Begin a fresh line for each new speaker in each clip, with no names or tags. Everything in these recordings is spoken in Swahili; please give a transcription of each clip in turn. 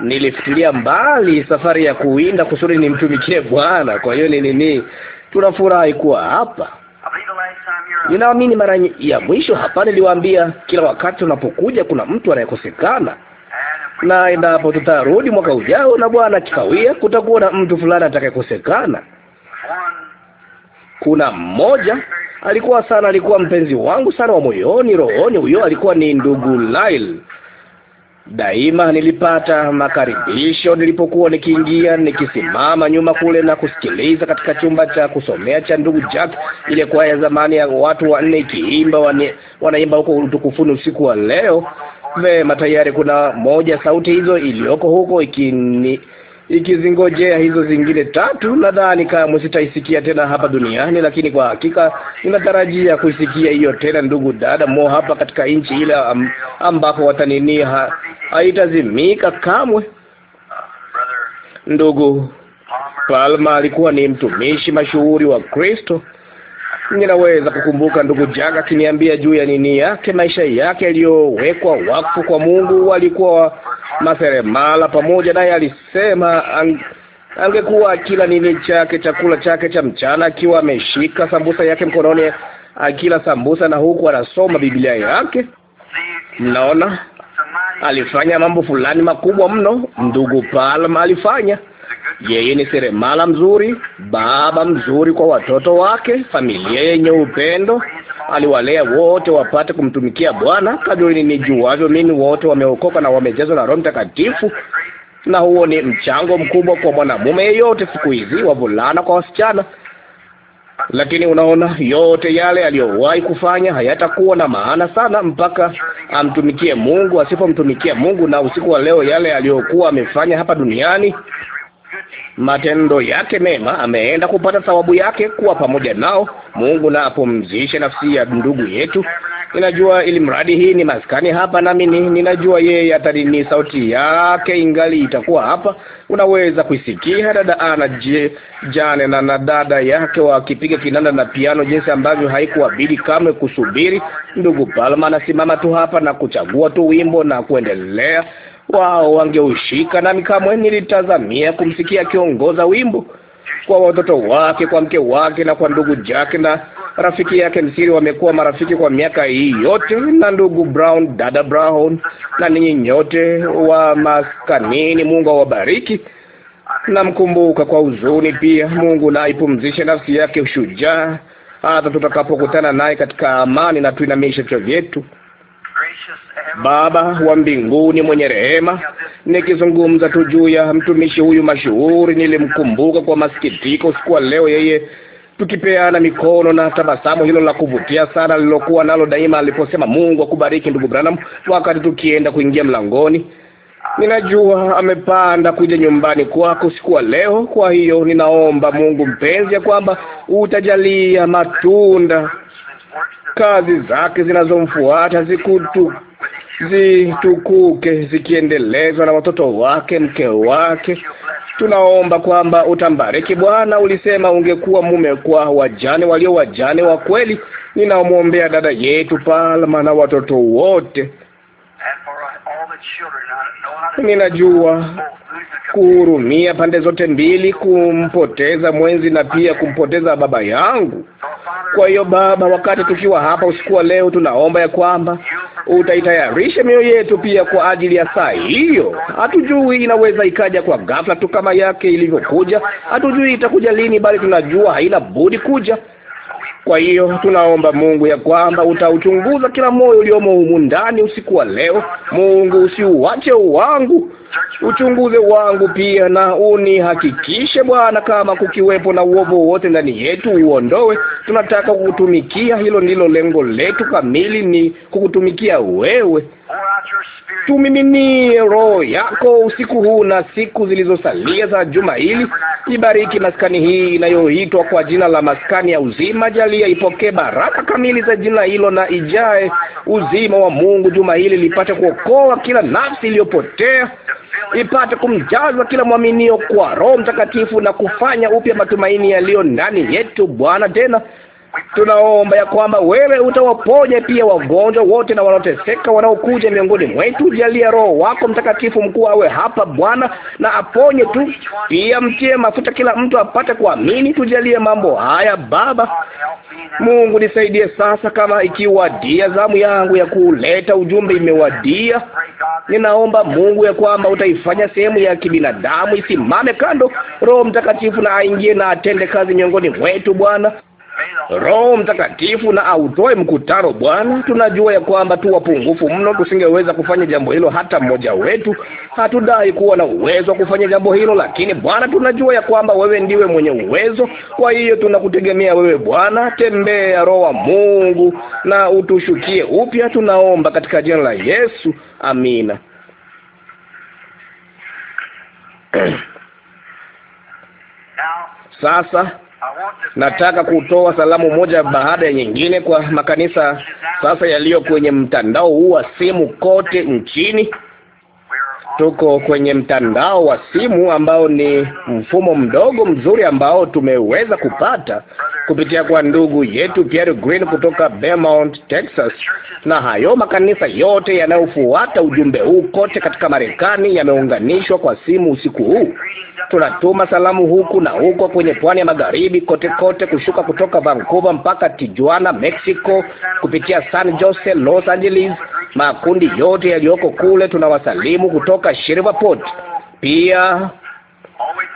Nilifikiria mbali safari ya kuwinda kusudi nimtumikie Bwana. Kwa hiyo ni nini, tunafurahi kuwa hapa. Ninaamini mara ya mwisho hapa niliwaambia, kila wakati unapokuja kuna mtu anayekosekana, na endapo tutarudi mwaka ujao na Bwana kikawia, kutakuwa na mtu fulani atakayekosekana. Kuna mmoja alikuwa sana, alikuwa mpenzi wangu sana wa moyoni, rohoni. Huyo alikuwa ni ndugu Lyle Daima nilipata makaribisho nilipokuwa nikiingia, nikisimama nyuma kule na kusikiliza katika chumba cha kusomea cha ndugu Jack, ile kwaya ya zamani ya watu wanne ikiimba, wanaimba huko utukufuni usiku wa leo. Vema, tayari kuna moja sauti hizo iliyoko huko ikini ikizingojea hizo zingine tatu. Nadhani kamwe sitaisikia tena hapa duniani, lakini kwa hakika ninatarajia kuisikia hiyo tena, ndugu dada mo, hapa katika nchi ile ambapo watanini haitazimika kamwe. Ndugu Palma alikuwa ni mtumishi mashuhuri wa Kristo. Ninaweza kukumbuka ndugu Jaga akiniambia juu ya nini yake, maisha yake yaliyowekwa wakfu kwa Mungu. Walikuwa maseremala pamoja naye, alisema angekuwa akila nini chake chakula chake cha mchana akiwa ameshika sambusa yake mkononi, akila sambusa na huku anasoma Biblia yake. Mnaona, alifanya mambo fulani makubwa mno. Ndugu Palma alifanya yeye ni seremala mzuri, baba mzuri kwa watoto wake, familia yenye upendo. Aliwalea wote wapate kumtumikia Bwana. Kadiri nijuavyo mimi, wote wameokoka na wamejazwa na Roho Mtakatifu, na huo ni mchango mkubwa kwa mwanamume yeyote siku hizi, wavulana kwa wasichana. Lakini unaona, yote yale aliyowahi kufanya hayatakuwa na maana sana mpaka amtumikie Mungu. Asipomtumikia Mungu na usiku wa leo, yale aliyokuwa amefanya hapa duniani matendo yake mema, ameenda kupata thawabu yake kuwa pamoja nao. Mungu na apumzishe nafsi ya ndugu yetu. Ninajua ili mradi hii ni maskani hapa, nami ninajua yeye atanini, sauti yake ingali itakuwa hapa, unaweza kuisikia dada Ana je, Jane na, na dada yake wakipiga kinanda na piano, jinsi ambavyo haikuwabidi kamwe kusubiri. Ndugu Palma anasimama tu hapa na kuchagua tu wimbo na kuendelea wao wangeushika, nami kamwe nilitazamia kumsikia akiongoza wimbo kwa watoto wake, kwa mke wake, na kwa ndugu Jack na rafiki yake Msiri. Wamekuwa marafiki kwa miaka hii yote, na ndugu Brown, dada Brown, na ninyi nyote wa maskanini, Mungu awabariki. Namkumbuka kwa huzuni pia. Mungu na aipumzishe nafsi yake shujaa, hata tutakapokutana naye katika amani, na tuinamishe vichwa vyetu. Baba wa mbinguni mwenye rehema, nikizungumza tu juu ya mtumishi huyu mashuhuri, nilimkumbuka kwa masikitiko usiku wa leo, yeye tukipeana mikono na tabasamu hilo la kuvutia sana lilokuwa nalo daima aliposema, Mungu akubariki ndugu Branham, wakati tukienda kuingia mlangoni. Ninajua amepanda kuja nyumbani kwako siku wa leo. Kwa hiyo ninaomba
Mungu mpenzi, ya kwamba utajalia matunda kazi zake zinazomfuata zikutu zitukuke zikiendelezwa
na watoto wake, mke wake. Tunaomba kwamba utambariki Bwana. Ulisema ungekuwa mume kwa wajane walio wajane wa kweli. Ninamwombea dada yetu Palma na watoto wote. Ninajua kuhurumia pande zote mbili, kumpoteza mwenzi na pia kumpoteza baba yangu. Kwa hiyo Baba, wakati tukiwa hapa usiku wa leo, tunaomba ya kwamba utaitayarisha mioyo yetu pia kwa ajili ya saa hiyo. Hatujui, inaweza ikaja kwa ghafla tu kama yake ilivyokuja. Hatujui itakuja lini, bali tunajua haina budi kuja. Kwa hiyo tunaomba Mungu ya kwamba utauchunguza kila moyo uliomo humu ndani usiku wa leo. Mungu, usiuache wangu uchunguze wangu pia na unihakikishe Bwana, kama kukiwepo na uovu wowote ndani yetu uondoe. Tunataka kukutumikia, hilo ndilo lengo letu kamili, ni kukutumikia wewe. Tumiminie roho yako usiku huu na siku zilizosalia za juma hili. Ibariki maskani hii inayoitwa kwa jina la maskani ya uzima. Jalia ipokee baraka kamili za jina hilo, na ijae uzima wa Mungu juma hili, lipate kuokoa kila nafsi iliyopotea ipate kumjazwa kila mwaminio kwa Roho Mtakatifu na kufanya upya matumaini yaliyo ndani yetu Bwana tena Tunaomba ya kwamba wewe utawaponya pia wagonjwa wote na wanaoteseka wanaokuja miongoni mwetu. Jalia Roho wako Mtakatifu mkuu awe hapa Bwana, na aponye tu, pia mtie mafuta kila mtu apate kuamini. Tujalie mambo haya Baba Mungu, nisaidie sasa. Kama ikiwadia zamu yangu ya kuleta ujumbe, imewadia, ninaomba Mungu ya kwamba utaifanya sehemu ya kibinadamu isimame kando. Roho Mtakatifu na aingie na atende kazi miongoni mwetu Bwana Roho Mtakatifu na autoe mkutano. Bwana, tunajua ya kwamba tu wapungufu mno, tusingeweza kufanya jambo hilo hata mmoja wetu. Hatudai kuwa na uwezo wa kufanya jambo hilo, lakini Bwana, tunajua ya kwamba wewe ndiwe mwenye uwezo. Kwa hiyo tunakutegemea wewe Bwana, tembea Roho wa Mungu na utushukie upya, tunaomba katika jina la Yesu, amina. Sasa Nataka kutoa salamu moja baada ya nyingine kwa makanisa sasa yaliyo kwenye mtandao huu wa simu kote nchini. Tuko kwenye mtandao wa simu ambao ni mfumo mdogo mzuri ambao tumeweza kupata kupitia kwa ndugu yetu Pierre Green kutoka Beaumont, Texas, na hayo makanisa yote yanayofuata ujumbe huu kote katika Marekani yameunganishwa kwa simu usiku huu. Tunatuma salamu huku na huko kwenye pwani ya magharibi kote kote, kushuka kutoka Vancouver mpaka Tijuana, Mexico, kupitia San Jose, Los Angeles, makundi yote yaliyoko kule tunawasalimu kutoka Shreveport pia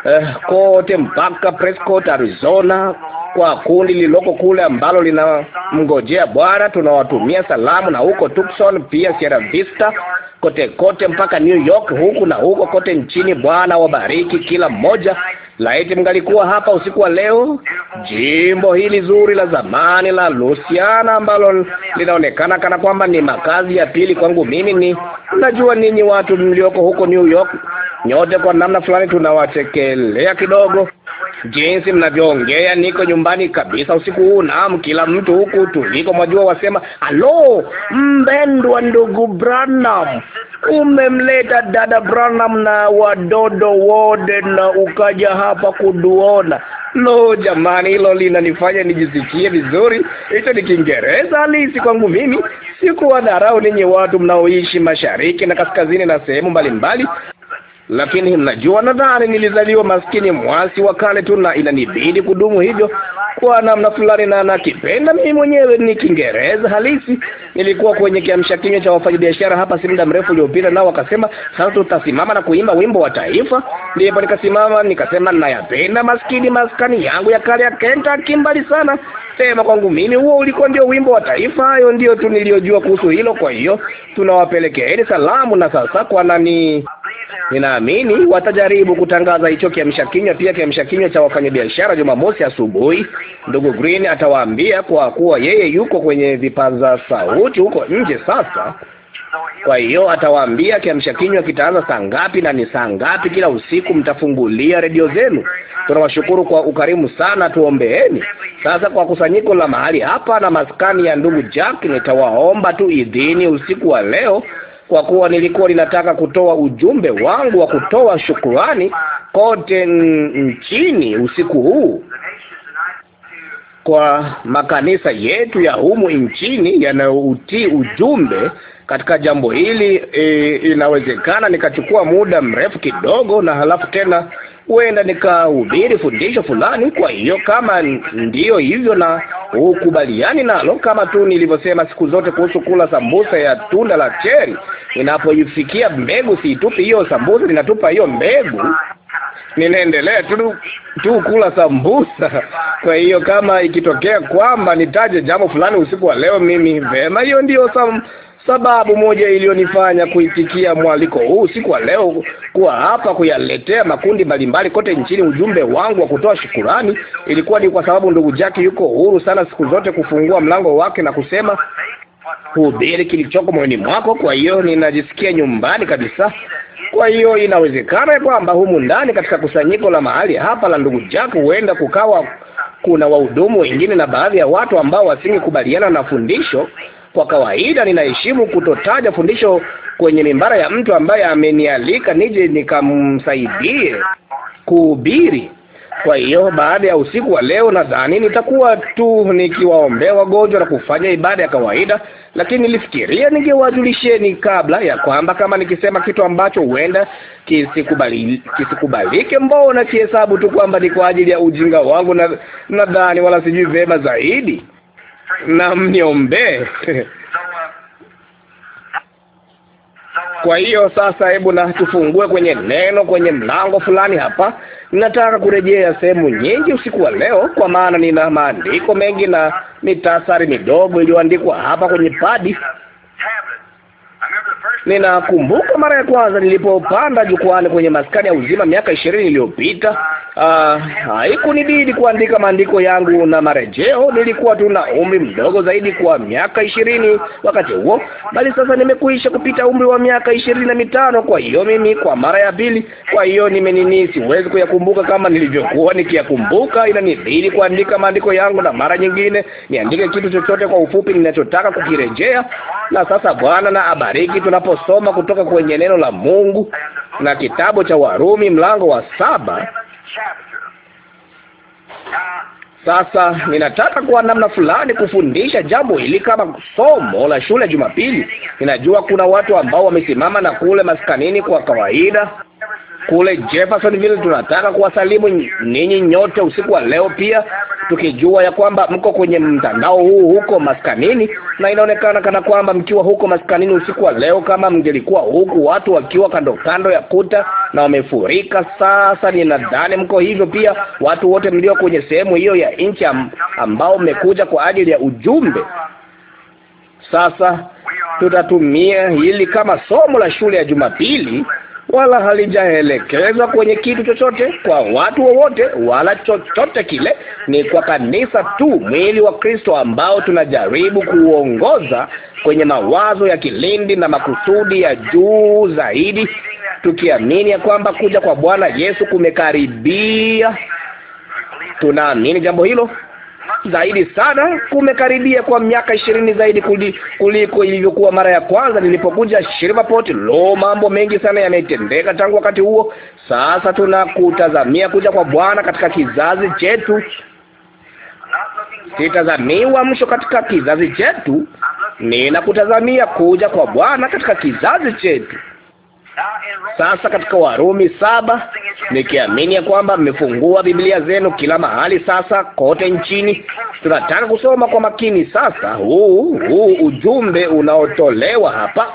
eh, kote mpaka Prescott, Arizona, kwa kundi liloko kule ambalo linamngojea Bwana. Tunawatumia salamu na huko Tucson, pia Sierra Vista, kote kote mpaka New York, huku na huko kote nchini. Bwana wabariki kila mmoja. Laiti mngalikuwa hapa usiku wa leo, jimbo hili zuri la zamani la Louisiana ambalo linaonekana kana kwamba ni makazi ya pili kwangu mimi. Ni najua ninyi watu mlioko huko New York Nyote kwa namna fulani tunawachekelea kidogo, jinsi mnavyoongea. Niko nyumbani kabisa usiku huu, naam, kila mtu huku tuliko, mwajua, wasema alo mpendwa ndugu Branham, umemleta dada Branham na wadodo wode na ukaja hapa kuduona. Lo, jamani, hilo linanifanya nijisikie vizuri. Hicho ni Kiingereza halisi kwangu mimi. Sikuwadharau ninyi watu mnaoishi mashariki na kaskazini na sehemu mbalimbali lakini mnajua, nadhani nilizaliwa maskini mwasi wa kale tu, na inanibidi kudumu hivyo kwa namna fulani, na nakipenda mimi mwenyewe. Ni Kiingereza halisi. Nilikuwa kwenye kiamsha kinywa cha wafanyabiashara hapa si muda mrefu uliopita, nao wakasema, sasa tutasimama na kuimba wimbo wa taifa. Ndipo nikasimama nikasema, nayapenda maskini maskani yangu ya kale ya Kentucky, mbali sana. Sema kwangu mimi, huo ulikuwa ndio wimbo wa taifa. Hayo ndio tu niliyojua kuhusu hilo. Kwa hiyo tunawapelekeeni salamu, na sasa kwa nani Ninaamini watajaribu kutangaza hicho kiamsha kinywa pia, kiamsha kinywa cha wafanyabiashara Jumamosi asubuhi. Ndugu Green atawaambia kwa kuwa yeye yuko kwenye vipaza sauti huko nje sasa. Kwa hiyo atawaambia kiamsha kinywa kitaanza saa ngapi na ni saa ngapi kila usiku, mtafungulia redio zenu. Tunawashukuru kwa ukarimu sana, tuombeeni sasa kwa kusanyiko la mahali hapa na maskani ya ndugu Jack. Nitawaomba tu idhini usiku wa leo kwa kuwa nilikuwa ninataka kutoa ujumbe wangu wa kutoa shukurani kote nchini usiku huu kwa makanisa yetu ya humu nchini yanayoutii ujumbe katika jambo hili. E, inawezekana nikachukua muda mrefu kidogo, na halafu tena huenda nikahubiri fundisho fulani. Kwa hiyo kama ndiyo hivyo na hukubaliani nalo, kama tu nilivyosema siku zote kuhusu kula sambusa ya tunda la cheri, ninapoifikia mbegu siitupi hiyo sambusa, ninatupa hiyo mbegu, ninaendelea tu tu kula sambusa. Kwa hiyo kama ikitokea kwamba nitaje jambo fulani usiku wa leo, mimi vema, hiyo ndiyo sam Sababu moja iliyonifanya kuitikia mwaliko huu siku wa leo kuwa hapa kuyaletea makundi mbalimbali kote nchini ujumbe wangu wa kutoa shukurani ilikuwa ni kwa sababu ndugu Jackie yuko huru sana siku zote kufungua mlango wake na kusema hubiri kilichoko moyoni mwako. Kwa hiyo ninajisikia nyumbani kabisa. Kwa hiyo inawezekana kwamba humu ndani katika kusanyiko la mahali hapa la ndugu Jack huenda kukawa kuna wahudumu wengine na baadhi ya watu ambao wasingekubaliana na fundisho, kwa kawaida ninaheshimu kutotaja fundisho kwenye mimbara ya mtu ambaye amenialika nije nikamsaidie kuhubiri. Kwa hiyo baada ya usiku wa leo, nadhani nitakuwa tu nikiwaombea wagonjwa na kufanya ibada ya kawaida, lakini nilifikiria ningewajulisheni kabla ya kwamba kama nikisema kitu ambacho huenda kisikubali kisikubalike, mbona kihesabu tu kwamba ni kwa ajili ya ujinga wangu
na nadhani wala sijui vema zaidi na mniombee. Kwa hiyo sasa, hebu na
tufungue kwenye neno, kwenye mlango fulani hapa. Nataka kurejea sehemu nyingi usiku wa leo, kwa maana nina maandiko mengi na mitasari midogo iliyoandikwa hapa kwenye padi
Ninakumbuka
mara ya kwanza nilipopanda jukwani kwenye maskani ya uzima miaka ishirini iliyopita. Uh, haikunibidi kuandika maandiko yangu na marejeo. Nilikuwa tu na umri mdogo zaidi kwa miaka ishirini wakati huo, bali sasa nimekuisha kupita umri wa miaka ishirini na mitano. Kwa hiyo mimi kwa mara ya pili, kwa hiyo nimenini, siwezi kuyakumbuka kama nilivyokuwa nikiyakumbuka. Inanibidi kuandika maandiko yangu na mara nyingine niandike kitu chochote kwa ufupi ninachotaka kukirejea. Na sasa Bwana na abariki tunapo tunaposoma kutoka kwenye neno la Mungu na kitabu cha Warumi mlango wa saba. Sasa ninataka kwa namna fulani kufundisha jambo hili kama somo la shule ya Jumapili. Ninajua kuna watu ambao wamesimama na kule maskanini kwa kawaida kule Jeffersonville. Tunataka kuwasalimu ninyi nyote usiku wa leo pia, tukijua ya kwamba mko kwenye mtandao huu huko maskanini, na inaonekana kana kwamba mkiwa huko maskanini usiku wa leo, kama mngelikuwa huku watu wakiwa kando kando ya kuta na wamefurika. Sasa ninadhani mko hivyo pia, watu wote mlio kwenye sehemu hiyo ya nchi ambao mmekuja kwa ajili ya ujumbe. Sasa tutatumia hili kama somo la shule ya Jumapili wala halijaelekezwa kwenye kitu chochote, kwa watu wowote, wa wala chochote kile. Ni kwa kanisa tu, mwili wa Kristo ambao tunajaribu kuongoza kwenye mawazo ya kilindi na makusudi ya juu zaidi, tukiamini ya kwamba kuja kwa Bwana Yesu kumekaribia. Tunaamini jambo hilo zaidi sana. Kumekaribia kwa miaka ishirini zaidi kuli, kuliko ilivyokuwa mara ya kwanza nilipokuja Shreveport. Lo, mambo mengi sana yametendeka tangu wakati huo. Sasa tunakutazamia kuja kwa Bwana katika kizazi chetu. Sitazamiwa msho katika kizazi chetu, ninakutazamia kuja kwa Bwana katika kizazi chetu. Sasa katika Warumi saba, nikiamini ya kwamba mmefungua Biblia zenu kila mahali, sasa kote nchini, tunataka kusoma kwa makini. Sasa huu huu ujumbe unaotolewa hapa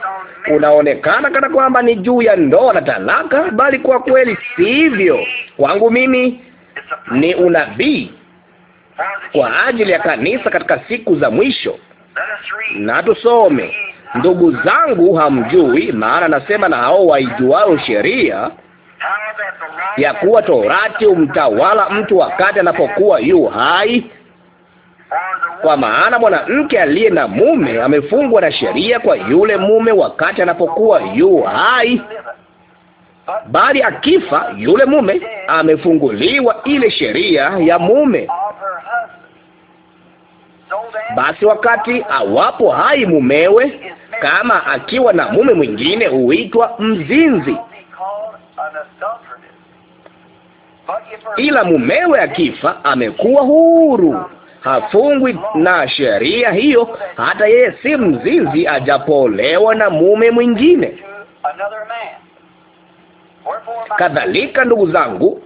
unaonekana kana kwamba ni juu ya ndoa na talaka, bali kwa kweli sivyo. Kwangu mimi ni unabii kwa ajili ya kanisa katika siku za mwisho. Na tusome Ndugu zangu, hamjui maana nasema na hao waijuao sheria ya kuwa Torati umtawala mtu wakati anapokuwa yu hai, kwa maana mwanamke aliye na mume amefungwa na sheria kwa yule mume wakati anapokuwa yu hai, bali akifa yule mume amefunguliwa ile sheria ya mume. Basi wakati awapo hai mumewe kama akiwa na mume mwingine huitwa mzinzi,
ila mumewe
akifa amekuwa huru, hafungwi na sheria hiyo. Hata yeye si mzinzi ajapolewa na mume mwingine.
Kadhalika,
ndugu zangu,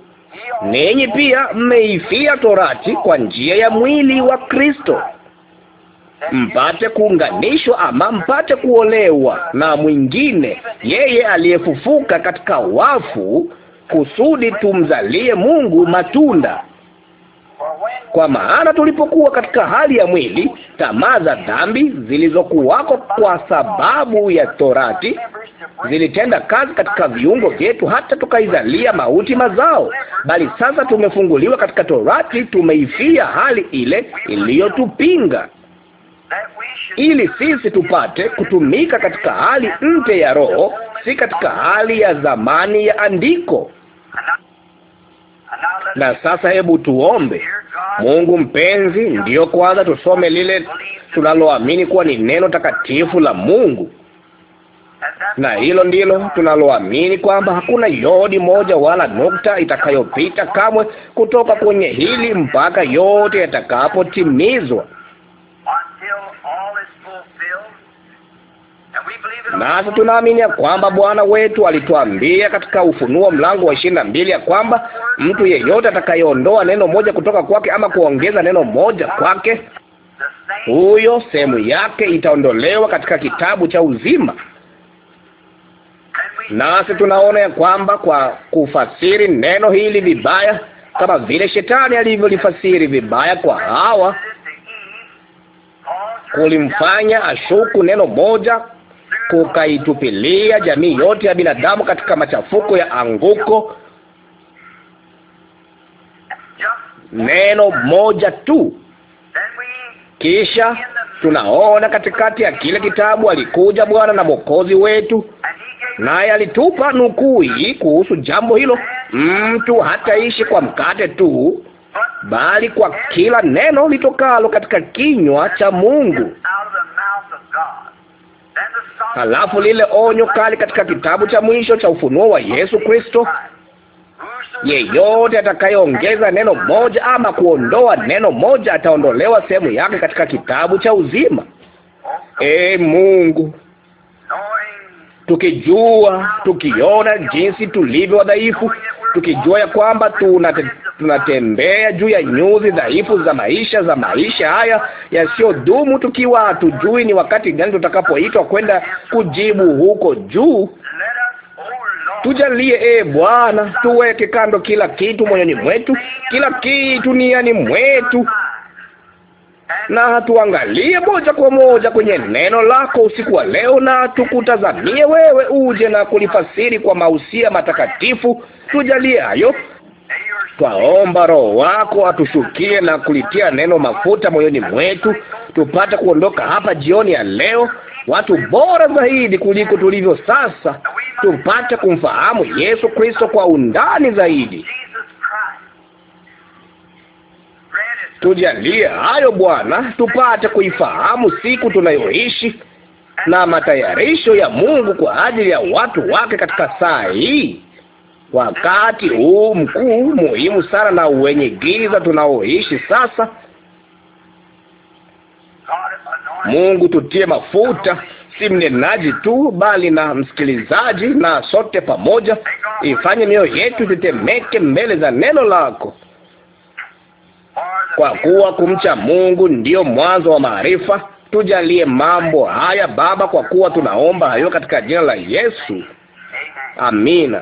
ninyi pia
mmeifia torati kwa njia ya mwili wa Kristo mpate kuunganishwa ama mpate kuolewa na mwingine, yeye aliyefufuka katika wafu, kusudi tumzalie Mungu matunda. Kwa maana tulipokuwa katika hali ya mwili, tamaa za dhambi zilizokuwako kwa sababu ya torati zilitenda kazi katika viungo vyetu, hata tukaizalia mauti mazao. Bali sasa tumefunguliwa katika torati, tumeifia hali ile iliyotupinga ili sisi tupate kutumika katika hali mpya ya roho, si katika hali ya zamani ya andiko. Na sasa hebu tuombe. Mungu mpenzi, ndiyo kwanza tusome lile tunaloamini kuwa ni neno takatifu la Mungu, na hilo ndilo tunaloamini kwamba hakuna yodi moja wala nukta itakayopita kamwe kutoka kwenye hili mpaka yote yatakapotimizwa. Nasi tunaamini ya kwamba Bwana wetu alituambia katika Ufunuo mlango wa ishirini na mbili ya kwamba mtu yeyote atakayeondoa neno moja kutoka kwake ama kuongeza neno moja kwake, huyo sehemu yake itaondolewa katika kitabu cha uzima. Nasi tunaona ya kwamba kwa kufasiri neno hili vibaya, kama vile shetani alivyolifasiri vibaya kwa Hawa, kulimfanya ashuku neno moja kukaitupilia jamii yote ya binadamu katika machafuko ya anguko. Neno moja tu. Kisha tunaona katikati ya kile kitabu alikuja Bwana na Mwokozi wetu, naye alitupa nukuu hii kuhusu jambo hilo: mtu hataishi kwa mkate tu, bali kwa kila neno litokalo katika kinywa cha Mungu. Halafu lile onyo kali katika kitabu cha mwisho cha ufunuo wa Yesu Kristo, yeyote atakayeongeza neno moja ama kuondoa neno moja ataondolewa sehemu yake katika kitabu cha uzima. E Mungu, tukijua tukiona jinsi tulivyo wadhaifu, tukijua ya kwamba tuna tunatembea juu ya nyuzi dhaifu za maisha, za maisha haya yasiyodumu, tukiwa hatujui ni wakati gani tutakapoitwa kwenda kujibu huko juu. Tujalie e Bwana, tuweke kando kila kitu moyoni mwetu, kila kitu niani mwetu na tuangalie moja kwa moja kwenye neno lako usiku wa leo, na tukutazamie wewe uje na kulifasiri kwa mausia matakatifu. Tujalie hayo, twaomba Roho wako atushukie na kulitia neno mafuta moyoni mwetu, tupate kuondoka hapa jioni ya leo watu bora zaidi kuliko tulivyo sasa, tupate kumfahamu Yesu Kristo kwa undani zaidi. Tujalie hayo Bwana, tupate kuifahamu siku tunayoishi na matayarisho ya Mungu kwa ajili ya watu wake katika saa hii wakati huu mkuu muhimu sana na wenye giza tunaoishi sasa. Mungu tutie mafuta, si mnenaji tu, bali na msikilizaji, na sote pamoja. Ifanye mioyo yetu tetemeke mbele za neno lako, kwa kuwa kumcha Mungu ndiyo mwanzo wa maarifa. Tujalie mambo haya Baba, kwa kuwa tunaomba hayo katika jina la Yesu, amina.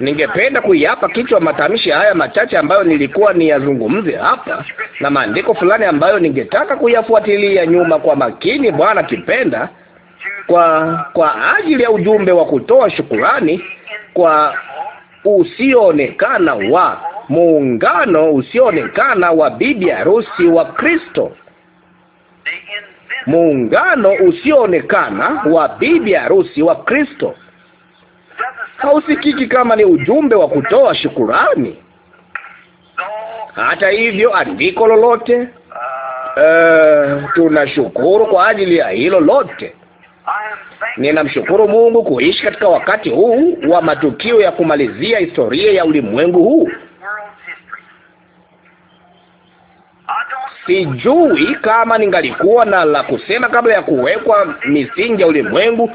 Ningependa
kuiapa kichwa matamshi haya machache ambayo nilikuwa niyazungumze hapa na maandiko fulani ambayo ningetaka kuyafuatilia nyuma kwa makini, Bwana kipenda, kwa kwa ajili ya ujumbe wa kutoa shukurani kwa usioonekana wa muungano usioonekana wa bibi harusi wa Kristo, muungano usioonekana wa bibi harusi wa Kristo hausikiki kama ni ujumbe wa kutoa shukurani. Hata hivyo, andiko lolote Uh, tunashukuru kwa ajili ya hilo lote. Ninamshukuru Mungu kuishi katika wakati huu wa matukio ya kumalizia historia ya ulimwengu huu. Sijui kama ningalikuwa na la kusema kabla ya kuwekwa misingi ya ulimwengu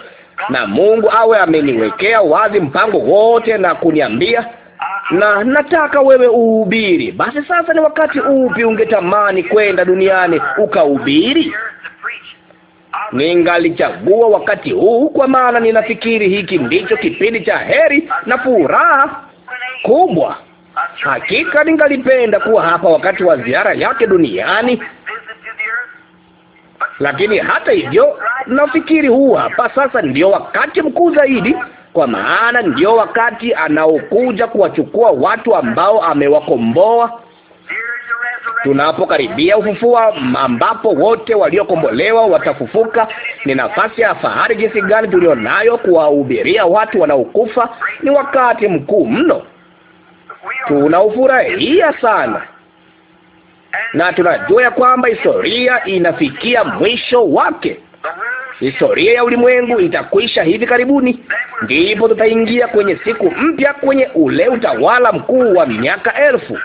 na Mungu awe ameniwekea wazi mpango wote na kuniambia na nataka wewe uhubiri. Basi sasa, ni wakati upi ungetamani kwenda duniani ukahubiri? Ningalichagua wakati huu, kwa maana ninafikiri hiki ndicho kipindi cha heri na furaha kubwa. Hakika ningalipenda kuwa hapa wakati wa ziara yake duniani. Lakini hata hivyo, nafikiri huu hapa sasa ndio wakati mkuu zaidi, kwa maana ndio wakati anaokuja kuwachukua watu ambao amewakomboa tunapokaribia ufufua ambapo wote waliokombolewa watafufuka. Ni nafasi ya fahari jinsi gani tulionayo kuwahubiria watu wanaokufa. Ni wakati mkuu mno, tunaufurahia sana na tunajua ya kwamba historia inafikia mwisho wake. Historia ya ulimwengu itakwisha hivi karibuni, ndipo tutaingia kwenye siku mpya, kwenye ule utawala mkuu wa miaka elfu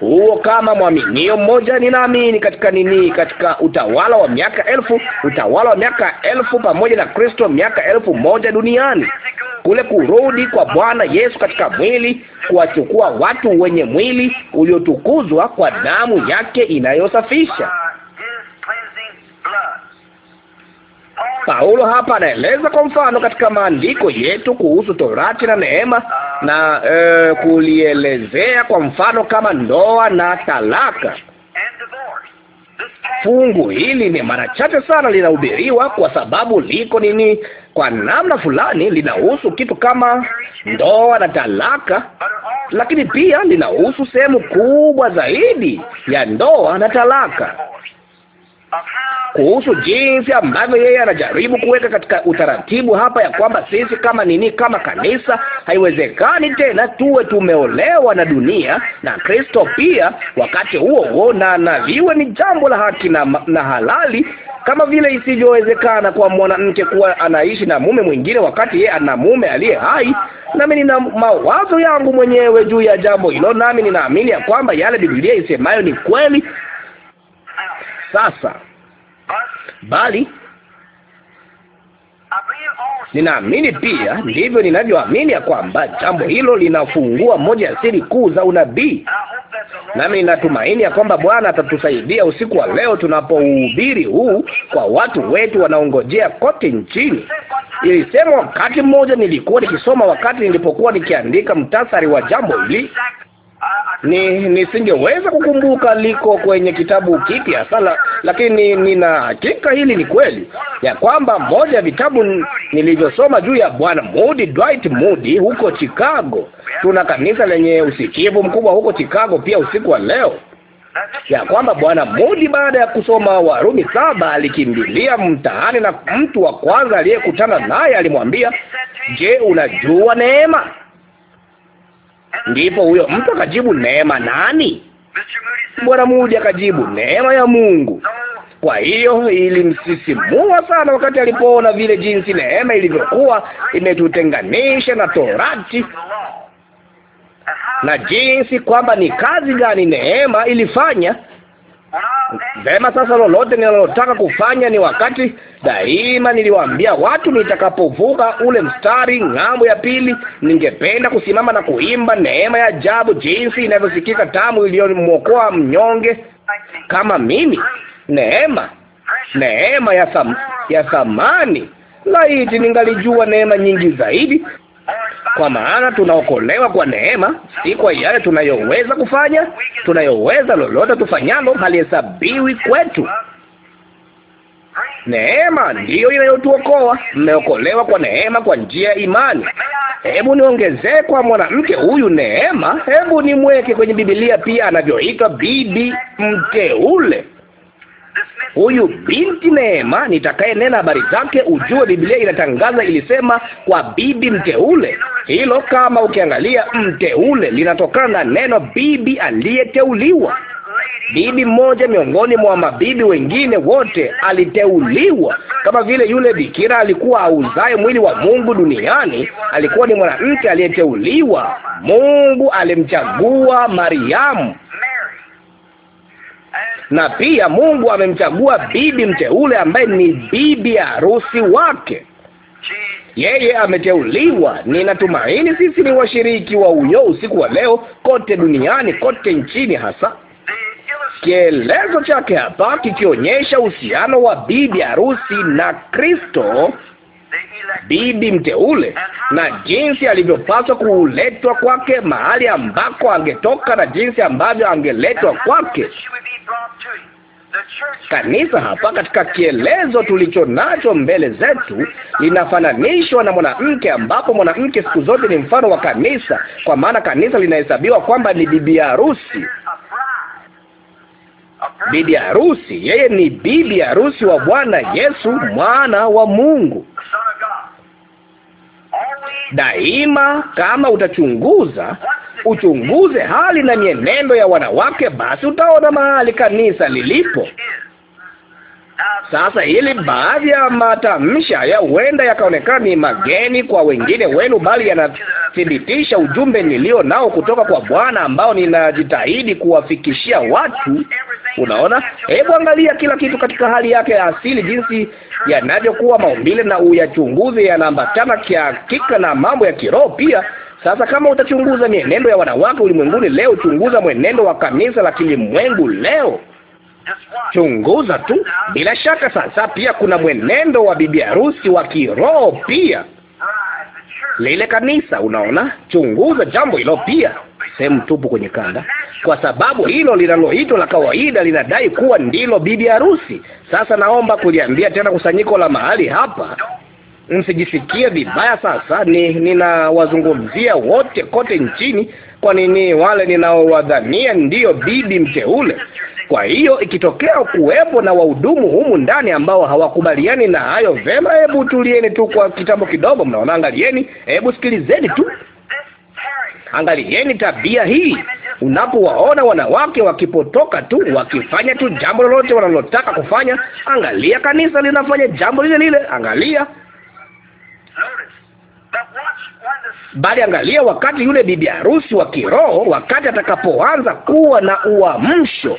huo kama mwaminio mmoja, ninaamini katika nini, katika utawala wa miaka elfu, utawala wa miaka elfu pamoja na Kristo miaka elfu moja duniani, kule kurudi kwa Bwana Yesu katika mwili, kuwachukua watu wenye mwili uliotukuzwa kwa damu yake inayosafisha Paulo hapa anaeleza kwa mfano katika maandiko yetu kuhusu torati na neema na e, kulielezea kwa mfano kama ndoa na talaka. Fungu hili ni mara chache sana linahubiriwa kwa sababu liko nini, kwa namna fulani linahusu kitu kama ndoa na talaka, lakini pia linahusu sehemu kubwa zaidi ya ndoa na talaka kuhusu jinsi ambavyo yeye anajaribu kuweka katika utaratibu hapa, ya kwamba sisi kama nini, kama kanisa, haiwezekani tena tuwe tumeolewa na dunia na Kristo pia wakati huo huo, na naliwe ni jambo la haki na, na halali kama vile isivyowezekana kwa mwanamke kuwa anaishi na mume mwingine wakati yeye ana mume aliye hai. Nami nina mawazo yangu mwenyewe juu ya jambo hilo, nami ninaamini ya kwamba yale Biblia isemayo ni kweli. Sasa bali
ninaamini pia,
ndivyo ninavyoamini ya kwamba jambo hilo linafungua moja ya siri kuu za unabii, nami ninatumaini ya kwamba Bwana atatusaidia usiku wa leo tunapohubiri huu kwa watu wetu wanaongojea kote nchini. Ilisema wakati mmoja, nilikuwa nikisoma wakati nilipokuwa nikiandika mtasari wa jambo hili, ni nisingeweza kukumbuka liko kwenye kitabu kipi hasa, lakini nina hakika hili ni kweli, ya kwamba moja ya vitabu nilivyosoma juu ya Bwana Moody, Dwight Moody huko Chicago. Tuna kanisa lenye usikivu mkubwa huko Chicago pia usiku wa leo ya kwamba Bwana Mudi baada ya kusoma Warumi saba alikimbilia mtaani, na mtu wa kwanza aliyekutana naye alimwambia, je, unajua neema? Ndipo huyo mtu akajibu, neema nani? Bwana Moody akajibu, neema ya Mungu. Kwa hiyo ilimsisimua sana wakati alipoona vile jinsi neema ilivyokuwa imetutenganisha na Torati na
jinsi
kwamba ni kazi gani neema ilifanya Vema, sasa lolote ninalotaka kufanya ni wakati daima. Niliwaambia watu nitakapovuka ule mstari ng'ambo ya pili, ningependa kusimama na kuimba neema ya ajabu, jinsi inavyosikika tamu, iliyomwokoa mnyonge
kama mimi,
neema neema ya, sam, ya thamani. Laiti ningalijua neema nyingi zaidi kwa maana tunaokolewa kwa neema, si kwa yale tunayoweza kufanya. Tunayoweza lolote tufanyalo halihesabiwi kwetu. Neema ndiyo inayotuokoa. Mmeokolewa kwa neema kwa njia ya imani. Hebu niongezee kwa mwanamke huyu neema, hebu nimweke kwenye Biblia pia anavyoitwa bibi mteule huyu binti Neema nitakayenena habari zake, ujue Biblia inatangaza ilisema kwa bibi mteule. Hilo kama ukiangalia mteule linatokana na neno bibi aliyeteuliwa. Bibi mmoja miongoni mwa mabibi wengine wote aliteuliwa, kama vile yule bikira alikuwa auzaye mwili wa Mungu duniani. Alikuwa ni mwanamke aliyeteuliwa. Mungu alimchagua Mariamu na pia Mungu amemchagua bibi mteule ambaye ni bibi harusi wake. Yeye ameteuliwa. Ninatumaini sisi ni washiriki wa unyo usiku wa leo, kote duniani, kote nchini hasa kielezo chake hapa kikionyesha uhusiano wa bibi harusi na Kristo,
bibi mteule, na jinsi
alivyopaswa kuletwa kwake, mahali ambako angetoka na jinsi ambavyo angeletwa kwake. Kanisa hapa katika kielezo tulicho nacho mbele zetu linafananishwa na mwanamke, ambapo mwanamke siku zote ni mfano wa kanisa, kwa maana kanisa linahesabiwa kwamba ni bibi harusi. Bibi harusi, yeye ni bibi harusi wa Bwana Yesu, mwana wa Mungu.
Daima
kama utachunguza, uchunguze hali na mienendo ya wanawake, basi utaona mahali kanisa lilipo. Sasa ili baadhi ya matamshi haya huenda yakaonekana ni mageni kwa wengine wenu, bali yanathibitisha ujumbe nilio nao kutoka kwa Bwana ambao ninajitahidi kuwafikishia watu Unaona, hebu angalia kila kitu katika hali yake ya asili, jinsi yanavyokuwa maumbile, na uyachunguze, yanaambatana kihakika na mambo ya kiroho pia. Sasa kama utachunguza mienendo ya wanawake ulimwenguni leo, chunguza mwenendo wa kanisa la kilimwengu leo, chunguza tu. Bila shaka, sasa pia kuna mwenendo wa bibi harusi wa kiroho pia lile kanisa. Unaona, chunguza jambo hilo pia sehemu tupu kwenye kanda, kwa sababu hilo linaloitwa la kawaida linadai kuwa ndilo bibi harusi. Sasa naomba kuliambia tena kusanyiko la mahali hapa, msijisikie vibaya. Sasa ni ninawazungumzia wote kote nchini, kwa nini wale ninaowadhania ndiyo bibi mteule. Kwa hiyo ikitokea kuwepo na wahudumu humu ndani ambao hawakubaliani na hayo, vema, hebu tulieni tu kwa kitambo kidogo. Mnaona, angalieni, hebu sikilizeni tu. Angalieni tabia hii. Unapowaona wanawake wakipotoka tu, wakifanya tu jambo lolote wanalotaka kufanya, angalia kanisa linafanya jambo lile lile, angalia bali angalia, wakati yule bibi harusi wa kiroho, wakati atakapoanza kuwa na uamsho,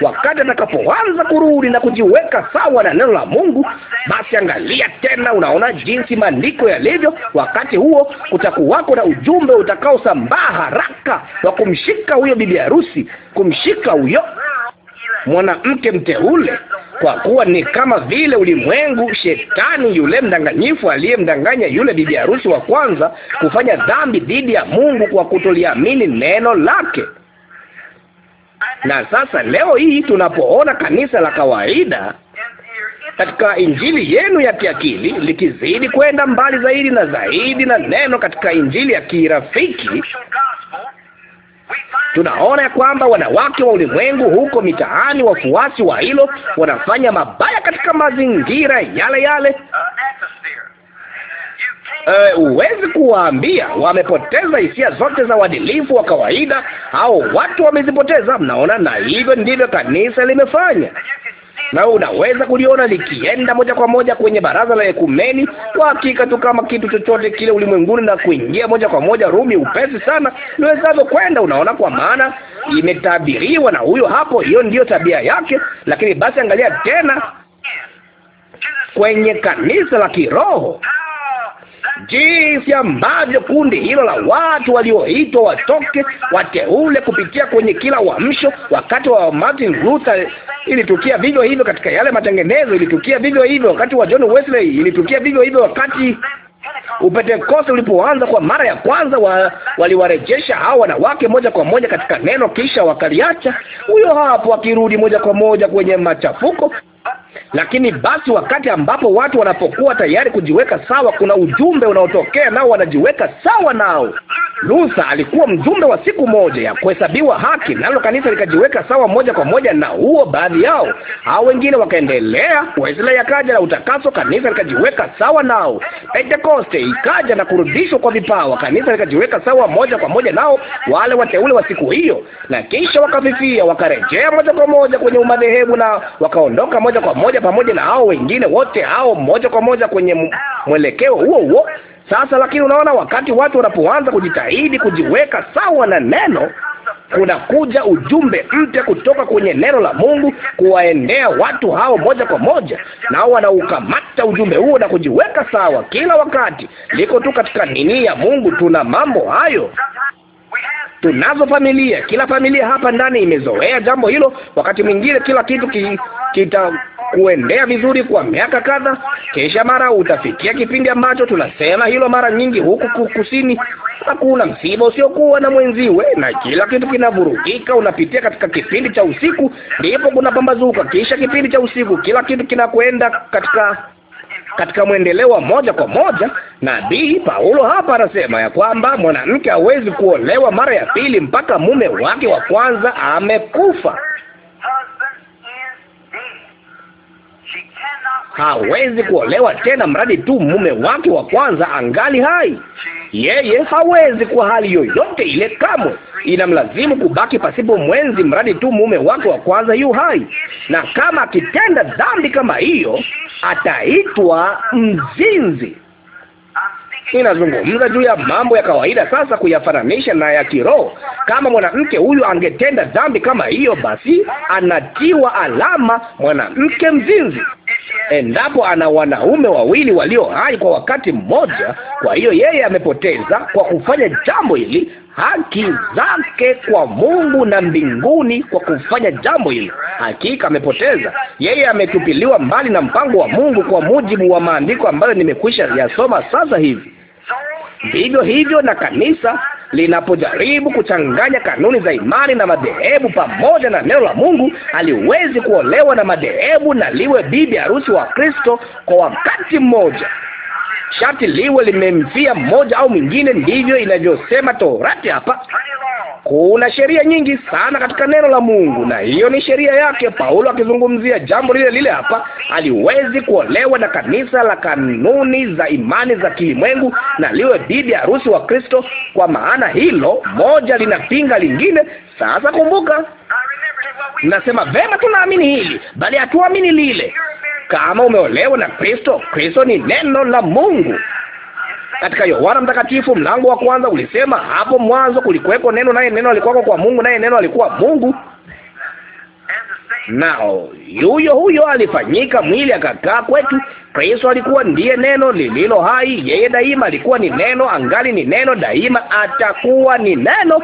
wakati atakapoanza kurudi na kujiweka sawa na neno la Mungu. Basi angalia tena, unaona jinsi maandiko yalivyo. Wakati huo kutakuwako na ujumbe utakaosambaa haraka wa kumshika huyo bibi harusi, kumshika huyo mwanamke mteule, kwa kuwa ni kama vile ulimwengu, shetani yule mdanganyifu aliyemdanganya yule bibi harusi wa kwanza kufanya dhambi dhidi ya Mungu kwa kutoliamini neno lake. Na sasa leo hii tunapoona kanisa la kawaida katika injili yenu ya kiakili likizidi kwenda mbali zaidi na zaidi na neno katika injili ya kirafiki, tunaona ya kwamba wanawake wa ulimwengu huko mitaani, wafuasi wa hilo, wanafanya mabaya katika mazingira yale yale Eh, huwezi uh, kuwaambia. Wamepoteza hisia zote za uadilifu wa kawaida, au watu wamezipoteza. Mnaona, na hivyo ndivyo kanisa limefanya na unaweza kuliona likienda moja kwa moja kwenye baraza la ekumeni kwa hakika tu kama kitu chochote kile ulimwenguni, na kuingia moja kwa moja Rumi upesi sana liwezavyo kwenda. Unaona, kwa maana imetabiriwa na huyo hapo. Hiyo ndiyo tabia yake. Lakini basi, angalia tena kwenye kanisa la kiroho jinsi ambavyo kundi hilo la watu walioitwa watoke wateule kupitia kwenye kila uamsho. Wakati wa Martin Luther ilitukia vivyo hivyo, katika yale matengenezo ilitukia vivyo hivyo, wakati wa John Wesley ilitukia vivyo hivyo, wakati Upentekoste ulipoanza kwa mara ya kwanza, wa, waliwarejesha hao wanawake moja kwa moja katika neno, kisha wakaliacha. Huyo hapo akirudi moja kwa moja kwenye machafuko lakini basi, wakati ambapo watu wanapokuwa tayari kujiweka sawa, kuna ujumbe unaotokea nao wanajiweka sawa nao. Luther alikuwa mjumbe wa siku moja ya kuhesabiwa haki, nalo kanisa likajiweka sawa moja kwa moja na huo, baadhi yao au wengine wakaendelea. Wesley kaja na utakaso, kanisa likajiweka sawa nao. Pentekoste ikaja na kurudishwa kwa vipawa, kanisa likajiweka sawa moja kwa moja nao wale wateule wa siku hiyo, na kisha wakafifia, wakarejea moja kwa moja kwenye umadhehebu na wakaondoka moja kwa moja pamoja na hao wengine wote hao moja kwa moja kwenye mwelekeo huo huo. Sasa lakini unaona, wakati watu wanapoanza kujitahidi kujiweka sawa na neno, kunakuja ujumbe mpya kutoka kwenye neno la Mungu kuwaendea watu hao moja kwa moja, nao wanaukamata ujumbe huo na kujiweka sawa kila wakati. Liko tu katika nini ya Mungu, tuna mambo hayo tunazo familia. Kila familia hapa ndani imezoea jambo hilo. Wakati mwingine kila kitu ki, kita kuendea vizuri kwa miaka kadha, kisha mara utafikia kipindi ambacho tunasema hilo mara nyingi huku kusini, hakuna msiba usiokuwa na mwenziwe, na kila kitu kinavurugika. Unapitia katika kipindi cha usiku, ndipo kuna pambazuka kisha kipindi cha usiku, kila kitu kinakwenda katika katika mwendeleo wa moja kwa moja. Nabii Paulo hapa anasema ya kwamba mwanamke hawezi kuolewa mara ya pili mpaka mume wake wa kwanza amekufa.
hawezi kuolewa tena, mradi
tu mume wake wa kwanza angali hai. Yeye hawezi kwa hali yoyote ile kamwe, inamlazimu kubaki pasipo mwenzi, mradi tu mume wake wa kwanza yu hai. Na kama akitenda dhambi kama hiyo, ataitwa mzinzi. Ninazungumza juu ya mambo ya kawaida sasa, kuyafananisha na ya kiroho. Kama mwanamke huyu angetenda dhambi kama hiyo, basi anatiwa alama mwanamke mzinzi, endapo ana wanaume wawili walio hai kwa wakati mmoja. Kwa hiyo yeye amepoteza kwa kufanya jambo hili haki zake kwa Mungu na mbinguni kwa kufanya jambo hilo. Hakika amepoteza yeye, ametupiliwa mbali na mpango wa Mungu kwa mujibu wa maandiko ambayo nimekwisha yasoma sasa hivi. Vivyo hivyo na kanisa linapojaribu kuchanganya kanuni za imani na madhehebu pamoja na neno la Mungu, aliwezi kuolewa na madhehebu na liwe bibi harusi wa Kristo kwa wakati mmoja. Sharti liwe limemfia mmoja au mwingine. Ndivyo inavyosema Torati hapa. Kuna sheria nyingi sana katika neno la Mungu, na hiyo ni sheria yake. Paulo akizungumzia jambo lile lile hapa, aliwezi kuolewa na kanisa la kanuni za imani za kilimwengu na liwe bibi harusi wa Kristo, kwa maana hilo moja linapinga lingine. Sasa kumbuka, nasema vema, tunaamini hili bali hatuamini lile. Kama umeolewa na Kristo, Kristo ni neno la Mungu. Katika Yohana Mtakatifu mlango wa kwanza ulisema, hapo mwanzo kulikuwepo neno, naye neno alikuwako kwa Mungu, naye neno alikuwa Mungu.
Nao
yuyo huyo alifanyika mwili akakaa kwetu. Kristo alikuwa ndiye neno lililo hai. Yeye daima alikuwa ni neno, angali ni neno, daima atakuwa ni neno.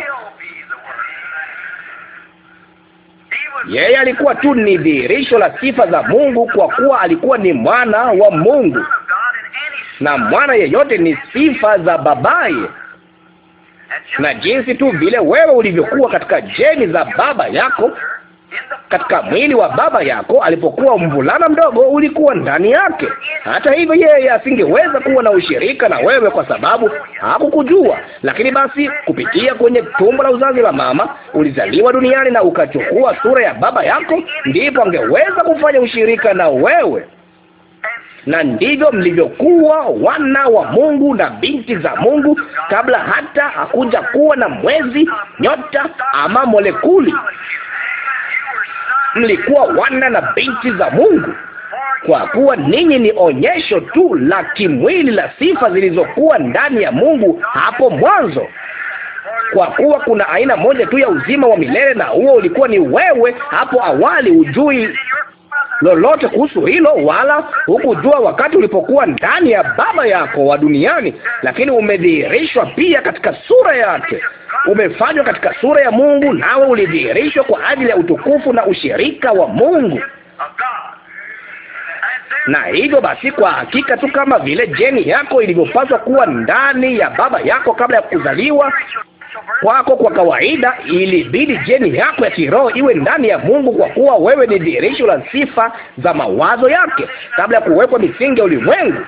Yeye alikuwa tu ni dhihirisho la sifa za Mungu, kwa kuwa alikuwa ni mwana wa Mungu na mwana yeyote ni sifa za babaye, na jinsi tu vile wewe ulivyokuwa katika jeni za baba yako, katika mwili wa baba yako. Alipokuwa mvulana mdogo, ulikuwa ndani yake. Hata hivyo, yeye asingeweza kuwa na ushirika na wewe kwa sababu hakukujua. Lakini basi, kupitia kwenye tumbo la uzazi la mama, ulizaliwa duniani na ukachukua sura ya baba yako, ndipo angeweza kufanya ushirika na wewe na ndivyo mlivyokuwa wana wa Mungu na binti za Mungu kabla hata hakuja kuwa na mwezi, nyota ama molekuli. Mlikuwa wana na binti za Mungu kwa kuwa ninyi ni onyesho tu la kimwili la sifa zilizokuwa ndani ya Mungu hapo mwanzo kwa kuwa kuna aina moja tu ya uzima wa milele, na huo ulikuwa ni wewe hapo awali. Ujui lolote kuhusu hilo, wala hukujua wakati ulipokuwa ndani ya baba yako wa duniani, lakini umedhihirishwa pia katika sura yake. Umefanywa katika sura ya Mungu, nawe ulidhihirishwa kwa ajili ya utukufu na ushirika wa Mungu. Na hivyo basi, kwa hakika tu kama vile jeni yako ilivyopaswa kuwa ndani ya baba yako kabla ya kuzaliwa, kwako kwa kawaida, ilibidi jeni yako ya kiroho iwe ndani ya Mungu, kwa kuwa wewe ni dirisho la sifa za mawazo yake kabla ya kuwekwa misingi ya ulimwengu.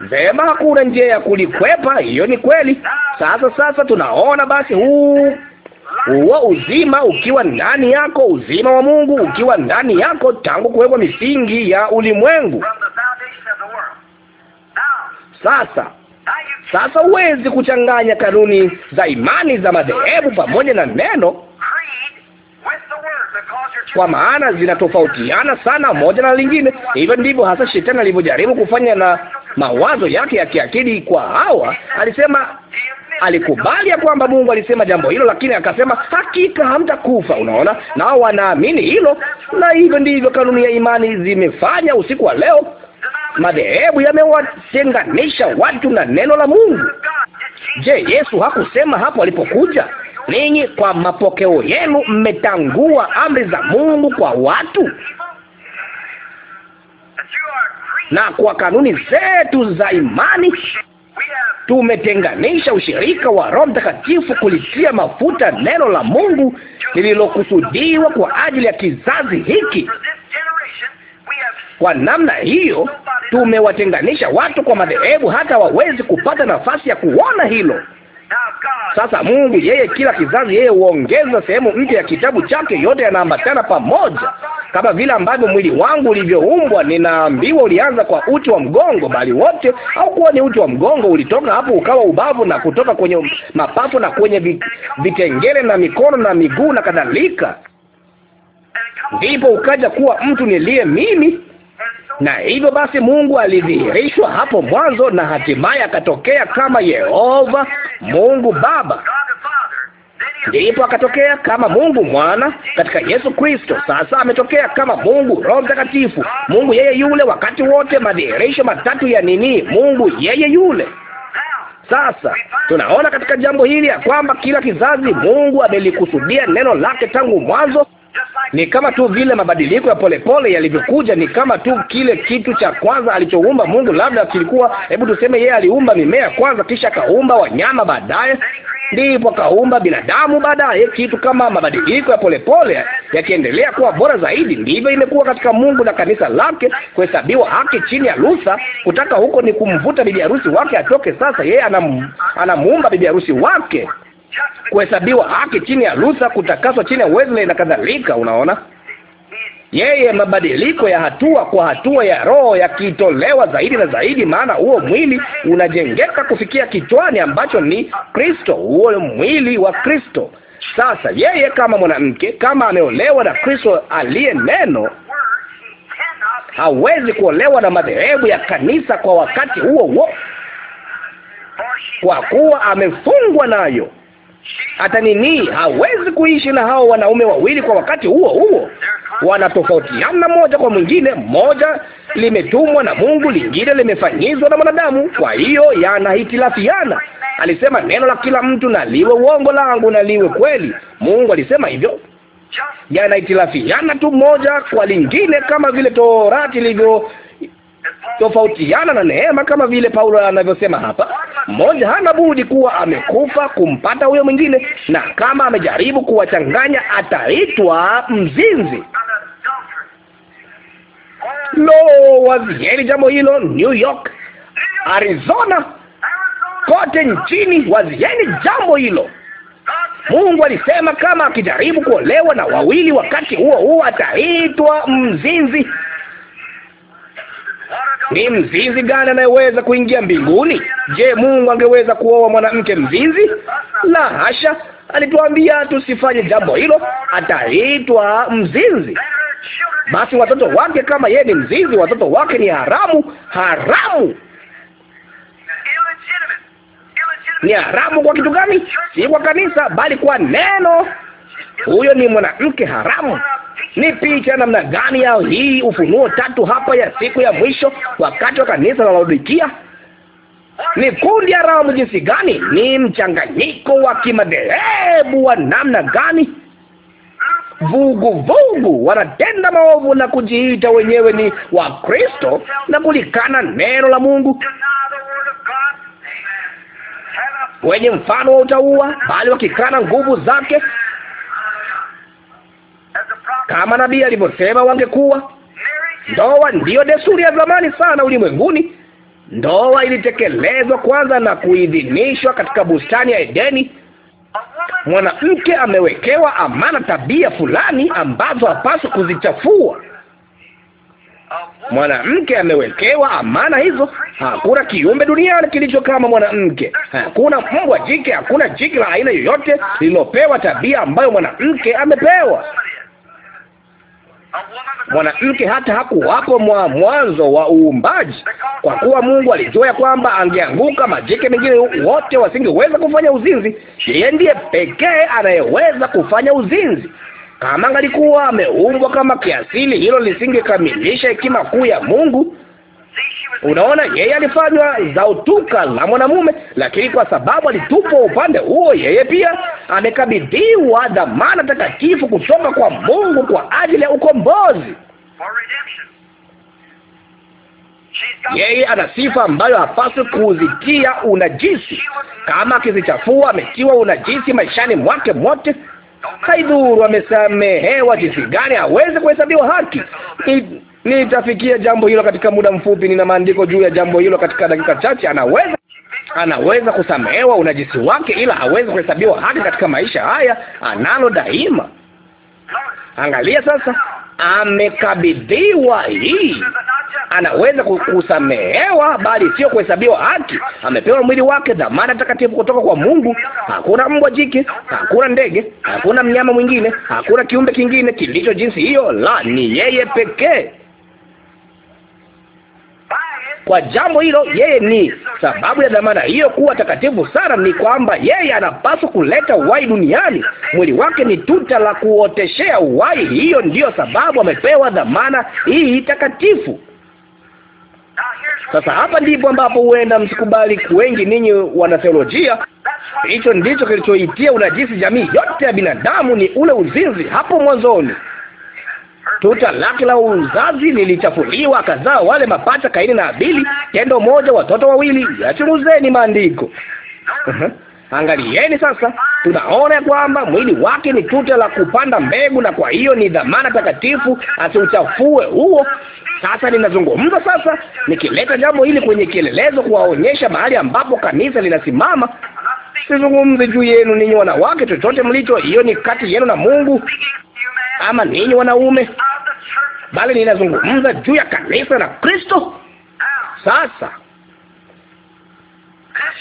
Vema, hakuna njia ya kulikwepa, hiyo ni kweli. Sasa sasa tunaona basi huu huo uzima ukiwa ndani yako, uzima wa Mungu ukiwa ndani yako tangu kuwekwa misingi ya ulimwengu. Sasa sasa huwezi kuchanganya kanuni za imani za madhehebu pamoja na neno, kwa maana zinatofautiana sana moja na lingine. Hivyo ndivyo hasa shetani alivyojaribu kufanya na mawazo yake ya kiakili kwa Hawa. Alisema alikubali ya kwamba Mungu alisema jambo hilo, lakini akasema hakika hamtakufa. Unaona, nao wanaamini hilo, na hivyo ndivyo kanuni ya imani zimefanya usiku wa leo. Madhehebu yamewatenganisha watu na neno la Mungu. Je, Yesu hakusema hapo alipokuja, ninyi kwa mapokeo yenu mmetangua amri za Mungu kwa watu na kwa kanuni zetu za imani tumetenganisha ushirika wa Roho Mtakatifu kulitia mafuta neno la Mungu lililokusudiwa kwa ajili ya kizazi hiki. Kwa namna hiyo tumewatenganisha watu kwa madhehebu, hata wawezi kupata nafasi ya kuona hilo. Sasa Mungu yeye, kila kizazi yeye huongeza sehemu mpya ya kitabu chake, yote yanaambatana pamoja. Kama vile ambavyo mwili wangu ulivyoumbwa, ninaambiwa ulianza kwa uti wa mgongo, bali wote au kuwa ni uti wa mgongo, ulitoka hapo ukawa ubavu, na kutoka kwenye mapafu na kwenye vitengele na mikono na miguu na kadhalika, ndipo ukaja kuwa mtu niliye mimi na hivyo basi Mungu alidhihirishwa hapo mwanzo na hatimaye akatokea kama Yehova Mungu Baba, ndipo akatokea kama Mungu Mwana katika Yesu Kristo. Sasa ametokea kama Mungu Roho Mtakatifu, Mungu yeye yule wakati wote, madhihirisho matatu ya nini? Mungu yeye yule. Sasa tunaona katika jambo hili ya kwamba kila kizazi Mungu amelikusudia neno lake tangu mwanzo ni kama tu vile mabadiliko ya polepole yalivyokuja, ni kama tu kile kitu cha kwanza alichoumba Mungu labda kilikuwa, hebu tuseme, yeye aliumba mimea kwanza, kisha akaumba wanyama baadaye ndipo akaumba binadamu baadaye. Kitu kama mabadiliko ya polepole yakiendelea kuwa bora zaidi, ndivyo imekuwa katika Mungu na kanisa lake. Kuhesabiwa haki chini ya Luther, kutaka huko ni kumvuta bibi harusi wake atoke. Sasa yeye anamuumba bibi harusi wake kuhesabiwa haki chini ya Luther, kutakaswa chini ya Wesley na kadhalika. Unaona, yeye mabadiliko ya hatua kwa hatua ya roho yakitolewa zaidi na zaidi, maana huo mwili unajengeka kufikia kichwani ambacho ni Kristo, huo mwili wa Kristo. Sasa yeye kama mwanamke, kama ameolewa na Kristo aliye neno, hawezi kuolewa na madhehebu ya kanisa kwa wakati huo huo, kwa kuwa amefungwa nayo hata nini, hawezi kuishi na hao wanaume wawili kwa wakati huo huo. Wanatofautiana moja kwa mwingine, moja limetumwa na Mungu, lingine limefanyizwa na mwanadamu. Kwa hiyo yanahitilafiana. Alisema neno la kila mtu na liwe uongo langu na liwe kweli. Mungu alisema hivyo yanahitilafiana tu moja kwa lingine, kama vile Torati ilivyo tofautiana na neema, kama vile Paulo anavyosema hapa, mmoja hana budi kuwa amekufa kumpata huyo mwingine, na kama amejaribu kuwachanganya ataitwa mzinzi. Lo, wazieni jambo hilo, New York, Arizona, kote nchini, wazieni jambo hilo. Mungu alisema kama akijaribu kuolewa na wawili wakati huo huo ataitwa mzinzi. Ni mzinzi gani anayeweza kuingia mbinguni? Je, Mungu angeweza kuoa mwanamke mzinzi? La hasha, alituambia tusifanye jambo hilo, ataitwa mzinzi. Basi watoto wake, kama yeye ni mzinzi, watoto wake ni haramu. Haramu
ni haramu kwa
kitu gani? Si kwa kanisa, bali kwa neno. Huyo ni mwanamke haramu. Ni picha namna gani yao hii Ufunuo tatu hapa ya siku ya mwisho, wakati wa kanisa la Laodikia. Ni kundi haramu jinsi gani? Ni mchanganyiko wa kimadhehebu wa namna gani? Vuguvugu wanatenda maovu na kujiita wenyewe ni Wakristo na kulikana neno la Mungu
wenye mfano
wa utaua, bali wakikana nguvu zake kama nabii alivyosema wangekuwa. Ndoa ndiyo desturi ya zamani sana ulimwenguni. Ndoa ilitekelezwa kwanza na kuidhinishwa katika bustani ya Edeni. Mwanamke amewekewa amana tabia fulani ambazo hapaswi kuzichafua. Mwanamke amewekewa amana hizo. Hakuna kiumbe duniani kilicho kama mwanamke. Hakuna mbwa jike, hakuna jike la aina yoyote lililopewa tabia ambayo mwanamke amepewa. Mwanamke hata hakuwapo mwa mwanzo wa uumbaji, kwa kuwa Mungu alijua ya kwamba angeanguka majike mengine wote wasingeweza kufanya uzinzi. Yeye ndiye pekee anayeweza kufanya uzinzi. Kama angalikuwa ameumbwa kama kiasili, hilo lisingekamilisha hekima kuu ya Mungu. Unaona, yeye alifanywa utuka la mwanamume, lakini kwa sababu alitupwa upande huo, yeye pia amekabidhiwa dhamana takatifu kutoka kwa Mungu kwa ajili ya ukombozi. Yeye ana sifa ambayo hapaswi kuzitia unajisi. Kama akizichafua, ametiwa unajisi maishani mwake mote. Haidhuru amesamehewa jinsi gani, hawezi kuhesabiwa haki. Nitafikia jambo hilo katika muda mfupi. Nina maandiko juu ya jambo hilo katika dakika chache. Anaweza anaweza kusamehewa unajisi wake, ila hawezi kuhesabiwa haki katika maisha haya. Analo daima. Angalia sasa, amekabidhiwa hii. Anaweza kusamehewa, bali sio kuhesabiwa haki. Amepewa mwili wake, dhamana takatifu kutoka kwa Mungu. Hakuna mbwa jike, hakuna ndege, hakuna mnyama mwingine, hakuna kiumbe kingine kilicho jinsi hiyo. La, ni yeye pekee kwa jambo hilo. Yeye ni sababu ya dhamana hiyo kuwa takatifu sana, ni kwamba yeye anapaswa kuleta uhai duniani. Mwili wake ni tuta la kuoteshea uhai. Hiyo ndiyo sababu amepewa dhamana hii takatifu. Sasa hapa ndipo ambapo huenda msikubali wengi ninyi wanatheolojia. Hicho ndicho kilichoitia unajisi jamii yote ya binadamu, ni ule uzinzi hapo mwanzoni tuta lake la uzazi lilichafuliwa, akazaa wale mapacha Kaini na Abili, tendo moja, watoto wawili. Yachunguzeni maandiko. Angalieni sasa, tunaona ya kwamba mwili wake ni tuta la kupanda mbegu, na kwa hiyo ni dhamana takatifu asiuchafue huo. Sasa ninazungumza sasa, nikileta jambo hili kwenye kielelezo, kuwaonyesha mahali ambapo kanisa linasimama. Sizungumzi juu yenu ninyi wanawake, chochote mlicho, hiyo ni kati yenu na Mungu ama ninyi wanaume, bali ninazungumza juu ya kanisa la Kristo. Sasa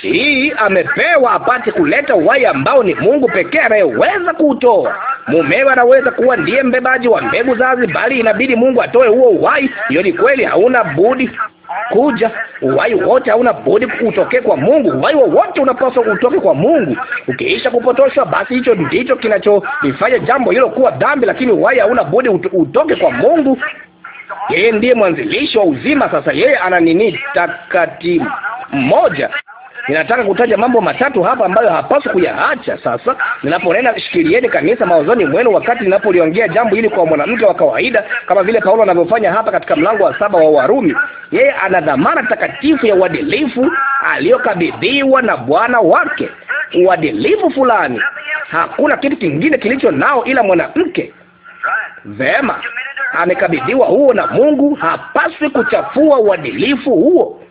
hii amepewa apate kuleta uhai ambao ni Mungu pekee anayeweza kutoa Mumewe anaweza kuwa ndiye mbebaji wa mbegu zazi, bali inabidi Mungu atoe huo uhai. Hiyo ni kweli, hauna budi kuja. Uhai wote hauna budi utokee kwa Mungu. Uhai wote unapaswa utoke kwa Mungu. Ukiisha kupotoshwa, basi hicho ndicho kinachofanya jambo hilo kuwa dhambi, lakini uhai hauna budi utoke kwa Mungu. Yeye ndiye mwanzilishi wa uzima. Sasa yeye ana nini? Takati mmoja Ninataka kutaja mambo matatu hapa ambayo hapaswi kuyaacha. Sasa ninaponena shikilieni kanisa mawazoni mwenu, wakati ninapoliongea jambo hili kwa mwanamke wa kawaida, kama vile Paulo anavyofanya hapa katika mlango wa saba wa Warumi, yeye ana dhamana takatifu ya uadilifu aliyokabidhiwa na Bwana wake, uadilifu fulani. Hakuna kitu kingine kilicho nao ila mwanamke. Vema, amekabidhiwa huo na Mungu, hapaswi kuchafua uadilifu huo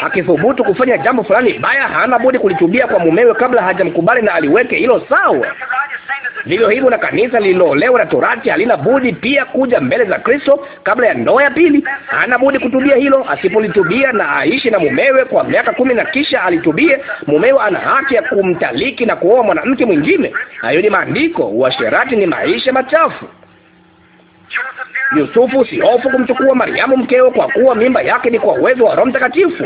akithubutu kufanya jambo fulani baya, hana budi kulitubia kwa mumewe kabla hajamkubali na aliweke hilo sawa. Vivyo hivyo na kanisa lililoolewa na torati halina budi pia kuja mbele za Kristo kabla ya ndoa ya pili. Hana budi kutubia hilo. Asipolitubia na aishi na mumewe kwa miaka kumi na kisha alitubie, mumewe ana haki ya kumtaliki na kuoa mwanamke mwingine. Hayo ni maandiko. Uasherati ni maisha machafu. Yusufu si hofu kumchukua Mariamu mkeo, kwa kuwa mimba yake ni kwa uwezo wa Roho Mtakatifu.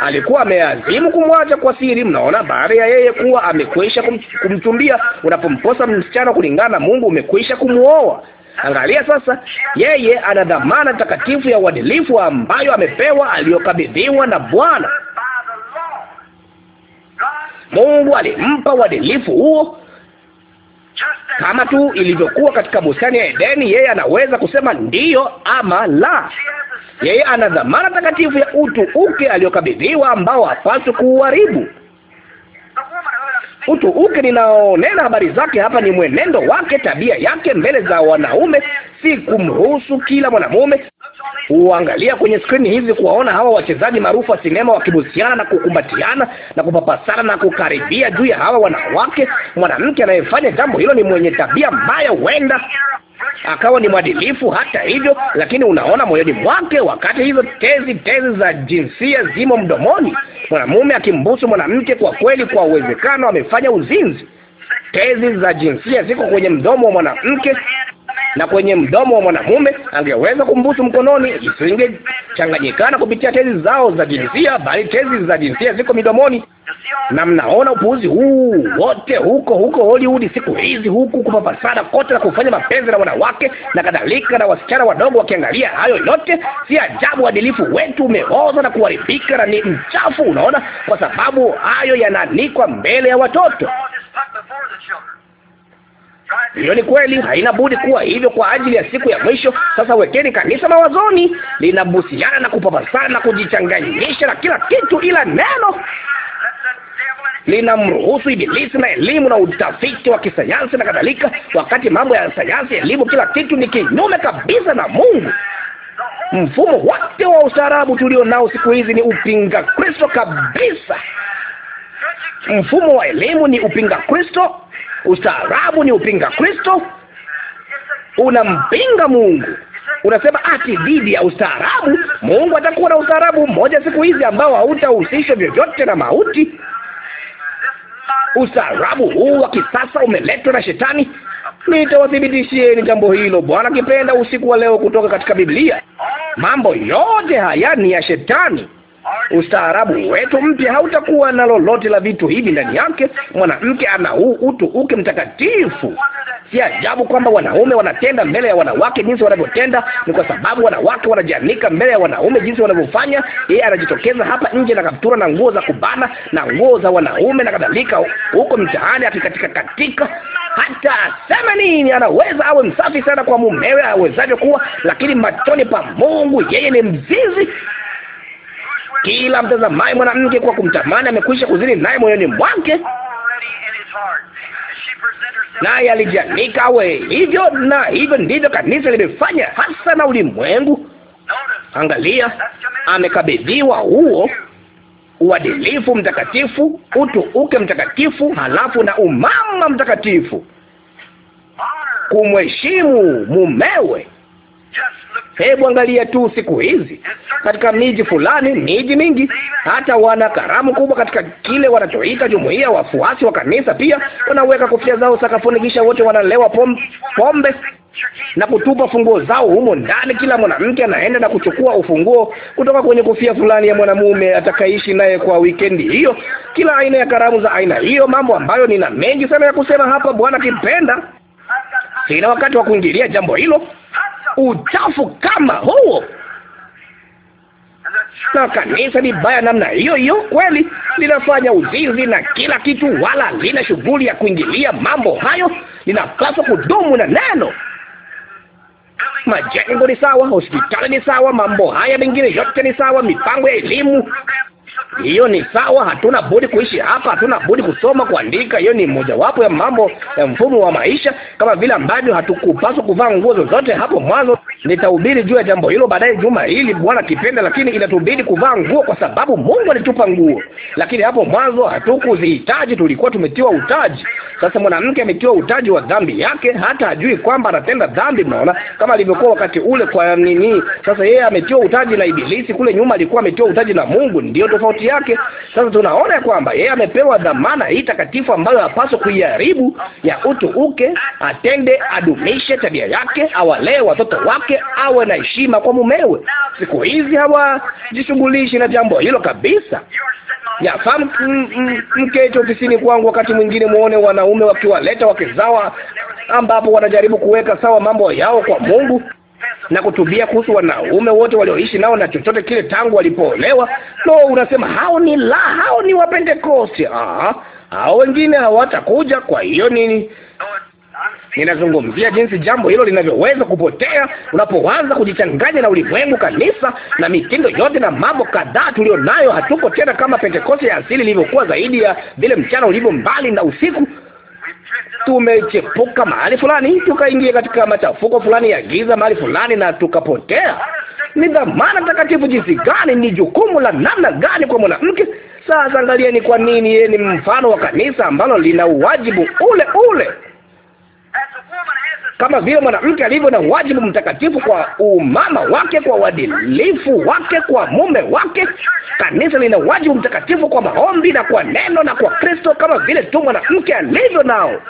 Alikuwa ameazimu kumwacha kwa siri. Mnaona, baada ya yeye kuwa amekwisha kumchumbia. unapomposa msichana kulingana na Mungu, umekwisha kumwoa. Angalia sasa, yeye ana dhamana takatifu ya uadilifu ambayo amepewa, aliyokabidhiwa na Bwana Mungu. Alimpa uadilifu huo kama tu ilivyokuwa katika bustani ya Edeni. Yeye anaweza kusema ndiyo ama la. Yeye ana dhamana takatifu ya utu uke aliyokabidhiwa, ambao hapaswi kuuharibu uke ninaonena habari zake hapa ni mwenendo wake, tabia yake mbele za wanaume, si kumruhusu kila mwanamume. Uangalia kwenye skrini hizi kuwaona hawa wachezaji maarufu wa sinema wakibusiana na kukumbatiana na kupapasana na kukaribia juu ya hawa wanawake. Mwanamke anayefanya jambo hilo ni mwenye tabia mbaya, huenda akawa ni mwadilifu hata hivyo, lakini unaona moyoni mwake. Wakati hizo tezi tezi za jinsia zimo mdomoni, mwanamume akimbusu mwanamke, kwa kweli, kwa uwezekano amefanya uzinzi. Tezi za jinsia ziko kwenye mdomo wa mwanamke, na kwenye mdomo wa mwanamume, angeweza kumbusu mkononi. Isingechanganyikana kupitia tezi zao za jinsia, bali tezi za jinsia ziko midomoni. Na mnaona upuuzi huu wote huko huko Hollywood siku hizi, huku kupapasada kote na kufanya mapenzi na wanawake na kadhalika, na wasichana wadogo wakiangalia hayo yote. Si ajabu uadilifu wetu umeoza na kuharibika na ni mchafu, unaona, kwa sababu hayo yanaanikwa mbele ya watoto. Hiyo ni kweli, haina budi kuwa hivyo kwa ajili ya siku ya mwisho. Sasa wekeni kanisa mawazoni, linabusiana na kupapasana na kujichanganyisha na kila kitu, ila neno linamruhusu Ibilisi na elimu na utafiti wa kisayansi na kadhalika, wakati mambo ya sayansi, elimu, kila kitu ni kinyume kabisa na Mungu. Mfumo wote wa ustaarabu tulio nao siku hizi ni upinga Kristo kabisa. Mfumo wa elimu ni upinga Kristo Ustaarabu ni upinga Kristo, unampinga Mungu. Unasema ati dhidi ya ustaarabu. Mungu atakuwa na ustaarabu mmoja siku hizi ambao hautahusisha vyovyote na mauti. Ustaarabu huu wa kisasa umeletwa na Shetani. Nitawathibitishieni jambo hilo, Bwana akipenda, usiku wa leo, kutoka katika Biblia. Mambo yote haya ni ya Shetani. Ustaarabu wetu mpya hautakuwa na lolote la vitu hivi ndani yake. Mwanamke ana huu utu uke mtakatifu. Si ajabu kwamba wanaume wanatenda mbele ya wanawake jinsi wanavyotenda. Ni kwa sababu wanawake wanajianika mbele ya wanaume jinsi wanavyofanya. Yeye anajitokeza hapa nje na kaptura na nguo za kubana na nguo za wanaume na kadhalika, huko mtaani akikatika katika. Hata asema nini, anaweza awe msafi sana kwa mumewe awezaje kuwa, lakini machoni pa Mungu yeye ni mzizi. Kila mtazamaye mwanamke kwa kumtamani amekwisha kuzini naye moyoni mwake,
naye alijanika
awe hivyo, na hivyo ndivyo kanisa limefanya hasa na ulimwengu.
Angalia, amekabidhiwa
huo uadilifu mtakatifu, utuuke mtakatifu, halafu na umama mtakatifu, kumheshimu mumewe Hebu angalia tu siku hizi katika miji fulani, miji mingi, hata wana karamu kubwa katika kile wanachoita jumuiya. Wafuasi wa kanisa pia wanaweka kofia zao sakafuni, kisha wote wanalewa pom, pombe na kutupa funguo zao humo ndani. Kila mwanamke anaenda na kuchukua ufunguo kutoka kwenye kofia fulani ya mwanamume atakaishi naye kwa wikendi hiyo. Kila aina ya karamu za aina hiyo, mambo ambayo nina mengi sana ya kusema hapa, Bwana kipenda,
sina wakati wa kuingilia jambo hilo uchafu
kama huo na kanisa ni baya namna hiyo hiyo, kweli linafanya uzinzi na kila kitu, wala lina shughuli ya kuingilia mambo hayo. Linapaswa kudumu na neno. Majengo ni sawa, hospitali ni sawa, mambo haya mengine yote ni sawa, mipango ya elimu, hiyo ni sawa, hatuna budi kuishi hapa, hatuna budi kusoma, kuandika. Hiyo ni mojawapo ya mambo ya mfumo wa maisha, kama vile ambavyo hatukupaswa kuvaa nguo zozote hapo mwanzo. Nitahubiri juu ya jambo hilo baadaye juma hili, Bwana kipenda, lakini inatubidi kuvaa nguo kwa sababu Mungu alitupa nguo, lakini hapo mwanzo hatukuzihitaji, tulikuwa tumetiwa utaji. Sasa mwanamke ametiwa utaji wa dhambi yake, hata ajui kwamba anatenda dhambi. Mnaona kama alivyokuwa wakati ule. Kwa nini sasa yeye ametiwa utaji na Ibilisi? Kule nyuma alikuwa ametiwa utaji na Mungu, ndiyo tofauti yake. Sasa tunaona ya kwamba yeye amepewa dhamana hii takatifu ambayo hapaswi kuiharibu, ya utu uke, atende, adumishe tabia yake, awalee watoto wake, awe na heshima kwa mumewe. Siku hizi hawajishughulishi na jambo hilo kabisa. Yafahamu mkete ofisini kwangu wakati mwingine muone wanaume wakiwaleta wakizawa ambapo wanajaribu kuweka sawa mambo yao kwa Mungu na kutubia kuhusu wanaume wote walioishi nao na chochote kile tangu walipoolewa. No, unasema hao ni la, hao ni Wapentekosti. Ah, hao wengine hawatakuja. Kwa hiyo nini? Ninazungumzia jinsi jambo hilo linavyoweza kupotea unapoanza kujichanganya na ulimwengu, kanisa na mitindo yote na mambo kadhaa tulionayo. Hatuko tena kama Pentekoste ya asili ilivyokuwa, zaidi ya vile mchana ulivyo mbali na usiku. Tumechepuka mahali fulani, tukaingia katika machafuko fulani ya giza mahali fulani, na tukapotea. Ni dhamana takatifu jinsi gani! Ni jukumu la namna gani kwa mwanamke! Sasa angalieni, kwa nini yeye ni mfano wa kanisa ambalo lina uwajibu ule ule kama vile mwanamke alivyo na wajibu mtakatifu kwa umama wake, kwa uadilifu wake, kwa mume wake, kanisa lina wajibu mtakatifu kwa maombi na kwa neno na kwa Kristo, kama vile tu mwanamke alivyo nao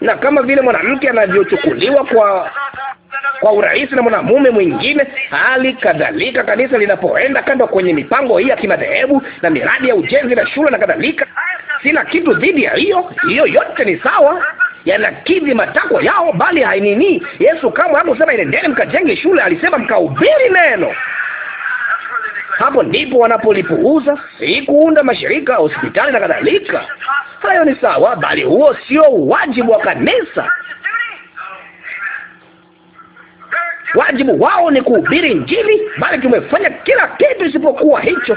na kama vile mwanamke anavyochukuliwa kwa
kwa urahisi na mwanamume mwingine,
hali kadhalika kanisa linapoenda kando kwenye mipango hii ya kimadhehebu na miradi ya ujenzi na shule na kadhalika. Sina kitu dhidi ya hiyo, hiyo yote ni sawa, yanakidhi matakwa yao, bali hainini. Yesu kamwe hakusema inendeni mkajenge shule, alisema mkahubiri neno. Hapo ndipo wanapolipuuza. kuunda mashirika, hospitali na kadhalika. Hayo ni sawa, bali huo sio wajibu wa kanisa. Wajibu wao ni kuhubiri Injili, bali tumefanya kila kitu isipokuwa hicho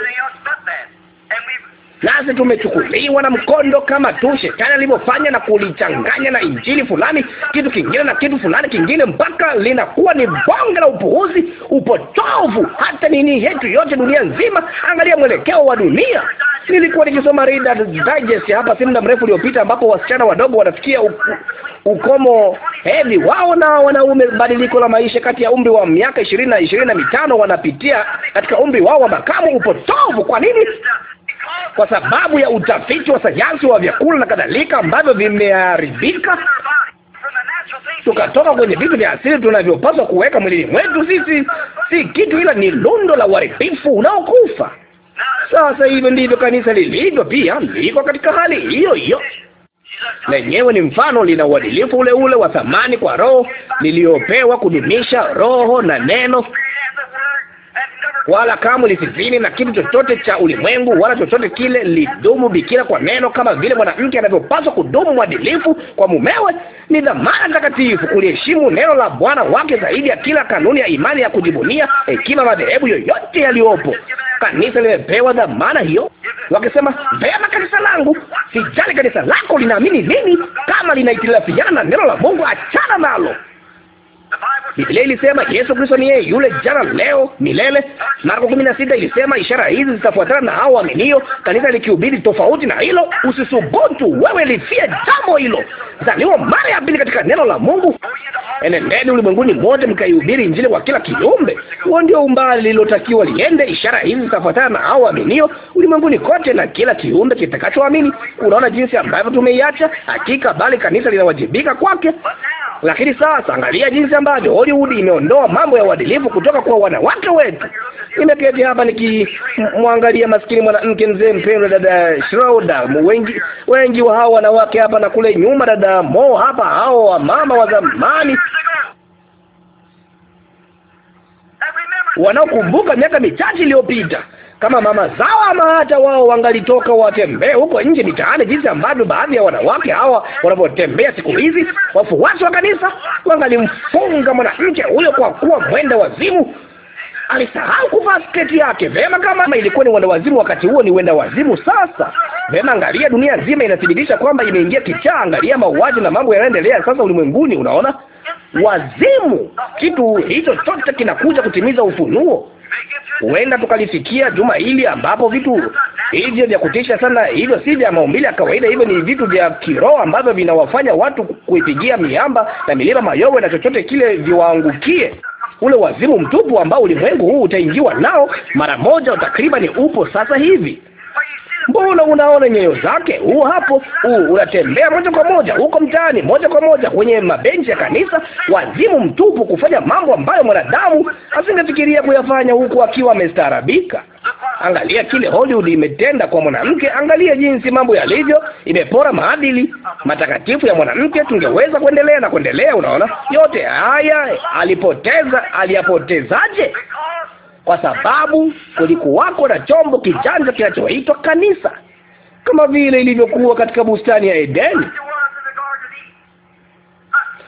nasi tumechukuliwa na mkondo kama tu shetani alivyofanya na kulichanganya na injili fulani kitu kingine na kitu fulani kingine mpaka linakuwa ni bonge la upuuzi, upotovu, hata nini yetu yote, dunia nzima. Angalia mwelekeo wa dunia. Nilikuwa nikisoma Reader Digest hapa si muda mrefu uliopita, ambapo wasichana wadogo wanafikia ukomo hedhi wao na wanaume. Badiliko la maisha kati ya umri wa miaka ishirini na ishirini na mitano wanapitia katika umri wao wa makamu, upotovu. Kwa nini? kwa sababu ya utafiti wa sayansi wa vyakula na kadhalika ambavyo vimeharibika. Tukatoka kwenye vitu vya asili tunavyopaswa kuweka mwilini mwetu. Sisi si kitu, ila ni lundo la uharibifu unaokufa. Sasa hivyo ndivyo kanisa lilivyo, pia liko katika hali hiyo hiyo lenyewe ni mfano, lina uadilifu ule ule wa thamani kwa roho liliyopewa kudumisha roho na neno wala kamwe lisifini na kitu chochote cha ulimwengu wala chochote kile. Lidumu bikira kwa neno, kama vile mwanamke anavyopaswa kudumu mwadilifu kwa mumewe. Ni dhamana takatifu kuliheshimu neno la Bwana wake zaidi ya kila kanuni ya imani ya kujibunia hekima madhehebu yoyote yaliyopo. Kanisa limepewa dhamana hiyo, wakisema vema, kanisa langu. Sijali kanisa lako linaamini nini, kama linaitilafiana na neno la Mungu, achana nalo. Biblia ilisema Yesu Kristo ni yeye yule jana leo milele. Marko kumi na sita ilisema ishara hizi zitafuatana na hao waaminio. Kanisa likihubiri tofauti na hilo, usisubutu wewe, lifie jambo hilo. Zaliwa mara ya pili katika neno la Mungu. Enendeni ulimwenguni mote mkaihubiri Injili kwa kila kiumbe. Huo ndio umbali lilotakiwa liende. Ishara hizi zitafuatana na hao waaminio ulimwenguni kote na kila kiumbe kitakachoamini. Unaona jinsi ambavyo tumeiacha? Hakika bali kanisa linawajibika kwake. Lakini sasa angalia jinsi ambavyo Hollywood imeondoa mambo ya uadilifu kutoka kwa wanawake wetu. Nimeketi hapa nikimwangalia maskini mwanamke mzee mpendwa, dada Shroda, Wengi wengi wa hao wanawake hapa na kule nyuma, dada Mo hapa, hao wamama wa zamani wanaokumbuka miaka michache iliyopita kama mama zao, ama hata wao wangalitoka watembee huko nje mitaani, jinsi ambavyo baadhi ya wanawake hawa wanavyotembea siku hizi. Wafuasi wa kanisa wangalimfunga mwanamke huyo kwa kuwa mwenda wazimu alisahau kuvaa sketi yake. Vema, kama ilikuwa ni wazimu wakati huo, ni wazimu sasa. Vema, angalia, dunia nzima inathibitisha kwamba imeingia kichaa. Angalia mauaji na mambo yanaendelea sasa ulimwenguni. Unaona, wazimu, kitu hicho chote kinakuja kutimiza ufunuo. Huenda tukalifikia juma hili ambapo vitu hivyo vya kutisha sana, hivyo si vya maumbile ya kawaida, hivyo ni vitu vya kiroho ambavyo vinawafanya watu kuipigia miamba na milima mayowe na chochote kile viwaangukie ule wazimu mtupu ambao ulimwengu huu utaingiwa nao mara moja, takriban upo sasa hivi. Mbona unaona nyayo zake? Huu hapo, huu unatembea moja kwa moja huko mtaani, moja kwa moja kwenye mabenchi ya kanisa, wazimu mtupu, kufanya mambo ambayo mwanadamu asingefikiria kuyafanya huku akiwa amestaarabika. Angalia kile Hollywood imetenda kwa mwanamke, angalia jinsi mambo yalivyo, imepora maadili matakatifu ya mwanamke. Tungeweza kuendelea na kuendelea. Unaona, yote haya alipoteza, aliyapotezaje? kwa sababu kulikuwako na chombo kijanja kinachoitwa kanisa, kama vile ilivyokuwa katika bustani ya Edeni.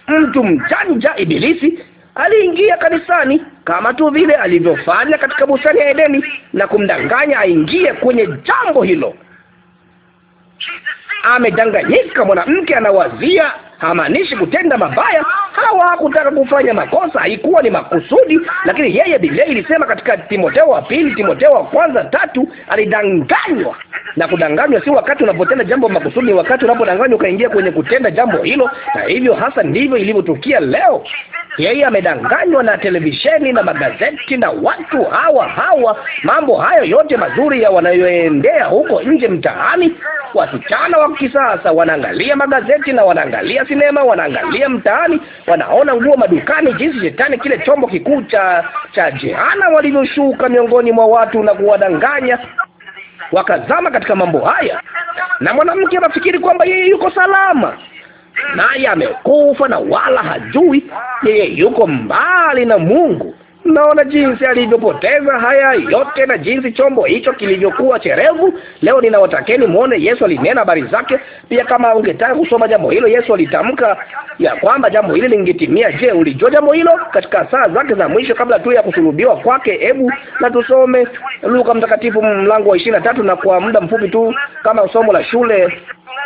Mtu mjanja Ibilisi aliingia kanisani kama tu vile alivyofanya katika bustani ya Edeni na kumdanganya aingie kwenye jambo hilo. Amedanganyika. Mwanamke anawazia hamaanishi kutenda mabaya, hawa hakutaka kufanya makosa, haikuwa ni makusudi. Lakini yeye, Biblia ilisema katika Timotheo wa pili, Timotheo wa kwanza tatu, alidanganywa na kudanganywa si wakati unapotenda jambo makusudi, ni wakati unapodanganywa ukaingia kwenye kutenda jambo hilo. Na hivyo hasa ndivyo ilivyotukia leo. Yeye amedanganywa na televisheni na magazeti na watu hawa hawa, mambo hayo yote mazuri ya wanayoendea huko nje mtaani. Wasichana wa kisasa wanaangalia magazeti na wanaangalia sinema, wanaangalia mtaani, Wanaona ulio madukani, jinsi shetani, kile chombo kikuu cha cha jehana, walivyoshuka miongoni mwa watu na kuwadanganya, wakazama katika mambo haya, na mwanamke anafikiri kwamba yeye yuko salama naye amekufa na wala hajui yeye yuko mbali na Mungu. Naona jinsi alivyopoteza haya yote na jinsi chombo hicho kilivyokuwa cherevu. Leo ninawatakeni muone Yesu alinena habari zake. Pia kama ungetaka kusoma jambo hilo, Yesu alitamka ya kwamba jambo hili lingetimia. Je, ulijua jambo hilo? Katika saa zake za mwisho kabla tu ya kusulubiwa kwake. Hebu na tusome Luka Mtakatifu mlango wa ishirini na tatu na kwa muda mfupi tu kama somo la shule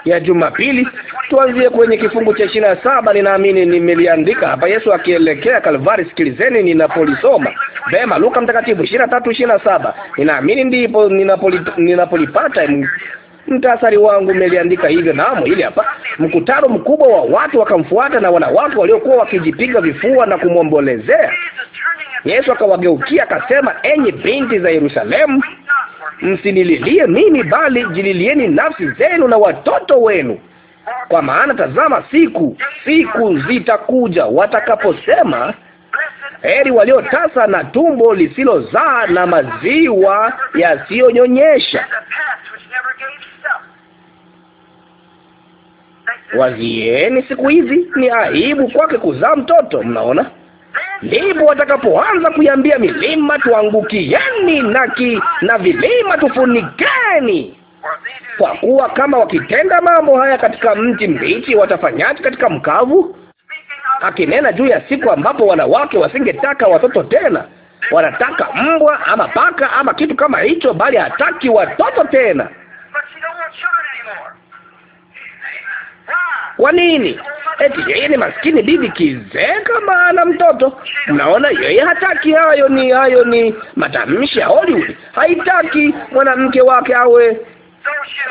ya Jumapili. Tuanzie kwenye kifungu cha ishirini na saba. Ninaamini nimeliandika hapa, Yesu akielekea Kalvari. Sikilizeni ninapolisoma vema, Luka Mtakatifu ishirini na tatu ishirini na saba. Ninaamini ndipo ninapoli, ninapolipata mtasari wangu umeliandika hivyo. Namo ili hapa, mkutano mkubwa wa watu wakamfuata, na wanawake waliokuwa wakijipiga vifua na kumwombolezea Yesu. Akawageukia akasema, enyi binti za Yerusalemu, msinililie mimi, bali jililieni nafsi zenu na watoto wenu, kwa maana tazama, siku siku zitakuja watakaposema, heri waliotasa na tumbo lisilozaa na maziwa yasiyonyonyesha. Wazieni siku hizi, ni aibu kwake kuzaa mtoto. Mnaona? ndipo watakapoanza kuiambia milima, tuangukieni na ki, na vilima tufunikeni. Kwa kuwa kama wakitenda mambo haya katika mti mbichi, watafanyaje katika mkavu? Akinena juu ya siku ambapo wanawake wasingetaka watoto tena, wanataka mbwa ama paka ama kitu kama hicho, bali hataki watoto tena.
Kwa nini? Eti yeye ni maskini, bibi
kizeka, maana mtoto. Mnaona, yeye hataki hayo. Ni hayo ni matamshi ya Hollywood. Haitaki mwanamke wake awe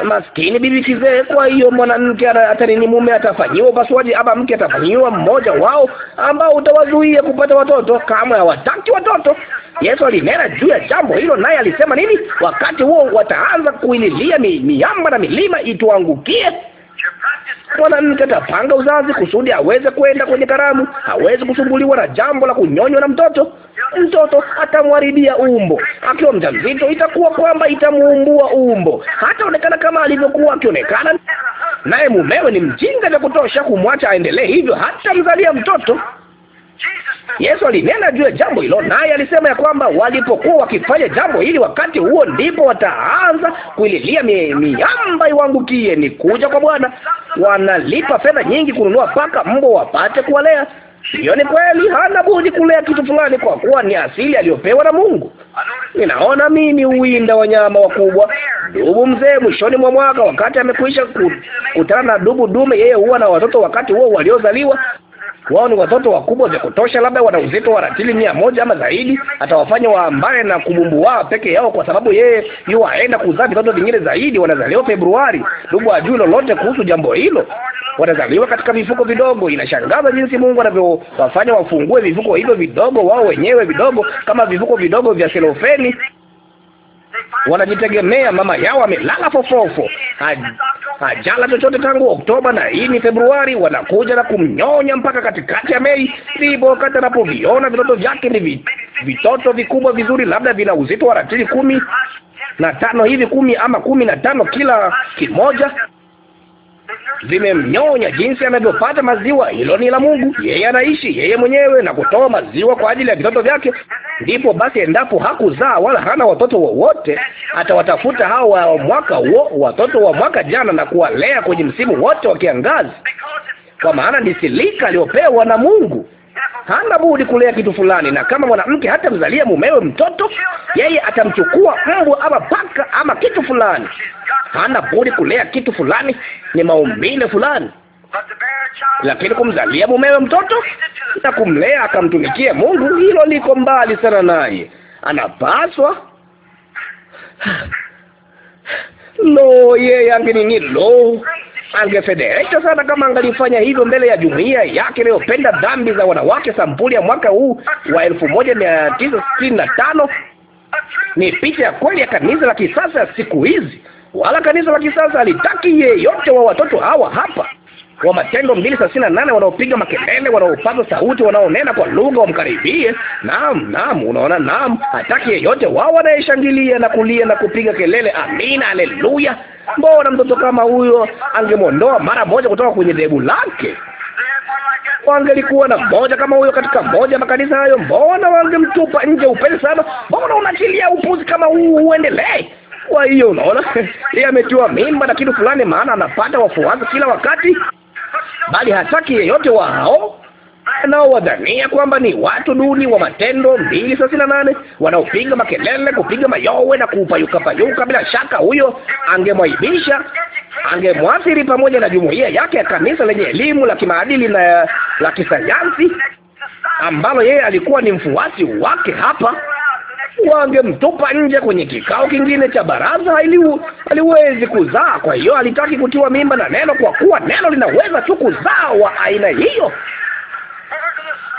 maskini bibi kizee. Kwa hiyo mwanamke hata nini, mume atafanyiwa upasuaji ama mke atafanyiwa, mmoja wao ambao utawazuia kupata watoto. kama hawataki watoto. Yesu alinena juu ya jambo hilo, naye alisema nini? Wakati huo wataanza kuililia miamba na milima ituangukie Mwanamke atapanga uzazi kusudi aweze kwenda kwenye karamu. Hawezi kusumbuliwa na jambo la kunyonywa na mtoto. Mtoto atamwaridia umbo. Akiwa mjamzito, itakuwa kwamba itamuumbua umbo, hataonekana kama alivyokuwa akionekana. Naye mumewe ni mjinga vya kutosha kumwacha aendelee hivyo, hata mzalia mtoto. Yesu alinena juu ya jambo hilo, naye alisema ya kwamba walipokuwa wakifanya jambo hili, wakati huo ndipo wataanza kuililia miamba iwangukie, ni kuja kwa Bwana. Wanalipa fedha nyingi kununua paka mbo wapate kuwalea. Hiyo ni kweli, hana budi kulea kitu fulani, kwa kuwa ni asili aliyopewa na Mungu. Ninaona mimi uwinda wanyama wakubwa, dubu mzee mwishoni mwa mwaka, wakati amekwisha kutana na dubu dume, yeye huwa na watoto wakati huo waliozaliwa. Wao ni watoto wakubwa vya kutosha, labda wana uzito wa ratili mia moja ama zaidi. Atawafanya waambaye na kubumbuaa peke yao, kwa sababu yeye yu aenda kuzaa vitoto vingine zaidi. Wanazaliwa Februari. Ndugu ajui lolote kuhusu jambo hilo, wanazaliwa katika vifuko vidogo. Inashangaza jinsi Mungu anavyowafanya wafungue vifuko hivyo vidogo wao wenyewe, vidogo kama vifuko vidogo vya selofeni wanajitegemea. Mama yao amelala fofofo, hajala chochote tangu Oktoba, na hii ni Februari. Wanakuja na kumnyonya mpaka katikati ya Mei. Ndipo wakati anapoviona vitoto vyake ni vitoto vikubwa vizuri, labda vina uzito wa ratili kumi na tano hivi, kumi ama kumi na tano kila kimoja, zimemnyonya jinsi anavyopata maziwa. Hilo ni la Mungu, yeye anaishi yeye mwenyewe na kutoa maziwa kwa ajili ya vitoto vyake. Ndipo basi, endapo hakuzaa wala hana watoto wowote, atawatafuta hao wa mwaka huo, watoto wa mwaka jana, na kuwalea kwenye msimu wote wa kiangazi, kwa maana ni silika aliyopewa na Mungu hana budi kulea kitu fulani, na kama mwanamke hata mzalia mumewe mtoto, yeye atamchukua mbwa ama paka ama kitu fulani. Hana budi kulea kitu fulani, ni maumbile fulani lakini kumzalia mumewe mtoto na kumlea akamtumikia Mungu, hilo liko mbali sana naye. Anapaswa lo, yeye angenini, lo, angefedheheka sana kama angalifanya hivyo mbele ya jumuiya yake inayopenda dhambi za wanawake sampuli ya mwaka huu wa elfu moja mia tisa sitini na tano. Ni picha ya kweli ya kanisa la kisasa siku hizi. Wala kanisa la kisasa halitaki yeyote wa watoto hawa hapa wa Matendo mbili thelathini na nane wanaopiga makelele, wanaopaza sauti, wanaonena kwa lugha, wamkaribie. Naam, naam, unaona, naam, hataki yeyote wao anayeshangilia na kulia na kupiga kelele. Amina, haleluya! Mbona mtoto kama huyo angemwondoa mara moja kutoka kwenye dhehebu lake? Wangelikuwa na mmoja kama huyo katika moja makanisa hayo, mbona wangemtupa nje upesi sana? Mbona unachilia upuzi kama huu uendelee? Kwa hiyo unaona, yeye ametiwa mimba na kitu fulani, maana anapata wafuasi kila wakati bali hataki yeyote wao anaowadhania kwamba ni watu duni wa Matendo mbili thelathini na nane wanaopiga makelele, kupiga mayowe na payuka Bila shaka huyo angemwaibisha, angemwathiri pamoja na jumuiya yake ya kanisa lenye elimu la kimaadili na la kisayansi ambalo yeye alikuwa ni mfuasi wake hapa wangemtupa nje kwenye kikao kingine cha baraza. Aliwezi kuzaa, kwa hiyo alitaki kutiwa mimba na neno, kwa kuwa neno linaweza tu kuzaa wa aina hiyo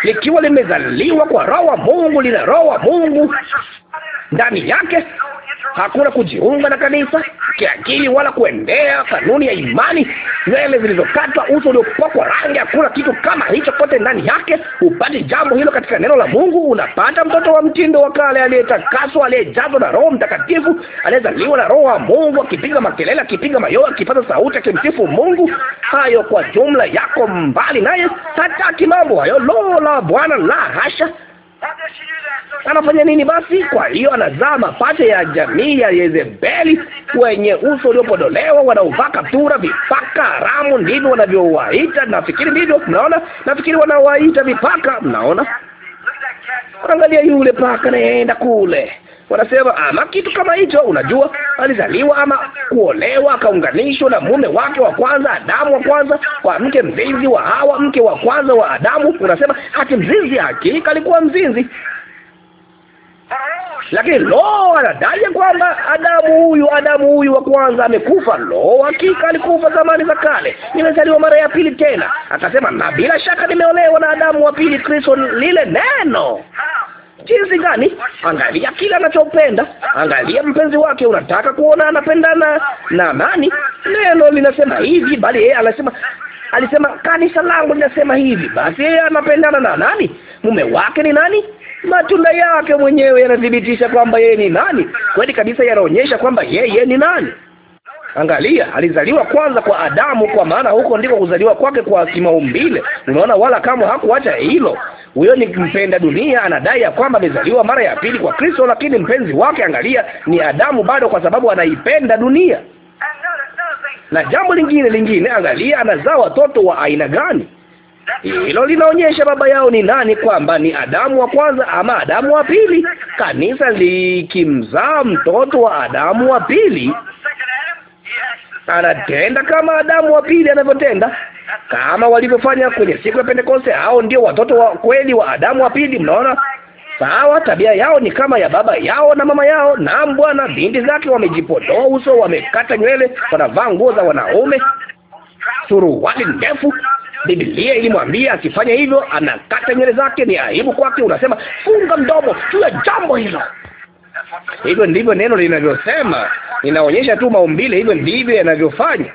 likiwa limezaliwa kwa roho wa Mungu, lina roho wa Mungu ndani yake hakuna kujiunga na kanisa kiakili wala kuendea kanuni ya imani, nywele zilizokatwa, uso uliopakwa rangi. Hakuna kitu kama hicho kote ndani yake. Upate jambo hilo katika neno la Mungu. Unapata mtoto wa mtindo wa kale aliyetakaswa, aliyejazwa na Roho Mtakatifu, aliyezaliwa na Roho wa Mungu, akipiga makelele, akipiga mayoa, akipata sauti, akimsifu Mungu. Hayo kwa jumla yako mbali naye, hataki mambo hayo. Lo la Bwana, la hasha! anafanya nini basi? Kwa hiyo anazaa mapacha ya jamii ya Yezebeli, wenye uso uliopodolewa, wanaovaa kaptura, vipaka haramu, ndivyo wanavyowaita. Nafikiri ndivyo, mnaona, nafikiri wanawaita vipaka. Mnaona, angalia yule paka anaenda kule Wanasema ama ah, kitu kama hicho. Unajua, alizaliwa ama kuolewa, akaunganishwa na mume wake wa kwanza, Adamu wa kwanza, kwa mke mzinzi wa Hawa, mke wa kwanza wa Adamu. Unasema ati mzinzi? Hakika alikuwa mzinzi, lakini lo, anadai kwamba Adamu huyu, Adamu huyu wa kwanza amekufa. Lo, hakika alikufa zamani za kale. Nimezaliwa mara ya pili tena, akasema, na bila shaka nimeolewa na Adamu wa pili, Kristo, lile neno Jinsi gani? Angalia kila anachopenda, angalia mpenzi wake. Unataka kuona anapendana na nani? Neno linasema hivi, bali yeye anasema alisema kanisa langu linasema hivi. Basi yeye anapendana na nani? Mume wake ni nani? Matunda yake mwenyewe yanathibitisha kwamba yeye ni nani. Kweli kabisa, yanaonyesha kwamba yeye ni nani. Angalia, alizaliwa kwanza kwa Adamu, kwa maana huko ndiko kuzaliwa kwake kwa kimaumbile. Unaona, wala kama hakuacha hilo. Huyo ni mpenda dunia, anadai ya kwamba amezaliwa mara ya pili kwa Kristo, lakini mpenzi wake, angalia, ni Adamu bado, kwa sababu anaipenda dunia.
Na jambo lingine
lingine, angalia, anazaa watoto wa aina gani?
Hilo linaonyesha
baba yao ni nani, kwamba ni Adamu wa kwanza ama Adamu wa pili. Kanisa likimzaa mtoto wa Adamu wa pili anatenda kama Adamu wa pili anavyotenda, kama walivyofanya kwenye siku ya Pentekoste. Hao ndio watoto wa kweli wa Adamu wa pili. Mnaona? Sawa, tabia yao ni kama ya baba yao na mama yao. Naam, bwana, binti zake wamejipodoa uso, wamekata nywele, wanavaa nguo za wanaume, suruali ndefu. Biblia ilimwambia akifanya hivyo, anakata nywele zake, ni aibu kwake. Unasema funga mdomo juu ya jambo hilo. Hivyo ndivyo neno linavyosema. inaonyesha tu maumbile, hivyo ndivyo yanavyofanya.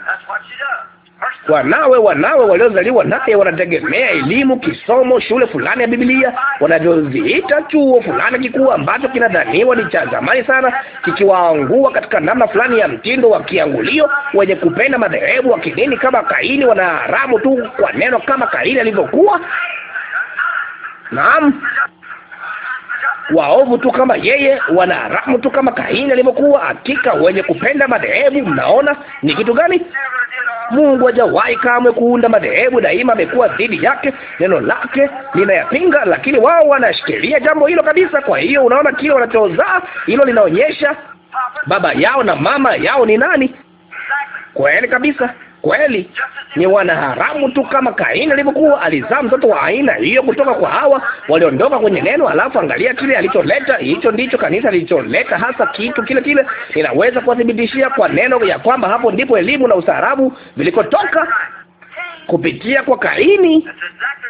Wanawe wanawe waliozaliwa naye wanategemea elimu, kisomo, shule fulani ya Biblia, wanavyoziita chuo fulani kikuu ambacho kinadhaniwa ni cha zamani sana, kikiwaangua katika namna fulani ya mtindo wa kiangulio, wenye kupenda madhehebu wa kidini kama Kaini. Wanaharamu tu kwa neno kama Kaini alivyokuwa. Naam waovu tu kama yeye, wanaharamu tu kama Kaini alivyokuwa, hakika wenye kupenda madhehebu. Mnaona ni kitu gani? Mungu hajawahi kamwe kuunda madhehebu, daima amekuwa dhidi yake. Neno lake linayapinga, lakini wao wanashikilia jambo hilo kabisa. Kwa hiyo unaona kile wanachozaa, hilo linaonyesha baba yao na mama yao ni nani. Kweli kabisa. Kweli ni wana haramu tu, kama Kaini alivyokuwa. Alizaa mtoto wa aina hiyo kutoka kwa Hawa, waliondoka kwenye neno. Alafu angalia kile alicholeta. Hicho ndicho kanisa lilicholeta hasa, kitu kile kile. Ninaweza kuwathibitishia kwa neno ya kwamba hapo ndipo elimu na ustaarabu vilikotoka kupitia kwa Kaini.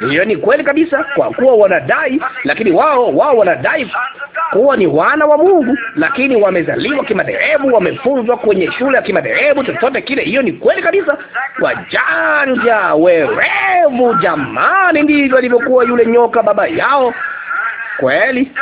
Hiyo ni kweli kabisa, kwa kuwa wanadai, lakini wao wao wanadai kuwa ni wana wa Mungu, lakini wamezaliwa kimadhehebu, wamefunzwa kwenye shule ya kimadhehebu, chochote kile. Hiyo ni kweli kabisa. Wajanja werevu, jamani, ndivyo alivyokuwa yule nyoka baba yao. Kweli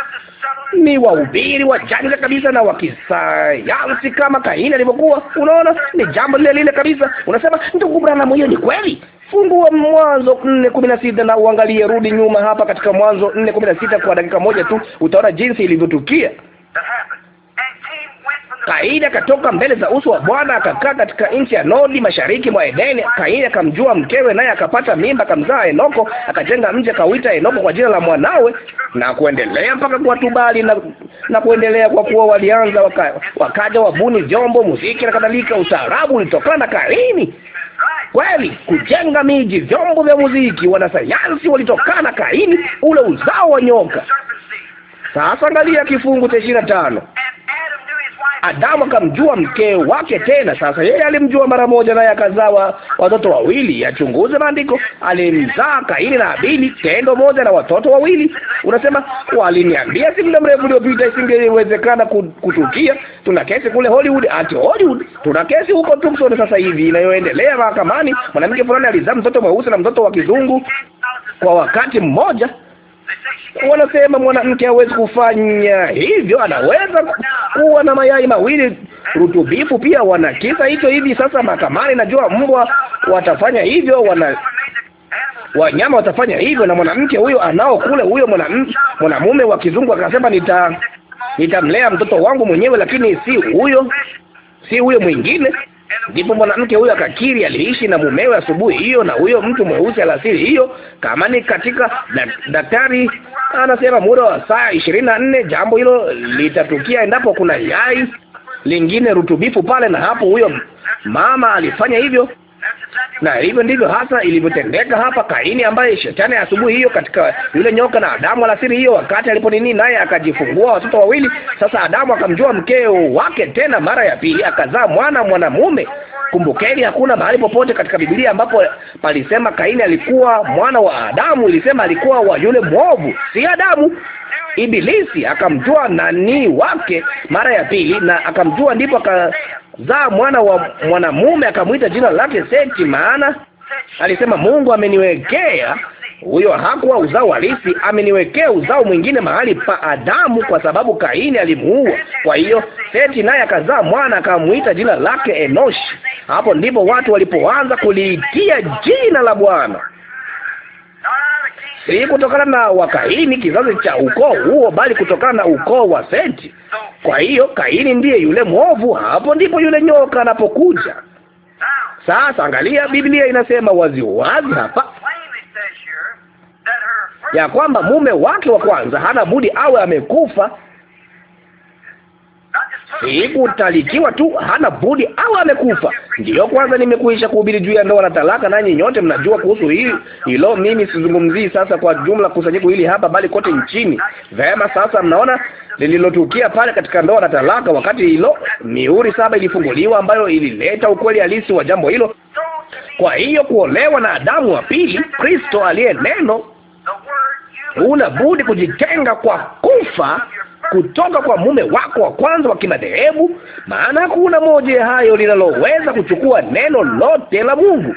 ni wahubiri wajanja kabisa na wakisayansi kama Kaini alivyokuwa. Unaona, ni jambo lile lile kabisa. Unasema, ndugu Branham, hiyo ni kweli fungua mwanzo nne kumi na sita na uangalie rudi nyuma hapa katika mwanzo nne kumi na sita kwa dakika moja tu utaona jinsi ilivyotukia Kaini akatoka mbele za uso wa Bwana akakaa katika nchi ya Nodi mashariki mwa Edeni. Kaini akamjua mkewe, naye akapata mimba, akamzaa Enoko. Akajenga mji akauita Enoko kwa jina la mwanawe, na kuendelea mpaka kwa Tubali na, na kuendelea, kwa kuwa walianza waka, wakaja wabuni vyombo, muziki na kadhalika. Ustaarabu ulitokana na Kaini kweli kujenga miji, vyombo vya muziki. Wanasayansi walitokana Kaini, ule uzao wa nyoka. Sasa angalia kifungu cha ishirini na tano Adamu akamjua mke wake tena. Sasa yeye alimjua mara moja, naye akazawa watoto wawili. Yachunguze maandiko, alimzaa Kaini na Abili, tendo moja na watoto wawili. Unasema waliniambia si muda mrefu uliopita isingewezekana kutukia. Tuna kesi kule Hollywood, ati Hollywood, tuna kesi huko Tucson sasa hivi inayoendelea mahakamani. Mwanamke fulani alizaa mtoto mweusi na mtoto wa kizungu kwa wakati mmoja. Wanasema mwanamke hawezi kufanya hivyo, anaweza kuwa na mayai mawili rutubifu. Pia wana kisa hicho hivi sasa mahakamani. Najua mbwa watafanya hivyo, wana wanyama watafanya hivyo, na mwanamke huyo anao kule, huyo mwanamume wa kizungu akasema, nita nitamlea mtoto wangu mwenyewe, lakini si huyo si huyo mwingine. Ndipo mwanamke huyo akakiri aliishi na mumewe asubuhi hiyo na huyo mtu mweusi alasiri hiyo. Kama ni katika daktari anasema muda wa saa ishirini na nne jambo hilo litatukia endapo kuna yai lingine rutubifu pale, na hapo huyo mama alifanya hivyo. Na hivyo ndivyo hasa ilivyotendeka hapa. Kaini, ambaye shetani asubuhi hiyo katika yule nyoka, na Adamu alasiri hiyo, wakati aliponini, naye akajifungua watoto wawili. Sasa Adamu akamjua mkeo wake tena mara ya pili, akazaa mwana mwanamume. Kumbukeni, hakuna mahali popote katika Biblia ambapo palisema Kaini alikuwa mwana wa Adamu. Ilisema alikuwa wa yule mwovu, si Adamu. Ibilisi akamjua nani wake mara ya pili, na akamjua, ndipo akazaa mwana wa mwanamume akamwita jina lake Seti, maana alisema Mungu ameniwekea huyo hakuwa uzao halisi, ameniwekea uzao mwingine mahali pa Adamu, kwa sababu Kaini alimuua. Kwa hiyo Seti naye akazaa mwana akamwita jina lake Enoshi. Hapo ndipo watu walipoanza kuliitia jina la Bwana si kutokana na wakaini kizazi cha ukoo huo, bali kutokana na ukoo wa Seti. Kwa hiyo Kaini ndiye yule mwovu. Hapo ndipo yule nyoka anapokuja. Sasa angalia, Biblia inasema wazi wazi hapa ya kwamba mume wake wa kwanza hana budi awe amekufa hebu talikiwa tu, hana budi au amekufa. Ndiyo kwanza nimekuisha kuhubiri juu ya ndoa na talaka, nanyi nyote mnajua kuhusu hii hilo. Mimi sizungumzii sasa kwa jumla kusanyiko hili hapa, bali kote nchini. Vema, sasa mnaona lililotukia pale katika ndoa na talaka, wakati hilo mihuri saba ilifunguliwa, ambayo ilileta ukweli halisi wa jambo hilo. Kwa hiyo kuolewa na Adamu wa pili, Kristo aliye neno, una budi kujitenga kwa kufa kutoka kwa mume wako wa kwanza wa kimadhehebu, maana hakuna moja hayo linaloweza kuchukua neno lote la Mungu.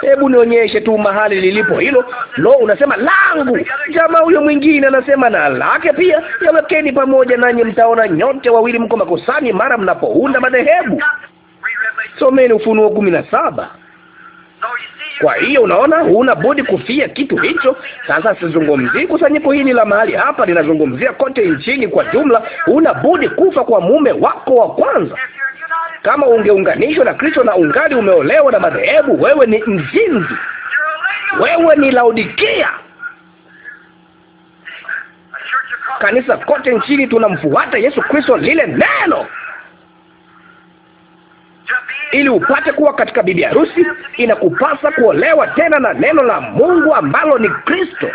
Hebu nionyeshe tu mahali lilipo hilo. Lo, unasema langu. Jamaa huyo mwingine anasema na lake pia. Yawekeni pamoja, nanyi mtaona nyote wawili mko makosani mara mnapounda madhehebu. Someni Ufunuo kumi na saba. Oh, kwa hiyo unaona, huna budi kufia kitu hicho. Sasa sizungumzii kusanyiko hili la mahali hapa, ninazungumzia kote nchini kwa jumla. Huna budi kufa kwa mume wako wa kwanza. Kama ungeunganishwa na Kristo na ungali umeolewa na madhehebu, wewe ni mzinzi, wewe ni Laodikia. Kanisa kote nchini tunamfuata Yesu Kristo, lile neno ili upate kuwa katika bibi harusi, inakupasa kuolewa tena na neno la Mungu ambalo ni Kristo.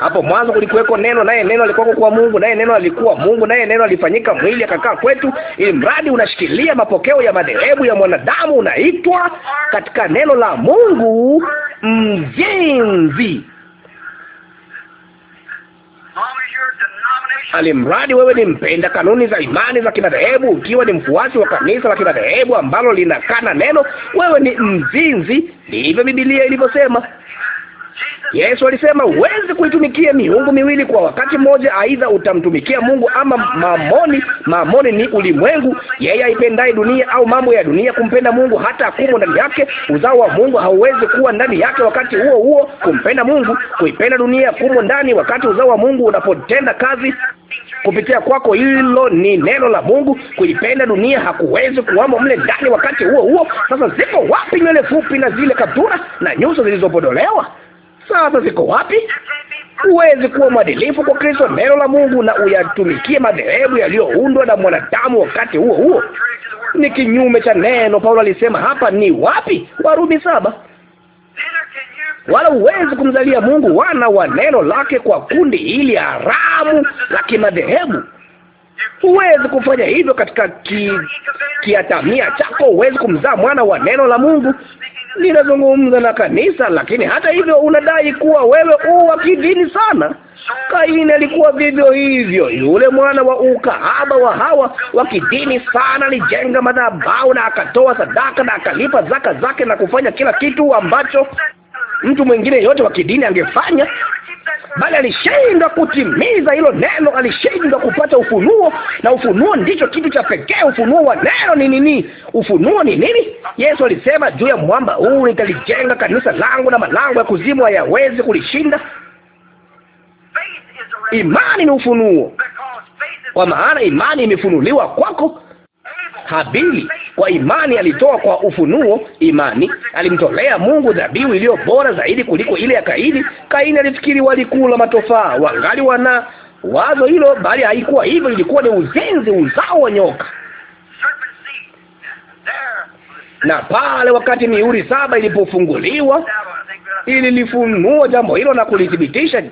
Hapo mwanzo kulikuweko neno, naye neno alikuwa kwa Mungu, naye neno alikuwa Mungu, naye neno alifanyika mwili akakaa kwetu. Ili mradi unashikilia mapokeo ya madhehebu ya mwanadamu, unaitwa katika neno la Mungu mjenzi. alimradi wewe ni mpenda kanuni za imani za kimadhehebu, ukiwa ni mfuasi wa kanisa la kimadhehebu ambalo linakana neno, wewe ni mzinzi. Ndivyo Biblia ilivyosema. Yesu alisema huwezi kuitumikia miungu miwili kwa wakati mmoja, aidha utamtumikia Mungu ama mamoni. Mamoni ni ulimwengu, yeye aipendaye dunia au mambo ya dunia. Kumpenda Mungu hata akumo ndani yake, uzao wa Mungu hauwezi kuwa ndani yake wakati huo huo. Kumpenda Mungu, kuipenda dunia kumo ndani, wakati uzao wa Mungu unapotenda kazi kupitia kwako, hilo ni neno la Mungu. Kuipenda dunia hakuwezi kuwamo mle ndani wakati huo huo. Sasa ziko wapi nywele fupi na zile kaptura na nyuso zilizopodolewa? sasa ziko wapi? Huwezi kuwa mwadilifu kwa Kristo, neno la Mungu, na uyatumikie madhehebu yaliyoundwa na mwanadamu. Wakati huo huo ni kinyume cha neno. Paulo alisema hapa ni wapi? Warumi saba. Wala huwezi kumzalia Mungu wana wa neno lake kwa kundi hili haramu la kimadhehebu. Huwezi kufanya hivyo katika ki, kiatamia chako. Huwezi kumzaa mwana wa neno la Mungu linazungumza na kanisa, lakini hata hivyo unadai kuwa wewe uwa wa kidini sana. Kaini alikuwa vivyo hivyo, yule mwana wa ukahaba wa Hawa wa kidini sana. Alijenga madhabahu na akatoa sadaka na akalipa zaka zake na kufanya kila kitu ambacho mtu mwingine yote wa kidini angefanya, bali alishindwa kutimiza hilo neno, alishindwa kupata ufunuo. Na ufunuo ndicho kitu cha pekee. Ufunuo wa neno ni nini? Ufunuo ni nini? Yesu alisema, juu ya mwamba huu nitalijenga kanisa langu, na malango ya kuzimu hayawezi kulishinda. Imani ni ufunuo, kwa maana imani imefunuliwa kwako Habili kwa imani alitoa kwa ufunuo, imani alimtolea Mungu dhabihu iliyo bora zaidi kuliko ile ya Kaini. Kaini alifikiri walikula matofaa, wangali wana wazo hilo, bali haikuwa hivyo. Ilikuwa ni uzinzi uzao wa nyoka na pale wakati mihuri saba ilipofunguliwa ililifunua jambo hilo na kulithibitisha.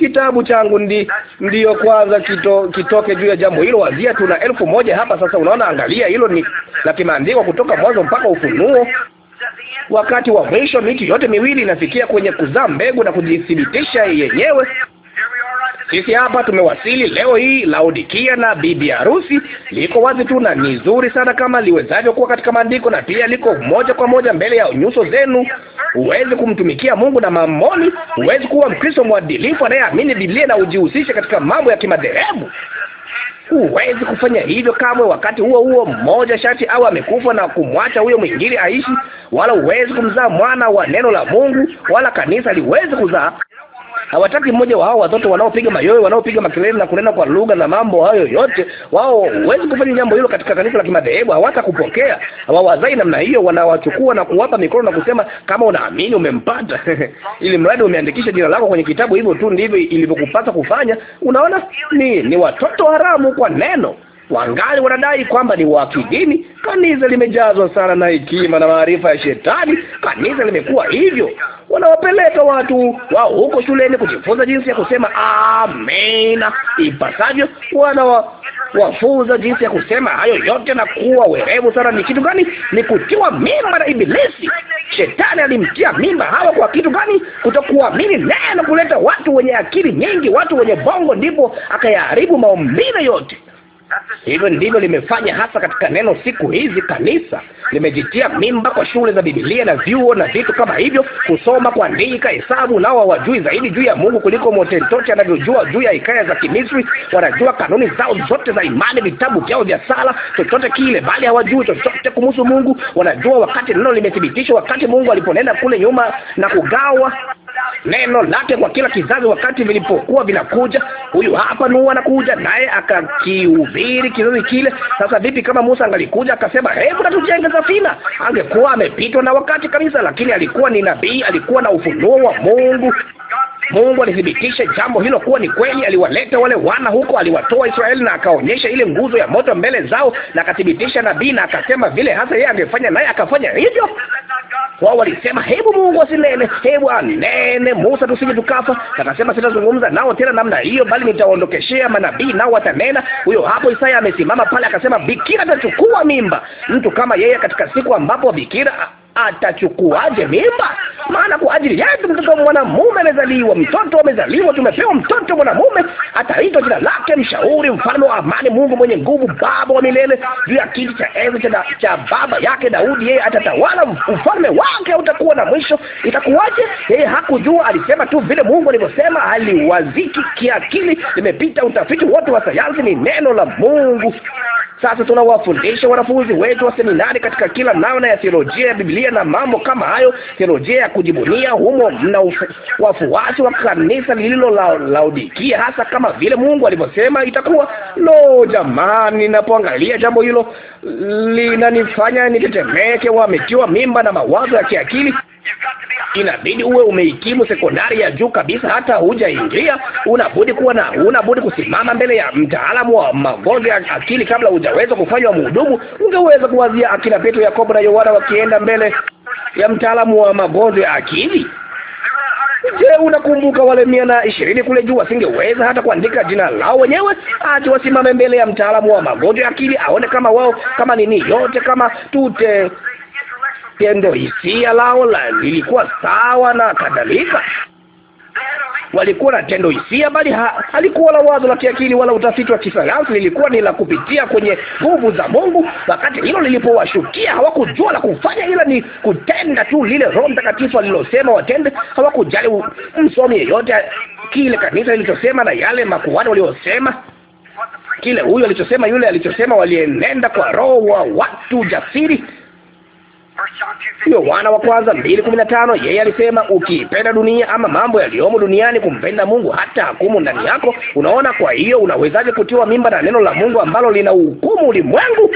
Kitabu changu ndi, ndiyo kwanza kito, kitoke juu ya jambo hilo. Wazia, tuna elfu moja hapa sasa. Unaona, angalia hilo ni na kimeandikwa kutoka mwanzo mpaka Ufunuo. Wakati wa mwisho miti yote miwili inafikia kwenye kuzaa mbegu na kujithibitisha yenyewe. Sisi hapa tumewasili leo hii Laodikia, na bibi harusi liko wazi tu na ni zuri sana kama liwezavyo kuwa katika maandiko, na pia liko moja kwa moja mbele ya nyuso zenu. Huwezi kumtumikia Mungu na mamoni. Huwezi kuwa Mkristo mwadilifu anayeamini Biblia na ujihusishe katika mambo ya kimadhehebu. Huwezi kufanya hivyo kamwe. Wakati huo huo mmoja shati au amekufa na kumwacha huyo mwingine aishi, wala huwezi kumzaa mwana wa neno la Mungu, wala kanisa liwezi kuzaa Hawataki mmoja wa hao watoto wanaopiga mayowe, wanaopiga makelele na kunena kwa lugha na mambo hayo yote. Wao huwezi kufanya jambo hilo katika kanisa la kimadhehebu, hawatakupokea. Hawawazai namna hiyo, wanawachukua na kuwapa mikono na kusema kama unaamini umempata. Ili mradi umeandikisha jina lako kwenye kitabu, hivyo tu ndivyo ilivyokupasa kufanya. Unaona, ni ni watoto haramu kwa neno wangali wanadai kwamba ni wa kidini. Kanisa limejazwa sana na hekima na maarifa ya Shetani. Kanisa limekuwa hivyo, wanawapeleka watu wao huko shuleni kujifunza jinsi ya kusema amina ipasavyo, wanawa jinsi ya kusema hayo yote na kuwa werevu sana. Ni kitu gani? Ni kutiwa mimba na Ibilisi. Shetani alimtia mimba hawa kwa kitu gani? Kutokuamini neno, kuleta watu wenye akili nyingi, watu wenye bongo, ndipo akayaharibu maumbile yote. Hivyo ndivyo limefanya hasa katika neno. Siku hizi kanisa limejitia mimba kwa shule za Biblia na vyuo na vitu kama hivyo, kusoma, kuandika, hesabu. Nao hawajui zaidi juu ya Mungu kuliko Motentoti anavyojua juu ya hikaya za Kimisri. Wanajua kanuni zao zote za imani, vitabu vyao vya sala, chochote kile, bali hawajui chochote kumhusu Mungu. Wanajua wakati neno limethibitishwa, wakati Mungu aliponena kule nyuma na kugawa neno lake kwa kila kizazi wakati vilipokuwa vinakuja. Huyu hapa Nuhu anakuja naye akakihubiri kizazi kile. Sasa vipi kama Musa angalikuja akasema, hebu na tujenge safina? Angekuwa amepitwa na wakati kabisa, lakini alikuwa ni nabii, alikuwa na ufunuo wa Mungu. Mungu alithibitisha jambo hilo kuwa ni kweli. Aliwaleta wale wana huko, aliwatoa Israeli na akaonyesha ile nguzo ya moto mbele zao, na akathibitisha nabii na akasema vile hasa yeye angefanya, naye akafanya hivyo wao walisema, hebu Mungu asinene, hebu anene Musa tusije tukafa. Akasema, sitazungumza nao tena namna hiyo, bali nitaondokeshea manabii nao watanena. Huyo hapo Isaya amesimama pale, akasema, bikira atachukua mimba, mtu kama yeye katika siku ambapo bikira atachukuaje mimba? Maana kwa ajili yetu mtoto mwanamume amezaliwa, mtoto amezaliwa, tumepewa mtoto mwanamume, ataitwa jina lake Mshauri, Mfalme wa Amani, Mungu mwenye nguvu, Baba wa milele. Juu ya kiti cha enzi cha, cha baba yake Daudi yeye atatawala, ufalme wake utakuwa na mwisho. Itakuwaje? Yeye hakujua, alisema tu vile Mungu alivyosema, aliwaziki kiakili, limepita utafiti wote wa sayansi, ni neno la Mungu. Sasa tunawafundisha wanafunzi wetu wa seminari katika kila namna ya theolojia ya Biblia na mambo kama hayo, theolojia ya kujibunia. Humo mna wafuasi wa kanisa lililo la Laodikia, hasa kama vile Mungu alivyosema itakuwa. Lo, jamani, ninapoangalia jambo hilo linanifanya nitetemeke. Wametiwa mimba na mawazo ya kiakili inabidi uwe umehikimu sekondari ya juu kabisa, hata hujaingia. Unabudi kuwa na unabudi kusimama mbele ya mtaalamu wa magonjwa ya akili kabla hujaweza kufanywa mhudumu. Ungeweza kuwazia akina Petro, Yakobo na Yohana wakienda mbele ya mtaalamu wa magonjwa ya akili. Je, unakumbuka wale mia na ishirini kule juu wasingeweza hata kuandika jina lao wenyewe? Ati wasimame mbele ya mtaalamu wa magonjwa ya akili aone kama wao kama nini yote kama tute tendo hisia lao la lilikuwa sawa na kadhalika. Walikuwa na tendo hisia, bali ha, halikuwa la wazo la kiakili wala utafiti wa kisayansi. Lilikuwa ni la kupitia kwenye nguvu za Mungu. Wakati hilo lilipowashukia, hawakujua la kufanya, ila ni kutenda tu lile Roho Mtakatifu alilosema watende. Hawakujali msomi yeyote kile kanisa lilichosema na yale makuhani waliosema kile huyo alichosema, yule alichosema. Walienenda kwa roho wa watu jasiri, hiyo Yohana wa kwanza mbili kumi na tano yeye alisema ukiipenda dunia ama mambo yaliyomo duniani, kumpenda Mungu hata hukumu ndani yako. Unaona, kwa hiyo unawezaje kutiwa mimba na neno la Mungu ambalo lina uhukumu ulimwengu,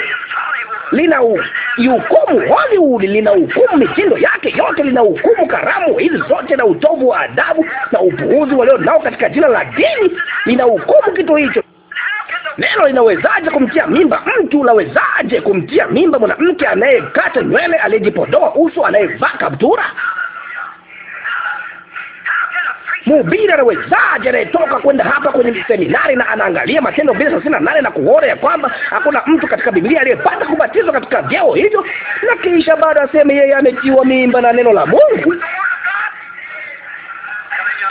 lina hukumu Hollywood, lina hukumu mitindo yake yote, lina hukumu karamu hizi zote, na utovu wa adabu na upuuzi walio nao katika jina la dini, lina hukumu kitu hicho. Neno linawezaje kumtia mimba mtu? Lawezaje kumtia mimba mwanamke anayekata nywele, aliyejipodoa uso, anayevaa kaptura? Mhubiri anawezaje, anayetoka kwenda hapa kwenye seminari na anaangalia Matendo mbili thelathini na nane na kuona ya kwamba hakuna mtu katika Biblia aliyepata kubatizwa katika vyeo hivyo, na kisha bado aseme yeye ametiwa mimba na neno la Mungu?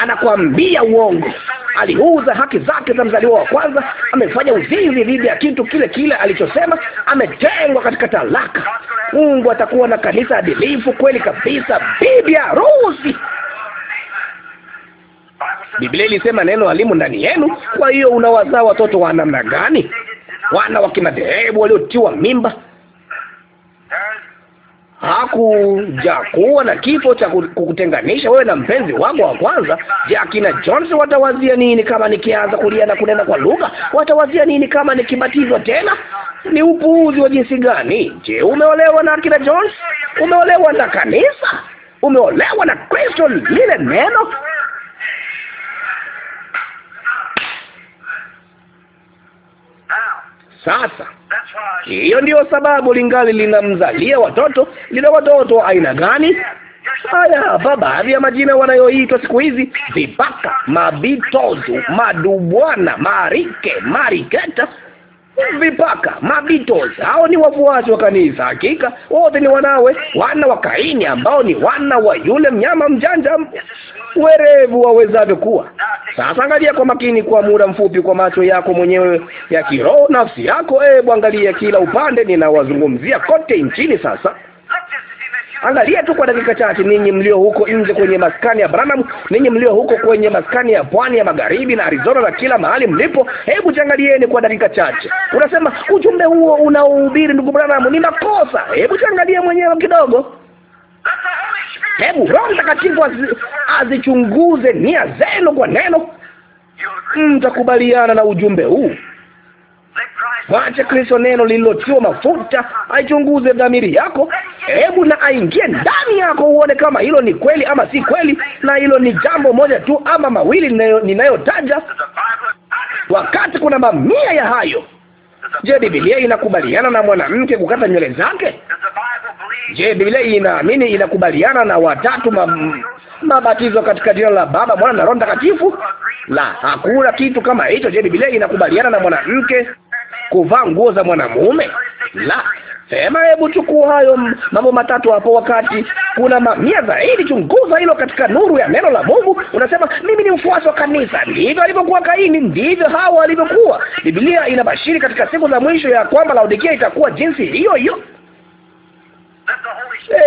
anakuambia uongo. Aliuza haki zake za mzaliwa wa kwanza, amefanya uzinzi dhidi ya kitu kile kile alichosema, ametengwa katika talaka. Mungu atakuwa na kanisa adilifu kweli kabisa, bibi harusi. Biblia ilisema neno alimu ndani yenu. Kwa hiyo unawazaa watoto wa namna gani? Wana wa kimadhehebu waliotiwa mimba hakujakuwa na kifo cha kukutenganisha wewe na mpenzi wako wa kwanza. Je, akina Jones watawazia nini kama nikianza kulia na kunena kwa lugha? Watawazia nini kama nikibatizwa tena? Ni upuuzi wa jinsi gani! Je, umeolewa na akina Jones? Umeolewa na kanisa? Umeolewa na Kristo, lile neno Sasa hiyo ndiyo sababu lingali linamzalia watoto. Lina watoto aina gani? Haya hapa baadhi ya majina wanayoitwa siku hizi: vipaka, mabitozu, madubwana, marike, mariketa vipaka, mabitos. Hao ni wafuasi wa kanisa, hakika wote ni wanawe, wana wa Kaini, ambao ni wana wa yule mnyama mjanja werevu wawezavyo kuwa. Sasa angalia kwa makini kwa muda mfupi kwa macho yako mwenyewe ya kiroho, nafsi yako. Hebu angalia kila upande, ninawazungumzia kote nchini sasa Angalia tu kwa dakika chache, ninyi mlio huko nje kwenye maskani ya Branham, ninyi mlio huko kwenye maskani ya pwani ya magharibi na Arizona na kila mahali mlipo, hebu changalieni kwa dakika chache. Unasema ujumbe huo unaohubiri ndugu Branham ni makosa. Hebu changalie mwenyewe kidogo. Hebu Roho Mtakatifu azichunguze nia zenu kwa neno, mtakubaliana na ujumbe huu. Mwache Kristo, neno lililotiwa mafuta, aichunguze dhamiri yako hebu na aingie ndani yako uone kama hilo ni kweli ama si kweli. Na hilo ni jambo moja tu ama mawili ninayotaja, wakati kuna mamia ya hayo. Je, Biblia inakubaliana na mwanamke kukata nywele zake? Je, Biblia inaamini inakubaliana na watatu ma, mabatizo katika jina la Baba, Mwana na Roho Mtakatifu? La, hakuna kitu kama hicho. Je, Biblia inakubaliana na mwanamke kuvaa nguo za mwanamume? La. Sema, hebu chukua hayo mambo matatu hapo. Wakati kuna mamia zaidi, chunguza hilo katika nuru ya neno la Mungu. Unasema mimi ni mfuasi wa kanisa. Ndivyo alivyokuwa Kaini, ndivyo hao walivyokuwa. Biblia inabashiri katika siku za mwisho ya kwamba Laodikia itakuwa jinsi hiyo hiyo.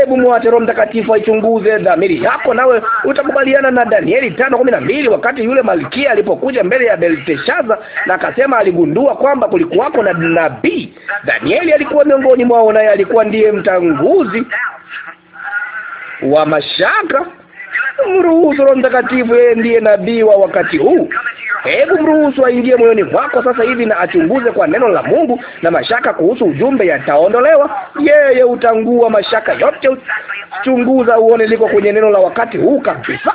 Hebu mwache Roho Mtakatifu aichunguze dhamiri yako, nawe utakubaliana na Danieli tano kumi na mbili wakati yule malkia alipokuja mbele ya Belteshaza na akasema aligundua kwamba kulikuwako na nabii. Danieli alikuwa miongoni mwao, naye alikuwa ndiye mtanguzi wa mashaka Mruhusu Roho Mtakatifu, yeye ndiye nabii wa wakati huu. Hebu mruhusu aingie moyoni mwako sasa hivi na achunguze kwa neno la Mungu, na mashaka kuhusu ujumbe yataondolewa. Yeye utangua mashaka yote. Chunguza uone liko kwenye neno la wakati huu kabisa.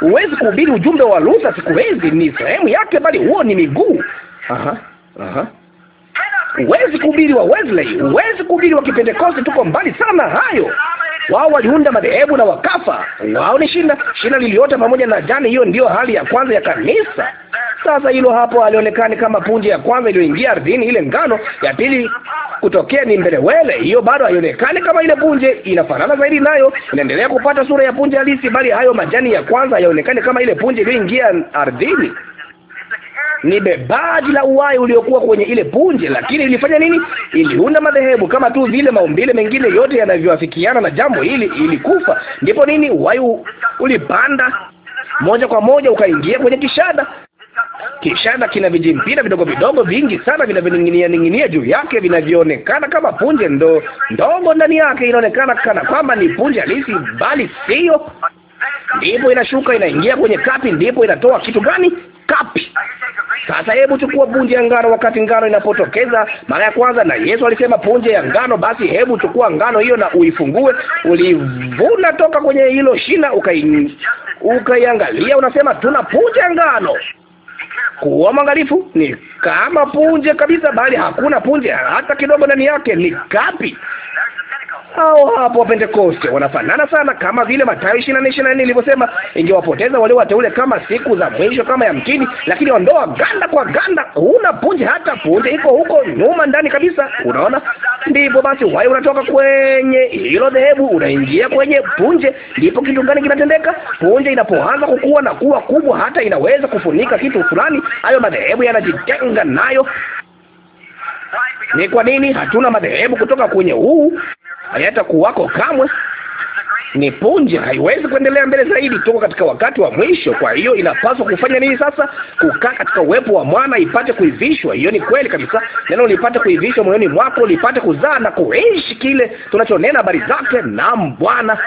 Huwezi kuhubiri ujumbe wa Luther siku hizi, ni sehemu yake, bali huo ni miguu. Aha, aha. Huwezi kuhubiri wa Wesley, huwezi kuhubiri wa Kipentekoste, tuko mbali sana hayo. Wao waliunda madhehebu na wakafa. Wao ni shina, shina liliota pamoja na jani. Hiyo ndiyo hali ya kwanza ya kanisa. Sasa hilo hapo alionekani kama punje ya kwanza iliyoingia ardhini, ile ngano ya pili kutokea ni mbelewele. Hiyo bado haionekani kama ile punje, inafanana zaidi nayo, inaendelea kupata sura ya punje halisi, bali hayo majani ya kwanza hayaonekani kama ile punje iliyoingia ardhini ni bebaji la uhai uliokuwa kwenye ile punje. Lakini ilifanya nini? Iliunda madhehebu kama tu vile maumbile mengine yote yanavyoafikiana na jambo hili. Ilikufa, ndipo nini, uhai ulipanda moja kwa moja ukaingia kwenye kishada. Kishada kina vijimpira vidogo vidogo vingi sana vinavyoning'inia ning'inia juu yake vinavyoonekana kama punje ndo ndogo ndani yake, inaonekana kana kwamba ni punje halisi, bali sio ndipo inashuka inaingia kwenye kapi, ndipo inatoa kitu gani? Kapi. Sasa hebu chukua punje ya ngano. Wakati ngano inapotokeza mara ya kwanza, na Yesu alisema punje ya ngano, basi hebu chukua ngano hiyo na uifungue, ulivuna toka kwenye hilo shina, ukaiangalia, unasema tuna punje ya ngano. Kuwa mwangalifu, ni kama punje kabisa, bali hakuna punje hata kidogo ndani yake, ni kapi hao hapo wa Pentekoste wanafanana sana, kama vile Mathayo ishirini na nne ishirini na nne ilivyosema, ingewapoteza wale wateule kama siku za mwisho, kama yamkini. Lakini ondoa ganda kwa ganda, huna punje hata punje, iko huko nyuma ndani kabisa. Unaona, ndipo basi wai unatoka kwenye hilo dhehebu, unaingia kwenye punje. Ndipo kitu gani kinatendeka? Punje inapoanza kukua na kuwa kubwa, hata inaweza kufunika kitu fulani, hayo madhehebu yanajitenga nayo. Ni kwa nini hatuna madhehebu kutoka kwenye huu kuwako kamwe. Ni punje, haiwezi kuendelea mbele zaidi. Tuko katika wakati wa mwisho. Kwa hiyo inapaswa kufanya nini sasa? Kukaa katika uwepo wa mwana ipate kuivishwa. Hiyo ni kweli kabisa, neno lipate kuivishwa moyoni mwako, lipate kuzaa na kuishi kile tunachonena habari zake. Naam Bwana,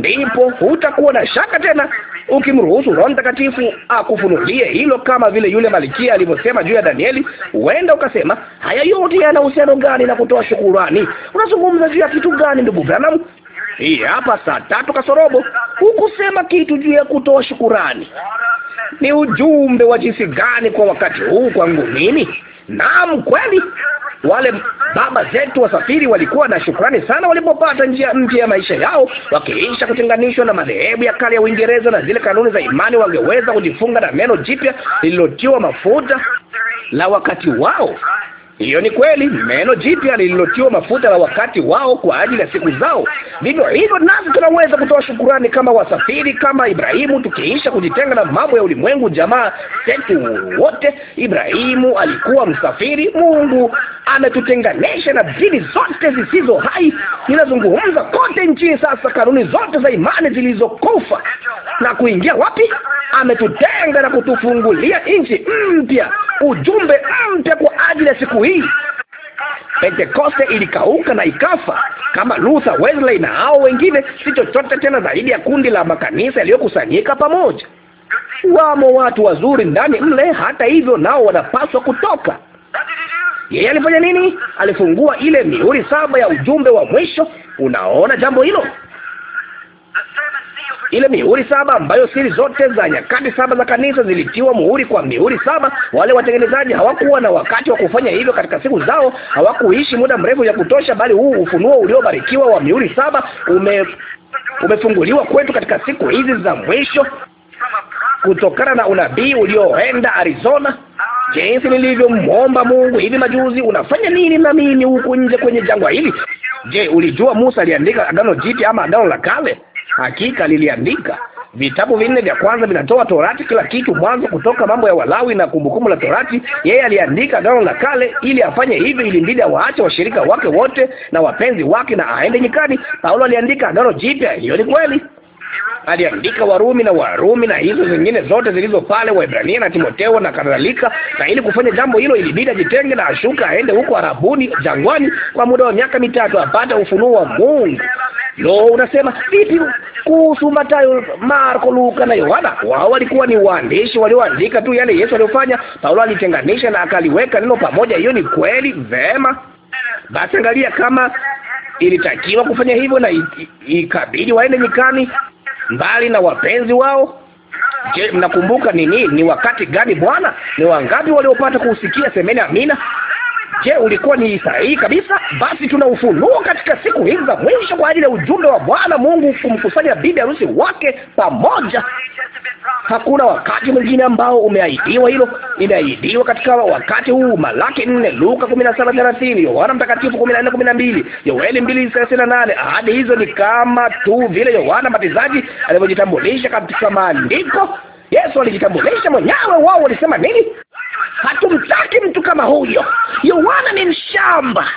ndipo hutakuwa na shaka tena, ukimruhusu Roho Mtakatifu akufunulie hilo, kama vile yule malikia alivyosema juu ya Danieli. Huenda ukasema haya yote yana uhusiano gani na kutoa shukurani? Unazungumza juu ya kitu gani, ndugu Branham? Hii hapa saa tatu kasorobo hukusema kitu juu ya kutoa shukurani. Ni ujumbe wa jinsi gani kwa wakati huu kwangu mimi? Naam, kweli wale baba zetu wasafiri walikuwa na shukrani sana walipopata njia mpya ya maisha yao, wakiisha kutenganishwa na madhehebu ya kale ya Uingereza na zile kanuni za imani, wangeweza kujifunga na neno jipya lililotiwa mafuta la wakati wao. Hiyo ni kweli, neno jipya lililotiwa mafuta la wakati wao kwa ajili ya siku zao. Vivyo hivyo nasi tunaweza kutoa shukurani kama wasafiri, kama Ibrahimu, tukiisha kujitenga na mambo ya ulimwengu, jamaa zetu wote. Ibrahimu alikuwa msafiri. Mungu ametutenganisha na dini zote zisizo hai. Ninazungumza kote nchini sasa, kanuni zote za imani zilizokufa na kuingia wapi? Ametutenga na kutufungulia nchi mpya, ujumbe mpya kwa ajili ya siku hii. Pentekoste ilikauka na ikafa. Kama Luther, Wesley na hao wengine, si chochote tena zaidi ya kundi la makanisa yaliyokusanyika pamoja. Wamo watu wazuri ndani mle, hata hivyo nao wanapaswa kutoka. Yeye alifanya nini? Alifungua ile mihuri saba ya ujumbe wa mwisho. Unaona jambo hilo? ile mihuri saba ambayo siri zote za nyakati saba za kanisa zilitiwa muhuri kwa mihuri saba. Wale watengenezaji hawakuwa na wakati wa kufanya hivyo katika siku zao, hawakuishi muda mrefu ya kutosha, bali huu ufunuo uliobarikiwa wa mihuri saba ume umefunguliwa kwetu katika siku hizi za mwisho kutokana na unabii ulioenda Arizona, jinsi nilivyomwomba Mungu hivi majuzi. Unafanya nini na mimi huku nje kwenye jangwa hili? Je, ulijua Musa aliandika agano jipya ama agano la kale? Hakika liliandika vitabu vinne vya kwanza vinatoa Torati, kila kitu, Mwanzo, Kutoka, Mambo ya Walawi na Kumbukumbu la Torati. Yeye aliandika Agano la Kale. Ili afanye hivyo, ilimbidi awaache washirika wake wote na wapenzi wake na aende nyikani. Paulo aliandika Agano Jipya. Hiyo ni kweli aliandika Warumi na Warumi na hizo zingine zote zilizo pale, Waebrania na Timoteo na kadhalika. Na ili kufanya jambo hilo, ilibidi ajitenge na ashuka aende huko Arabuni jangwani kwa muda wa miaka mitatu apate ufunuo wa Mungu. Lo, unasema vipi kuhusu Mathayo, Marko, Luka na Yohana? Wao walikuwa ni waandishi walioandika tu yale Yesu aliyofanya. Paulo alitenganisha na akaliweka neno pamoja. Hiyo ni kweli. Vema, basi angalia kama ilitakiwa kufanya hivyo na ikabidi waende nyikani mbali na wapenzi wao? Je, mnakumbuka ni nini? Ni wakati gani Bwana? Ni wangapi waliopata kuusikia? Semeni amina. Je, ulikuwa ni sahihi kabisa? Basi tuna ufunuo katika siku hizi za mwisho kwa ajili ya ujumbe wa Bwana Mungu kumkusanya bibi harusi wake pamoja. Hakuna wakati mwingine ambao umeahidiwa hilo. Imeahidiwa katika wakati huu, Malaki nne, Luka kumi na saba thelathini, Yohana Mtakatifu kumi na nne kumi na mbili, Yoeli mbili thelathini na nane. Ahadi hizo ni kama tu vile Yohana Mbatizaji alivyojitambulisha katika Maandiko. Yesu alijitambulisha mwenyewe. Wao walisema nini? Hatumtaki mtu kama huyo, Yohana ni mshamba.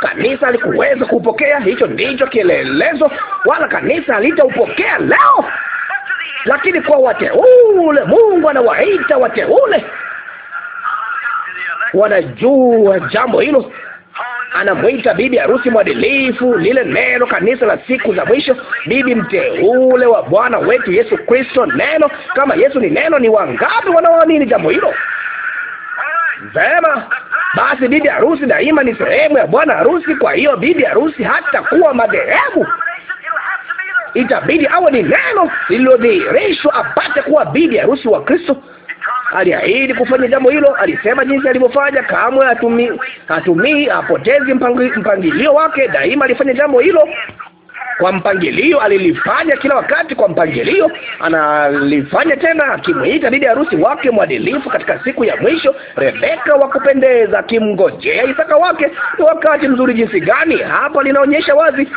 Kanisa alikuweza kuupokea, hicho ndicho kielelezo, wala kanisa halitaupokea leo. Lakini kwa wateule, Mungu anawaita wateule, wanajua jambo hilo anamwita bibi harusi mwadilifu, lile neno, kanisa la siku za mwisho, bibi mteule wa Bwana wetu Yesu Kristo, neno. Kama Yesu ni neno, ni wangapi wanaoamini jambo hilo?
Vema
basi, bibi harusi daima ni sehemu ya bwana harusi. Kwa hiyo bibi harusi hata kuwa madhehebu, itabidi awe ni neno lililodhihirishwa apate kuwa bibi harusi wa Kristo aliahidi kufanya jambo hilo. Alisema jinsi alivyofanya, kamwe hatumii, hatumii, apotezi mpangilio wake, daima alifanya jambo hilo kwa mpangilio. Alilifanya kila wakati kwa mpangilio, analifanya tena, akimwita bibi harusi wake mwadilifu katika siku ya mwisho, Rebeka wa kupendeza, akimngojea Isaka wake. Ni wakati mzuri jinsi gani! Hapa linaonyesha wazi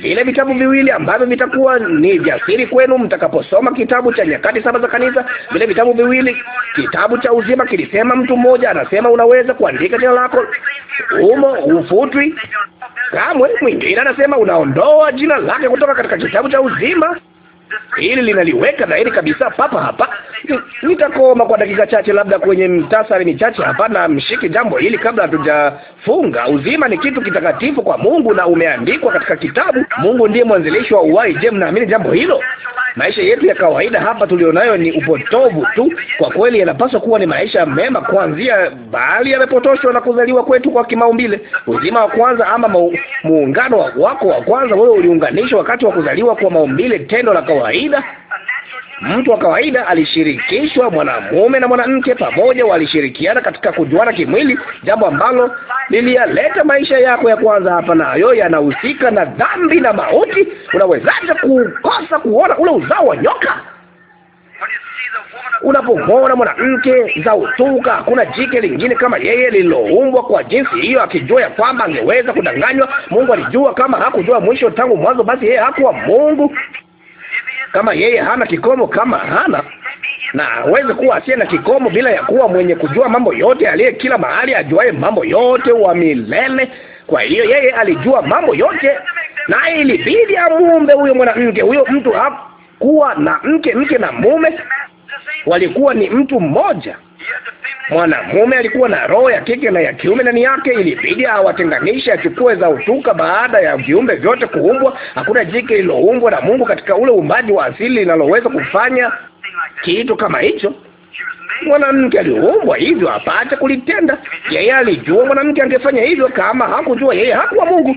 vile vitabu viwili ambavyo vitakuwa ni vya siri kwenu mtakaposoma kitabu cha nyakati saba za kanisa. Vile vitabu viwili, kitabu cha uzima kilisema, mtu mmoja anasema unaweza kuandika jina lako umo ufutwi kamwe, mwingine anasema unaondoa jina lake kutoka katika kitabu cha uzima. Hili linaliweka dhahiri kabisa papa hapa. Nitakoma kwa dakika chache, labda kwenye mtasari michache hapa, na mshiki jambo hili kabla hatujafunga. Uzima ni kitu kitakatifu kwa Mungu na umeandikwa katika kitabu. Mungu ndiye mwanzilishi wa uhai. Je, mnaamini jambo hilo? Maisha yetu ya kawaida hapa tulionayo ni upotovu tu. Kwa kweli, yanapaswa kuwa ni maisha mema kuanzia, bali yamepotoshwa na kuzaliwa kwetu kwa kimaumbile. Uzima wa kwanza ama muungano wako wa kwanza, wewe uliunganishwa wakati wa kuzaliwa kwa maumbile, tendo la kawaida Mtu wa kawaida alishirikishwa, mwanamume na mwanamke pamoja walishirikiana katika kujuana kimwili, jambo ambalo liliyaleta maisha yako ya kwanza hapa, nayo yanahusika na dhambi na mauti. Unawezaje kukosa kuona ule uzao wa nyoka? Unapomwona mwanamke za utuka, hakuna jike lingine kama yeye lililoumbwa kwa jinsi hiyo, akijua ya kwamba angeweza kudanganywa. Mungu alijua kama hakujua mwisho tangu mwanzo, basi yeye hakuwa Mungu. Kama yeye hana kikomo, kama hana na aweze kuwa asiye na kikomo, bila ya kuwa mwenye kujua mambo yote, aliye kila mahali, ajuaye mambo yote, wa milele. Kwa hiyo yeye alijua mambo yote, naye ilibidi amuumbe huyo mwanamke. Huyo mtu hakuwa na mke, mke na mume walikuwa ni mtu mmoja. Mwanamume alikuwa na roho ya kike na ya kiume ndani yake, ilibidi awatenganishe, achukue za utuka baada ya viumbe vyote kuumbwa. Hakuna jike lililoumbwa na Mungu katika ule uumbaji wa asili linaloweza kufanya kitu kama hicho. Mwanamke aliumbwa hivyo apate kulitenda. Yeye alijua mwanamke angefanya hivyo. Kama hakujua, yeye hakuwa Mungu.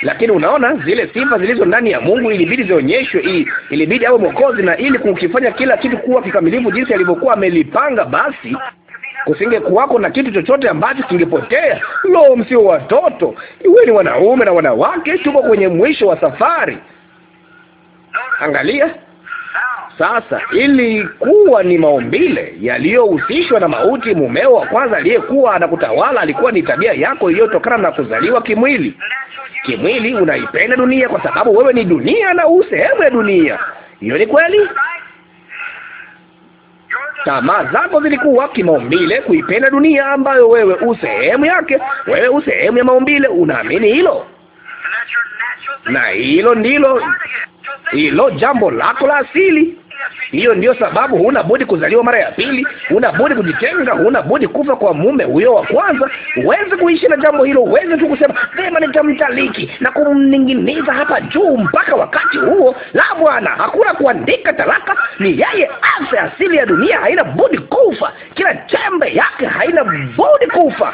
Lakini unaona zile sifa zilizo ndani ya Mungu ilibidi zionyeshwe, ilibidi awe mwokozi, na ili kukifanya kila kitu kuwa kikamilifu jinsi alivyokuwa amelipanga, basi kusinge kuwako na kitu chochote ambacho kingepotea. Lo, msio watoto, iwe ni wanaume na wanawake, tuko kwenye mwisho wa safari. Angalia, sasa ilikuwa ni maumbile yaliyohusishwa na mauti. Mumeo wa kwanza aliyekuwa anakutawala alikuwa ni tabia yako iliyotokana na kuzaliwa kimwili. Kimwili unaipenda dunia kwa sababu wewe ni dunia na u sehemu ya dunia. Hiyo ni kweli. Tamaa zako zilikuwa kimaumbile kuipenda dunia ambayo wewe u sehemu yake. Wewe u sehemu ya maumbile. Unaamini hilo,
na hilo ndilo hilo jambo lako la
asili. Hiyo ndiyo sababu huna budi kuzaliwa mara ya pili, huna budi kujitenga, huna budi kufa kwa mume huyo wa kwanza. Huwezi kuishi na jambo hilo, huwezi tu kusema sema nitamtaliki na kumning'iniza hapa juu mpaka wakati huo. La, bwana, hakuna kuandika talaka, ni yeye afe. Asili ya dunia haina budi kufa, kila chembe yake haina budi kufa.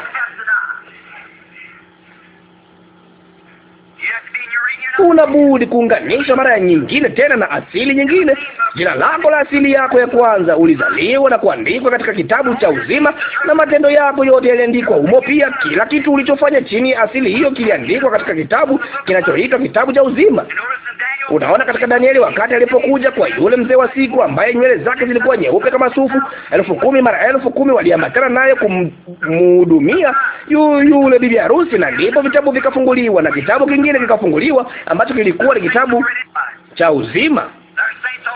una budi kuunganishwa mara nyingine tena na asili nyingine. Jina lako la asili yako ya kwanza, ulizaliwa na kuandikwa katika kitabu cha uzima, na matendo yako yote yaliandikwa humo pia. Kila kitu ulichofanya chini ya asili hiyo kiliandikwa katika kitabu kinachoitwa kitabu cha uzima. Unaona, katika Danieli wakati alipokuja kwa yule mzee wa siku ambaye nywele zake zilikuwa nyeupe kama sufu, elfu kumi mara elfu kumi waliambatana naye kumhudumia yu, yule bibi harusi, na ndipo vitabu vikafunguliwa na kitabu kingine kikafunguliwa ambacho kilikuwa ni kitabu cha uzima.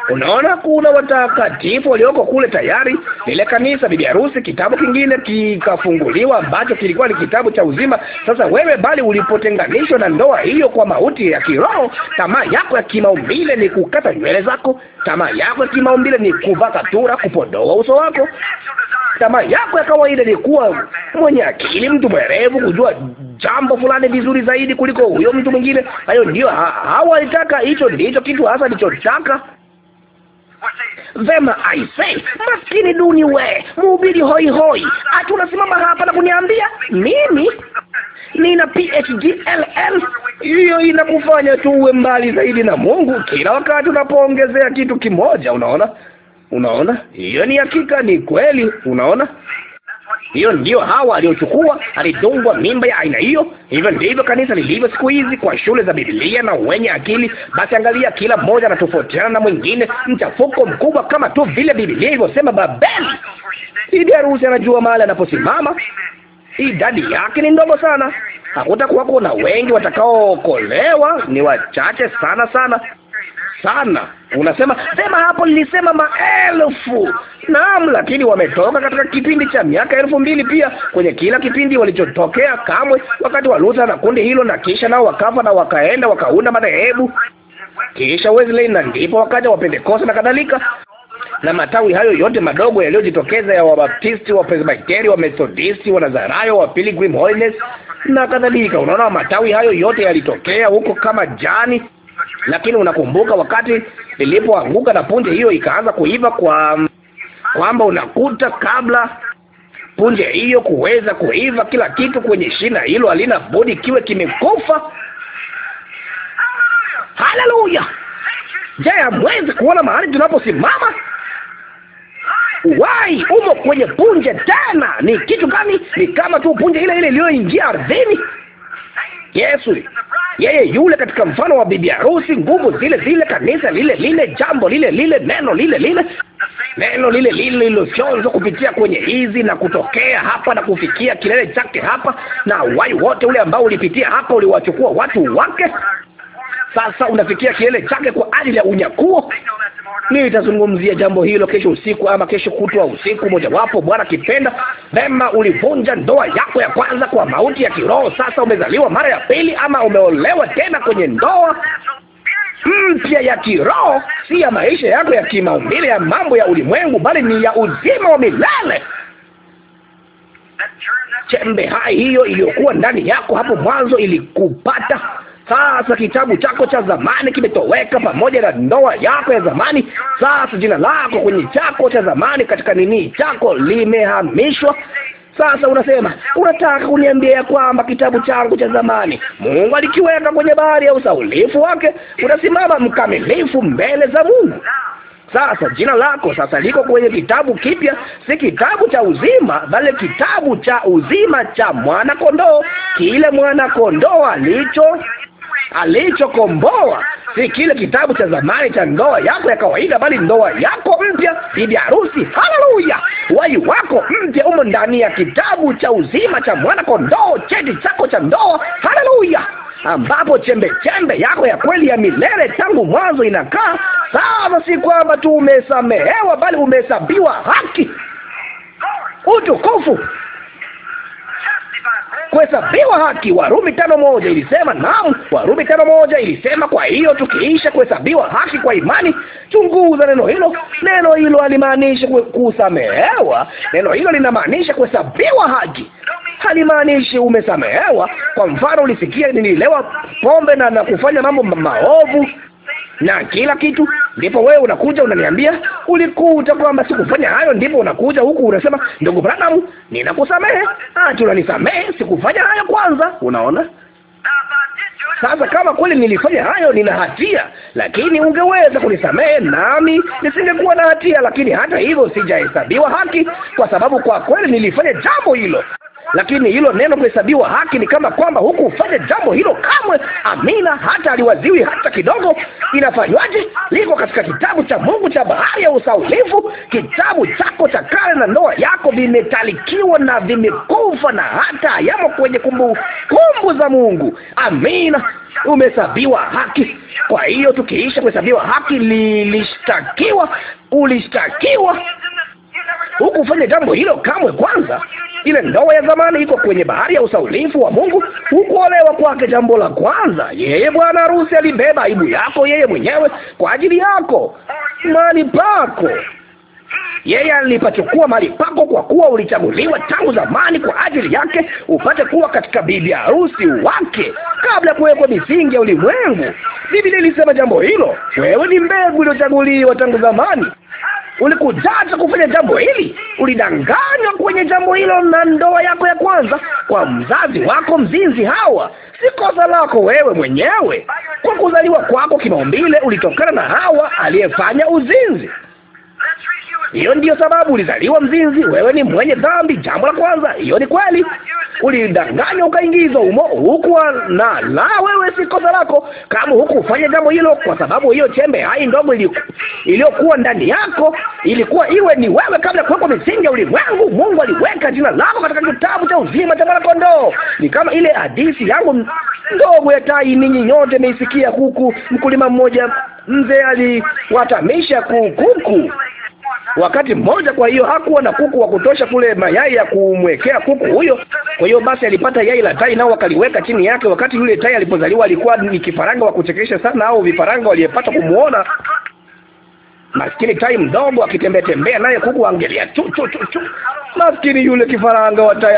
Unaona, kuna watakatifu walioko kule tayari. Lile kanisa, bibi harusi, kitabu kingine kikafunguliwa ambacho kilikuwa ni kitabu cha uzima. Sasa wewe bali ulipotenganishwa na ndoa hiyo kwa mauti ya kiroho, tamaa yako ya kimaumbile ni kukata nywele zako. Tamaa yako ya kimaumbile ni kuvaa katura, kupodoa uso wako. Tamaa yako ya kawaida ni kuwa mwenye akili, mtu mwerevu, kujua jambo fulani vizuri zaidi kuliko huyo mtu mwingine. Hayo ndio hawa alitaka, hicho ndicho kitu hasa alichotaka. Vema, aisee, maskini duni we, mhubiri hoi hoi, ati ah, unasimama hapa na kuniambia mimi nina PhD LL. Hiyo inakufanya tu uwe mbali zaidi na Mungu kila wakati unapoongezea kitu kimoja. Unaona, unaona, hiyo ni hakika, ni kweli. Unaona, hiyo ndio hawa aliochukua alidungwa mimba ya aina hiyo. Hivyo ndivyo kanisa lilivyo siku hizi, kwa shule za Biblia na wenye akili. Basi angalia, kila mmoja anatofautiana na mwingine, mchafuko mkubwa, kama tu vile Biblia ilivyosema Babeli. Bibi harusi anajua mahali anaposimama. Idadi yake ni ndogo sana, Hakutakuwako na wengi watakaookolewa, ni wachache sana sana sana. Unasema sema hapo nilisema maelfu. Naam, lakini wametoka katika kipindi cha miaka elfu mbili pia kwenye kila kipindi walichotokea kamwe, wakati wa Luther na kundi hilo, na kisha nao wakafa na wakaenda wakaunda madhehebu, kisha Wesley, na ndipo wakaja Wapentekoste na kadhalika na matawi hayo yote madogo yaliyojitokeza ya Wabaptisti, Wapresbiteri, Wamethodisti, Wanazarayo, wa Pilgrim Holiness na kadhalika. Unaona, matawi hayo yote yalitokea huko kama jani, lakini unakumbuka wakati lilipoanguka na punje hiyo ikaanza kuiva, kwa kwamba unakuta kabla punje hiyo kuweza kuiva, kila kitu kwenye shina hilo halina budi kiwe kimekufa. Haleluya! Je, hamwezi kuona mahali tunaposimama? Uwai umo kwenye punje tena. Ni kitu gani? Ni kama tu punje ile ile iliyoingia ardhini. Yesu yeye yule katika mfano wa bibi harusi, nguvu zile zile, kanisa lile lile, jambo lile lile, neno lile lile, neno lile lile lilofyonzwa kupitia kwenye hizi na kutokea hapa na kufikia kilele chake hapa, na wai wote ule ambao ulipitia hapa, uliwachukua watu wake sasa unafikia kilele chake kwa ajili ya unyakuo. Nitazungumzia jambo hilo kesho usiku ama kesho kutwa usiku mojawapo, Bwana kipenda. Vema, ulivunja ndoa yako ya kwanza kwa mauti ya kiroho. Sasa umezaliwa mara ya pili, ama umeolewa tena kwenye ndoa mpya ya kiroho, si ya maisha yako ya kimaumbile ya mambo ya ulimwengu, bali ni ya uzima wa milele. Chembe hai hiyo iliyokuwa ndani yako hapo mwanzo ilikupata sasa kitabu chako cha zamani kimetoweka pamoja na ndoa yako ya zamani. Sasa jina lako kwenye chako cha zamani katika nini chako limehamishwa. Sasa unasema unataka kuniambia ya kwamba kitabu changu cha zamani Mungu alikiweka kwenye bahari ya usaulifu wake. Unasimama mkamilifu mbele za Mungu. Sasa jina lako sasa liko kwenye kitabu kipya, si kitabu cha uzima, bali kitabu cha uzima cha mwana kondoo, kile mwana kondoo alicho alichokomboa, si kile kitabu cha zamani cha ndoa yako ya kawaida, bali ndoa yako mpya, bibi harusi. Haleluya! wai wako mpya umo ndani ya kitabu cha uzima cha mwana kondoo, cheti chako cha ndoa. Haleluya! ambapo chembe chembe yako ya kweli ya milele tangu mwanzo inakaa sasa. Si kwamba tu umesamehewa, bali umehesabiwa haki. Utukufu! kuhesabiwa haki. Warumi tano moja ilisema naam, Warumi tano moja ilisema kwa hiyo tukiisha kuhesabiwa haki kwa imani, chunguza neno hilo. Neno hilo alimaanisha kusamehewa, neno hilo linamaanisha kuhesabiwa haki, halimaanishi umesamehewa. Kwa mfano, ulisikia nililewa pombe na, na kufanya mambo maovu na kila kitu. Ndipo wewe unakuja unaniambia ulikuta kwamba sikufanya hayo, ndipo unakuja huku unasema, ndugu Branham, ninakusamehe. Ati ah, unanisamehe? Sikufanya hayo kwanza. Unaona? Sasa kama kweli nilifanya hayo, nina hatia, lakini ungeweza kunisamehe nami nisingekuwa na hatia, lakini hata hivyo sijahesabiwa haki, kwa sababu kwa kweli nilifanya jambo hilo. Lakini hilo neno kuhesabiwa haki ni kama kwamba hukufanya jambo hilo kamwe. Amina, hata aliwaziwi hata kidogo. Inafanywaje? Liko katika kitabu cha Mungu cha bahari ya usaulifu. Kitabu chako cha kale na ndoa yako vimetalikiwa na vimekufa, na hata hayamo kwenye kumbukumbu kumbu za Mungu. Amina, umehesabiwa haki. Kwa hiyo tukiisha kuhesabiwa haki, lilishtakiwa, ulishtakiwa, hukufanya jambo hilo kamwe. Kwanza ile ndoa ya zamani iko kwenye bahari ya usaulifu wa Mungu. Hukuolewa kwake, jambo la kwanza, yeye bwana harusi alibeba aibu yako yeye mwenyewe kwa ajili yako, mali pako yeye alipachukua mali pako, kwa kuwa ulichaguliwa tangu zamani kwa ajili yake, upate kuwa katika bibi harusi wake, kabla ya kuwekwa misingi ya ulimwengu. Biblia ilisema jambo hilo. Wewe ni mbegu iliyochaguliwa tangu zamani ulikutata kufanya jambo hili, ulidanganywa kwenye jambo hilo na ndoa yako ya kwanza kwa mzazi wako mzinzi Hawa. Si kosa lako wewe mwenyewe. Kwa kuzaliwa kwako kimaumbile ulitokana na Hawa aliyefanya uzinzi. Hiyo ndiyo sababu ulizaliwa mzinzi, wewe ni mwenye dhambi. Jambo la kwanza, hiyo ni kweli. Ulidanganywa ukaingizwa umo, hukuwa na la, wewe si kosa lako kama hukufanya jambo hilo, kwa sababu hiyo chembe hai ndogo iliyokuwa ndani yako ilikuwa iwe ni wewe kabla ya kuwekwa misingi ya ulimwengu. Mungu aliweka jina lako katika kitabu cha uzima cha mwanakondoo. Ni kama ile hadithi yangu ndogo ya tai, ninyi nyote meisikia. Huku mkulima mmoja mzee aliwatamisha kuku wakati mmoja. Kwa hiyo hakuwa na kuku wa kutosha kule, mayai ya kumwekea kuku huyo. Kwa hiyo basi alipata yai la tai, nao wakaliweka chini yake. Wakati yule tai alipozaliwa, alikuwa ni kifaranga wa kuchekesha sana, au vifaranga waliyepata kumwona maskini tai mdogo akitembea tembea naye kuku angelia chu chu chu chu. Maskini yule kifaranga wa tai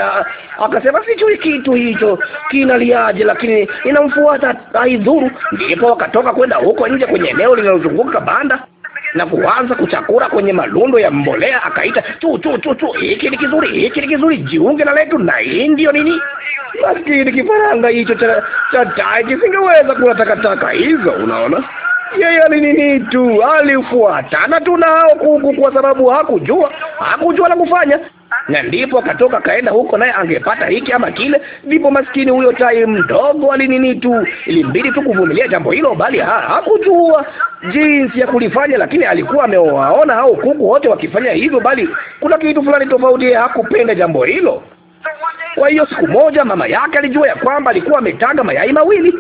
akasema, sijui kitu hicho kinaliaje, lakini inamfuata haidhuru. Ndipo wakatoka kwenda huko nje kwenye eneo linalozunguka banda na kuanza kuchakura kwenye malundo ya mbolea, akaita tu tu tu tu, hiki ni kizuri, hiki ni kizuri, jiunge na letu. Na hii ndio nini?
Maskini kifaranga hicho cha cha tai kisingeweza kula takataka hizo, unaona. Yeye nini tu alifuatana tu nao kuku, kwa sababu hakujua
hakujua la kufanya na ndipo akatoka kaenda huko, naye angepata hiki ama kile. Ndipo maskini huyo tai mdogo alinini tu, ilimbidi tu kuvumilia jambo hilo, bali hakujua jinsi ya kulifanya, lakini alikuwa amewaona hao kuku wote wakifanya hivyo, bali kuna kitu fulani tofauti, hakupenda jambo hilo. Kwa hiyo siku moja mama yake alijua ya kwamba alikuwa ametaga mayai mawili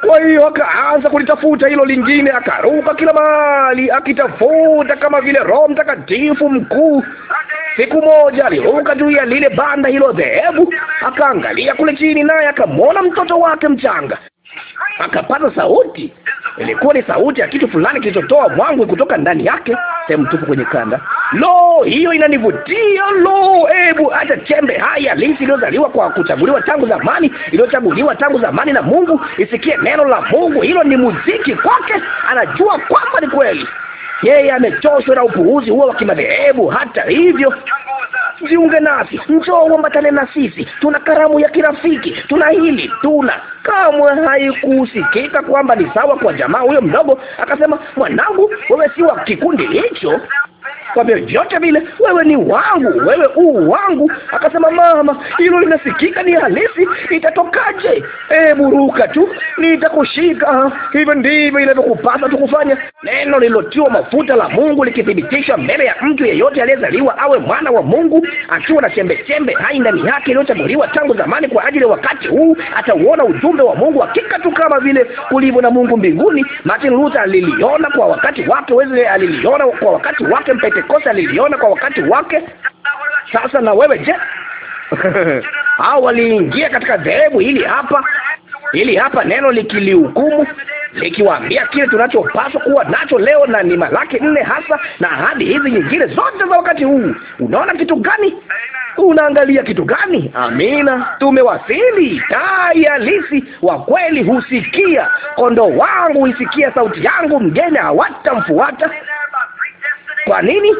kwa hiyo akaanza kulitafuta hilo lingine, akaruka kila mahali akitafuta, kama vile Roho Mtakatifu mkuu. Siku moja aliruka juu ya lile banda hilo dhehebu, akaangalia kule chini, naye akamwona mtoto wake mchanga akapata sauti. Ilikuwa ni sauti ya kitu fulani kilichotoa mwangwi kutoka ndani yake, sehemu tupu kwenye kanda. Lo, hiyo inanivutia. Lo, hebu hata chembe haya lisi iliyozaliwa kwa kuchaguliwa tangu zamani, iliyochaguliwa tangu zamani na Mungu isikie neno la Mungu. Hilo ni muziki kwake, anajua kwamba ni kweli. Yeye amechoshwa na upuuzi huo wa kimadhehebu. Hata hivyo jiunge nasi, njoo uambatane na sisi. Tuna karamu ya kirafiki, tuna hili, tuna kamwe. Haikusikika kwamba ni sawa kwa jamaa huyo mdogo akasema, mwanangu, wewe si wa kikundi hicho kwa vyovyote vile, wewe ni wangu, wewe u wangu. Akasema, mama, hilo linasikika, ni halisi, itatokaje? Hebu ruka tu, nitakushika. Hivyo ndivyo inavyokupasa tu kufanya. Neno lilotiwa mafuta la Mungu likithibitishwa mbele ya mtu yeyote aliyezaliwa awe mwana wa Mungu, akiwa na chembe chembe hai ndani yake iliyochaguliwa tangu zamani kwa ajili ya wakati huu, atauona ujumbe wa Mungu hakika tu kama vile ulivyo na Mungu mbinguni. Martin Luther aliliona kwa wakati wake, Wesley aliliona kwa wakati wake, mpete kosa liliona kwa wakati wake. Sasa na wewe je? Hao waliingia katika dhehebu hili hapa, hili hapa neno likilihukumu likiwaambia kile tunachopaswa kuwa nacho leo, na ni Malaki nne hasa na ahadi hizi nyingine zote za wakati huu. Unaona kitu gani? Unaangalia kitu gani? Amina, tumewasili. Tai halisi wa kweli husikia, kondoo wangu isikia sauti yangu, mgeni hawatamfuata. Kwa nini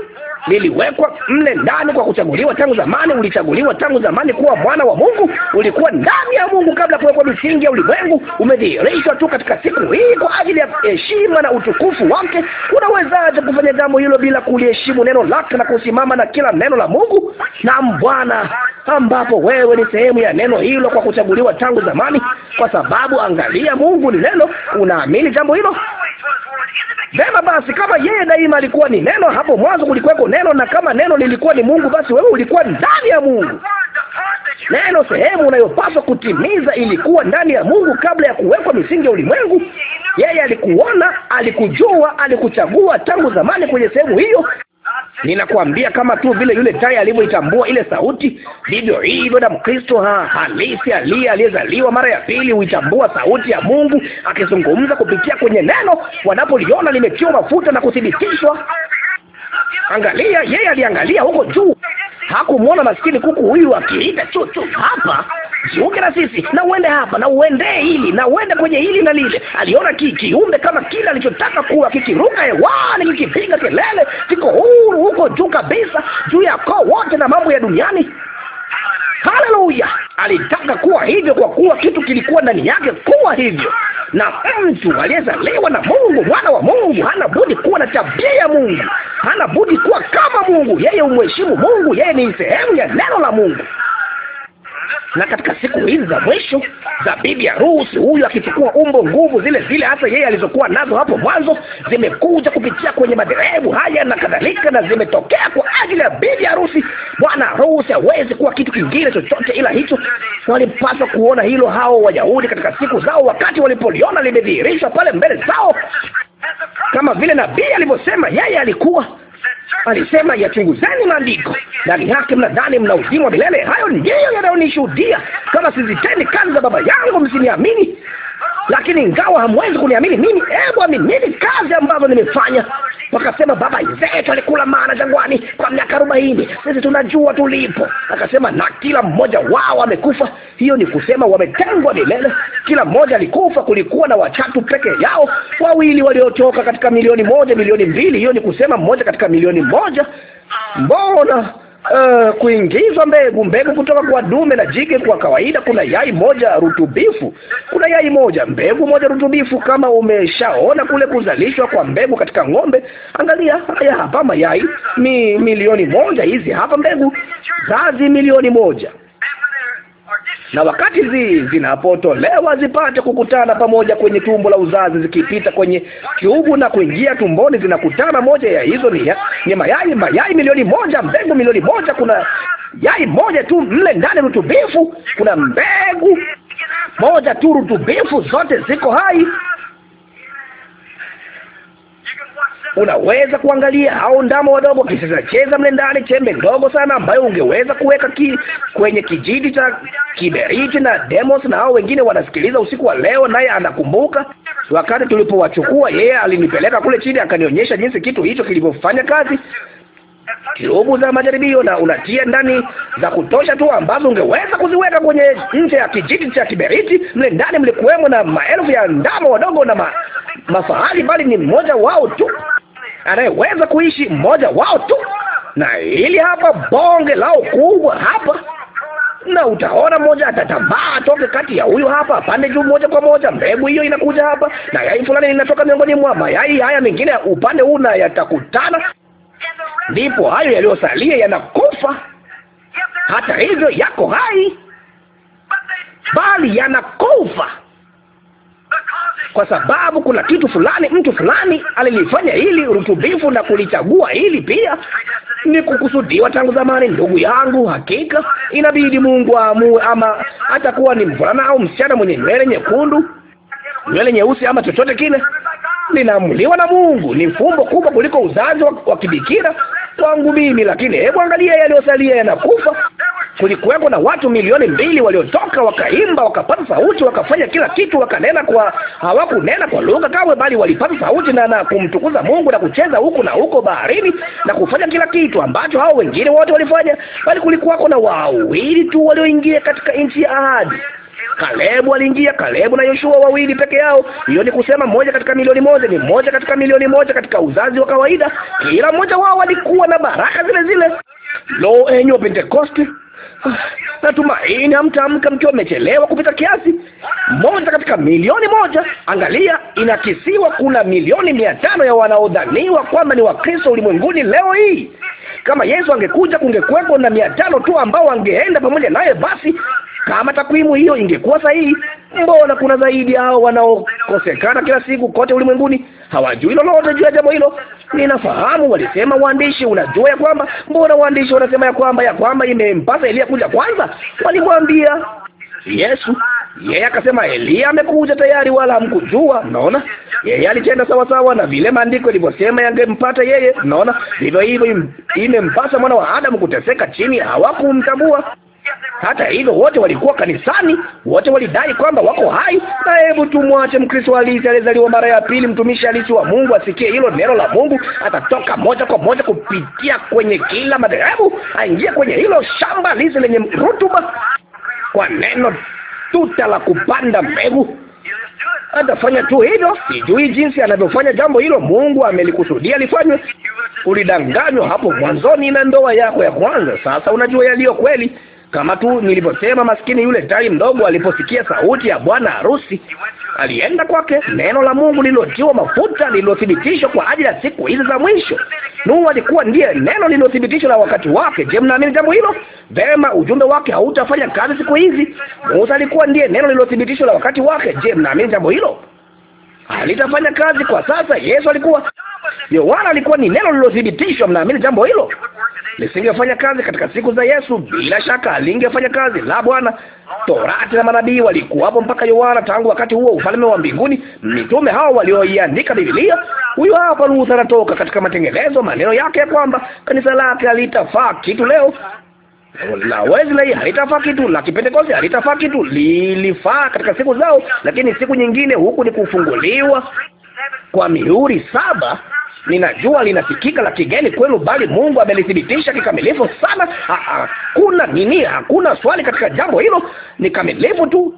liliwekwa mle ndani kwa kuchaguliwa tangu zamani? Ulichaguliwa tangu zamani kuwa mwana wa Mungu, ulikuwa ndani ya Mungu kabla kuwekwa misingi ya ulimwengu, umedhihirishwa tu katika siku hii kwa ajili ya heshima na utukufu wake. Unawezaje kufanya jambo hilo bila kuliheshimu neno lake na kusimama na kila neno la Mungu na Bwana, ambapo wewe ni sehemu ya neno hilo kwa kuchaguliwa tangu zamani? Kwa sababu angalia, Mungu ni neno. Unaamini jambo hilo? Vema basi, kama yeye daima alikuwa ni neno, hapo mwanzo kulikuweko neno, na kama neno lilikuwa ni Mungu, basi wewe ulikuwa ndani ya Mungu. Neno, sehemu unayopaswa kutimiza, ilikuwa ndani ya Mungu kabla ya kuwekwa misingi ya ulimwengu. Yeye alikuona, alikujua, alikuchagua tangu zamani kwenye sehemu hiyo, Ninakuambia, kama tu vile yule tai alivyoitambua ile sauti, vivyo hivyo damu Kristo ha, halisi aliye aliyezaliwa mara ya pili huitambua sauti ya Mungu akizungumza kupitia kwenye neno, wanapoliona limetiwa mafuta na kuthibitishwa Angalia, yeye aliangalia huko juu, hakumwona maskini kuku huyu akiita chuchu. Hapa jiunge na sisi, na uende hapa, na uende hili, na uende kwenye hili na lile. Aliona ki kiumbe kama kile alichotaka kuwa, kikiruka hewani, kikipiga kelele, kiko huru huko juu kabisa, juu ya koo wote na mambo ya duniani. Haleluya! Alitaka kuwa hivyo kwa kuwa kitu kilikuwa ndani yake kuwa hivyo, na mtu aliyezaliwa na Mungu, mwana wa Mungu, hana budi kuwa na tabia ya Mungu, hana budi kuwa kama Mungu. Yeye umheshimu Mungu, yeye ni sehemu ya neno la Mungu. Na katika siku hizi za mwisho za bibi harusi huyu akichukua umbo, nguvu zile zile hasa yeye alizokuwa nazo hapo mwanzo, zimekuja kupitia kwenye madhehebu haya na kadhalika, na zimetokea kwa ajili ya bibi harusi. Bwana harusi hawezi kuwa kitu kingine chochote ila hicho. Walipaswa kuona hilo hao Wayahudi katika siku zao, wakati walipoliona limedhihirishwa pale mbele zao, kama vile nabii alivyosema yeye alikuwa alisema yachunguzeni maandiko, ndani yake mnadhani mna uzima wa milele. Hayo ndiyo yanayonishuhudia. Kama sizitendi kazi za Baba yangu msiniamini. Lakini ingawa hamwezi kuniamini mimi, hebu aminini kazi ambazo nimefanya. Wakasema baba zetu alikula maana jangwani kwa miaka arobaini, sisi tunajua tulipo. Akasema na kila mmoja wao amekufa. Hiyo ni kusema wametengwa milele, kila mmoja alikufa. Kulikuwa na watatu peke yao, wawili waliotoka katika milioni moja, milioni mbili. Hiyo ni kusema mmoja katika milioni moja. Mbona uh, kuingizwa mbegu, mbegu kutoka kwa dume na jike. Kwa kawaida kuna yai moja rutubifu, kuna yai moja, mbegu moja rutubifu. Kama umeshaona kule kuzalishwa kwa mbegu katika ng'ombe, angalia haya hapa mayai mi, milioni moja, hizi hapa mbegu zazi milioni moja na wakati zi zinapotolewa zipate kukutana pamoja kwenye tumbo la uzazi, zikipita kwenye kiubu na kuingia tumboni, zinakutana. Moja ya hizo ni, ya, ni mayai mayai milioni moja, mbegu milioni moja. Kuna yai moja tu mle ndani rutubifu, kuna mbegu moja tu rutubifu, zote ziko hai. unaweza kuangalia, au ndama wadogo kisha zinacheza mle ndani, chembe ndogo sana ambayo ungeweza kuweka ki, kwenye kijiti cha kiberiti na Demos, na hao wengine wanasikiliza usiku wa leo, naye anakumbuka wakati tulipowachukua. Yeye alinipeleka kule chini, akanionyesha jinsi kitu hicho kilivyofanya kazi kirubu za majaribio na unatia ndani za kutosha tu ambazo ungeweza kuziweka kwenye nje ya kijiti cha kiberiti. Mle ndani mlikuwemo na maelfu ya ndama wadogo na ma, mafahali, bali ni mmoja wao tu anayeweza kuishi mmoja wao tu, na ili hapa bonge lao kubwa hapa na utaona mmoja atatambaa toke kati ya huyu hapa, pande juu moja kwa moja. Mbegu hiyo inakuja hapa, na yai fulani linatoka miongoni mwa mayai haya mengine upande huu, na yatakutana, ndipo hayo yaliyosalia yanakufa. Hata hivyo yako hai, bali yanakufa kwa sababu kuna kitu fulani, mtu fulani alilifanya hili rutubifu na kulichagua hili pia. Ni kukusudiwa tangu zamani, ndugu yangu. Hakika inabidi Mungu aamue, ama atakuwa ni mvulana au msichana mwenye nywele nyekundu, nywele nyeusi, ama chochote kile, linaamuliwa na Mungu. Ni fumbo kubwa kuliko uzazi wa, kibikira kwangu mimi, lakini hebu angalia yaliyosalia yanakufa kulikuwepo na watu milioni mbili waliotoka, wakaimba, wakapata sauti, wakafanya kila kitu, wakanena kwa, hawakunena kwa lugha kawe, bali walipata sauti na na kumtukuza Mungu na kucheza huku na huko baharini na kufanya kila kitu ambacho hao wengine wote walifanya, bali kulikuwako na wawili tu walioingia katika nchi ya ahadi. Kalebu aliingia, Kalebu na Yoshua wawili peke yao. Hiyo ni kusema moja katika milioni moja ni moja katika milioni moja katika uzazi wa kawaida. Kila mmoja wao alikuwa na baraka zile zile. Lo, enyi wa Pentekoste, natumaini amtamka mkiwa mechelewa kupita kiasi. Moja katika milioni moja. Angalia, inakisiwa kuna milioni mia tano ya wanaodhaniwa kwamba ni Wakristo ulimwenguni leo hii. Kama Yesu angekuja, kungekuwepo na mia tano tu ambao wangeenda pamoja naye. Basi kama takwimu hiyo ingekuwa sahihi, mbona kuna zaidi hao wanaokosekana kila siku kote ulimwenguni? Hawajui lolote juu ya jambo hilo. Ninafahamu walisema waandishi, unajua ya kwamba, mbona waandishi wanasema ya kwamba ya kwamba imempasa Elia kuja kwanza? Walimwambia Yesu yeye akasema Elia amekuja tayari, wala hamkujua. Mnaona, yeye alitenda sawasawa na vile maandiko yalivyosema yangempata yeye. Mnaona, vivyo hivyo imempasa mwana wa Adamu kuteseka chini. Hawakumtambua. Hata hivyo wote walikuwa kanisani, wote walidai kwamba wako hai. Na hebu tumwache Mkristo halisi aliyezaliwa mara ya pili, mtumishi halisi wa Mungu asikie hilo neno la Mungu, atatoka moja kwa moja kupitia kwenye kila madhehebu, aingie kwenye hilo shamba halisi lenye rutuba kwa neno tuta la kupanda mbegu. Atafanya tu hivyo. Sijui jinsi anavyofanya jambo hilo. Mungu amelikusudia lifanywe. Ulidanganywa hapo mwanzoni na ndoa yako ya kwanza. Sasa unajua yaliyo kweli. Kama tu nilivyosema, maskini yule tai mdogo aliposikia sauti ya bwana harusi alienda kwake. Neno la Mungu lililotiwa mafuta lililothibitishwa kwa ajili ya siku hizi za mwisho. Nuhu alikuwa ndiye neno lililothibitishwa la wakati wake. Je, mnaamini jambo hilo? Vema, ujumbe wake hautafanya kazi siku hizi. Musa alikuwa ndiye neno lililothibitishwa la wakati wake. Je, mnaamini jambo hilo? halitafanya ah, kazi kwa sasa. Yesu alikuwa, Yohana alikuwa ni neno lililothibitishwa. Mnaamini jambo hilo? Lisingefanya kazi katika siku za Yesu, bila shaka alingefanya kazi la Bwana. Torati na manabii walikuwapo mpaka Yohana, tangu wakati huo ufalme wa mbinguni, mitume hao walioiandika Biblia. Huyo hapa Luther anatoka katika matengenezo, maneno yake ya kwamba kanisa lake halitafaa kitu leo
la Wesley
halitafaa kitu, la Kipentekoste halitafaa kitu. Lilifaa katika siku zao, lakini siku nyingine huku ni kufunguliwa kwa mihuri saba. Ninajua linasikika la kigeni kwenu, bali Mungu amelithibitisha kikamilifu sana. Hakuna nini, hakuna swali katika jambo hilo, ni kamilifu tu.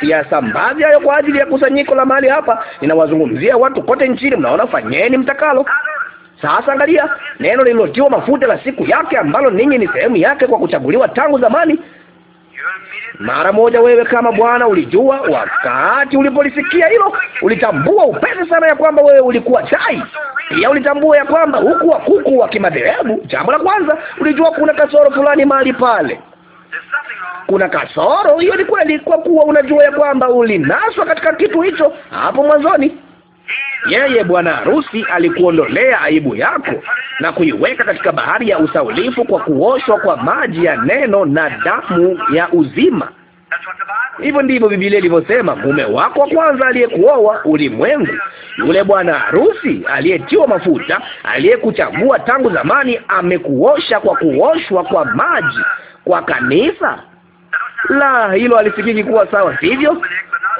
Siyasambazi hayo kwa ajili ya kusanyiko la mahali hapa, ninawazungumzia watu kote nchini. Mnaona, fanyeni mtakalo. Sasa angalia neno lililotiwa mafuta la siku yake, ambalo ninyi ni sehemu yake kwa kuchaguliwa tangu zamani. Mara moja wewe kama Bwana ulijua, wakati ulipolisikia hilo, ulitambua upesi sana ya kwamba wewe ulikuwa dai. Pia ulitambua ya kwamba huku wa kuku wa kimadhehebu, jambo la kwanza ulijua kuna kasoro fulani mahali pale kuna kasoro hiyo. Ni kweli, kwa kuwa unajua ya kwamba ulinaswa katika kitu hicho hapo mwanzoni. Yeye bwana harusi alikuondolea aibu yako na kuiweka katika bahari ya usaulifu kwa kuoshwa kwa maji ya neno na damu ya uzima. Hivyo ndivyo Biblia ilivyosema, mume wako wa kwanza aliyekuoa ulimwengu, yule bwana harusi aliyetiwa mafuta, aliyekuchagua tangu zamani, amekuosha kwa kuoshwa kwa maji kwa kanisa. La, hilo alisikiki kuwa sawa, sivyo?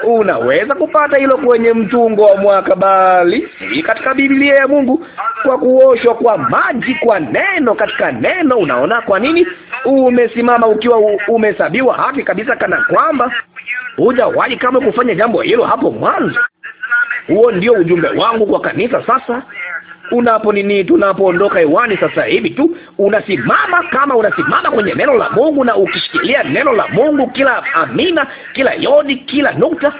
Unaweza kupata hilo kwenye mtungo wa mwaka, bali si katika Biblia ya Mungu, kwa kuoshwa kwa maji, kwa neno, katika neno. Unaona kwa nini umesimama ukiwa umehesabiwa haki kabisa, kana kwamba hujawahi kama kufanya jambo hilo hapo mwanzo. Huo ndio ujumbe wangu kwa kanisa sasa unapo nini, tunapoondoka hewani sasa hivi tu, unasimama kama unasimama kwenye neno la Mungu, na ukishikilia neno la Mungu, kila amina, kila yodi, kila nukta.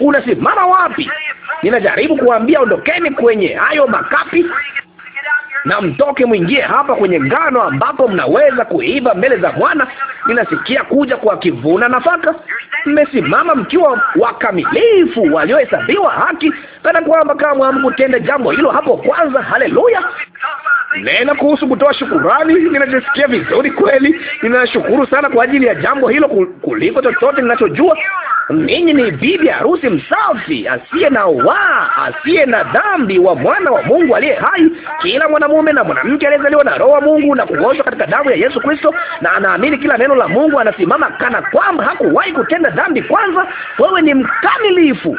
Unasimama wapi? Ninajaribu
kuambia ondokeni kwenye hayo makapi, na mtoke mwingie hapa kwenye ngano, ambapo mnaweza kuiva mbele za Bwana. Ninasikia kuja kwa kivuna nafaka. Mmesimama mkiwa wakamilifu, waliohesabiwa haki, kana kwamba kamwe hamkutenda jambo hilo hapo kwanza. Haleluya! nena kuhusu kutoa shukurani. Ninajisikia vizuri kweli, ninashukuru sana kwa ajili ya jambo hilo kuliko chochote ninachojua. Ninyi ni bibi harusi msafi asiye na wa, asiye na dhambi wa mwana wa Mungu aliye hai. Kila mwanamume na mwanamke aliyezaliwa na Roho wa Mungu na kuoshwa katika damu ya Yesu Kristo na anaamini kila neno la Mungu anasimama kana kwamba hakuwahi kutenda dhambi. Kwanza wewe ni mkamilifu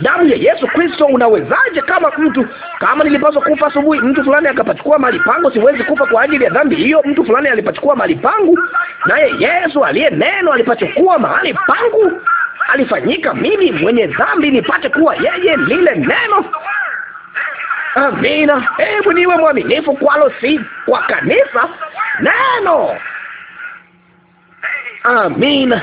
damu ya Yesu Kristo. Unawezaje kama mtu kama nilipaswa kufa asubuhi, mtu fulani akapachukua mali pangu, siwezi kufa kwa ajili ya dhambi hiyo. Mtu fulani alipachukua mali pangu, naye Yesu aliye neno alipachukua mahali pangu, alifanyika mimi mwenye dhambi nipate kuwa yeye lile neno. Amina. Hebu niwe mwaminifu kwalo, si kwa kanisa neno. Amina.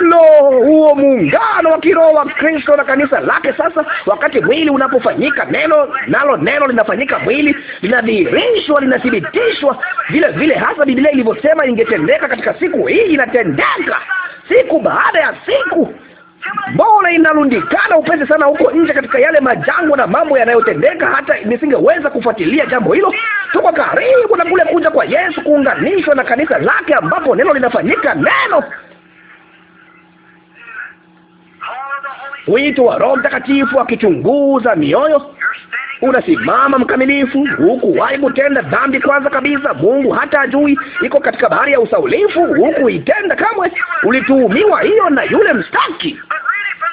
Lo, huo muungano wa kiroho wa Kristo na kanisa lake. Sasa wakati mwili unapofanyika neno, nalo neno linafanyika mwili, linadhihirishwa, linathibitishwa vile vile, hasa Biblia ilivyosema ingetendeka katika siku hii. Inatendeka siku baada ya siku. Mbona inarundikana upesi sana huko nje katika yale majangwa na mambo yanayotendeka, hata nisingeweza kufuatilia jambo hilo. Tuko karibu na kule kuja kwa Yesu, kuunganishwa na kanisa lake, ambapo neno linafanyika neno wito wa Roho Mtakatifu akichunguza mioyo. Unasimama mkamilifu, hukuwahi kutenda dhambi. Kwanza kabisa, Mungu hata ajui iko katika bahari ya usaulifu, huku itenda kamwe. Ulituhumiwa hiyo na yule mstaki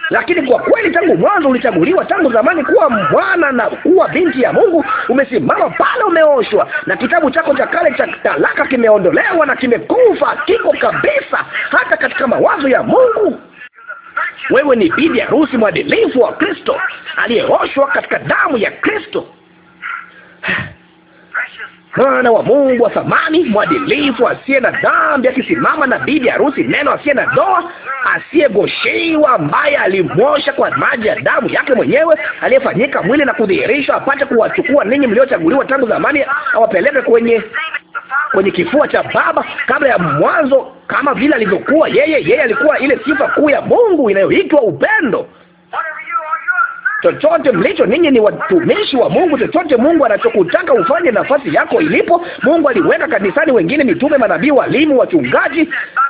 lakini kwa kweli tangu mwanzo ulichaguliwa tangu zamani kuwa mwana na kuwa binti ya Mungu. Umesimama pale, umeoshwa na kitabu chako cha kale cha talaka kimeondolewa na kimekufa, kiko kabisa hata katika mawazo ya Mungu. Wewe ni bibi harusi mwadilifu wa Kristo aliyeoshwa katika damu ya Kristo. Mwana wa Mungu wa thamani, mwadilifu, asiye na dhambi, akisimama na bibi harusi, neno asiye na doa, asiyegoshiwa, ambaye alimwosha kwa maji ya damu yake mwenyewe, aliyefanyika mwili na kudhihirishwa, apate kuwachukua ninyi mliochaguliwa tangu zamani, awapeleke kwenye kwenye kifua cha Baba kabla ya mwanzo, kama vile alivyokuwa yeye. Yeye alikuwa ile sifa kuu ya Mungu inayoitwa upendo chochote mlicho ninyi ni watumishi wa Mungu. Chochote Mungu anachokutaka ufanye, nafasi yako ilipo. Mungu aliweka kanisani wengine mitume, manabii, walimu, wachungaji.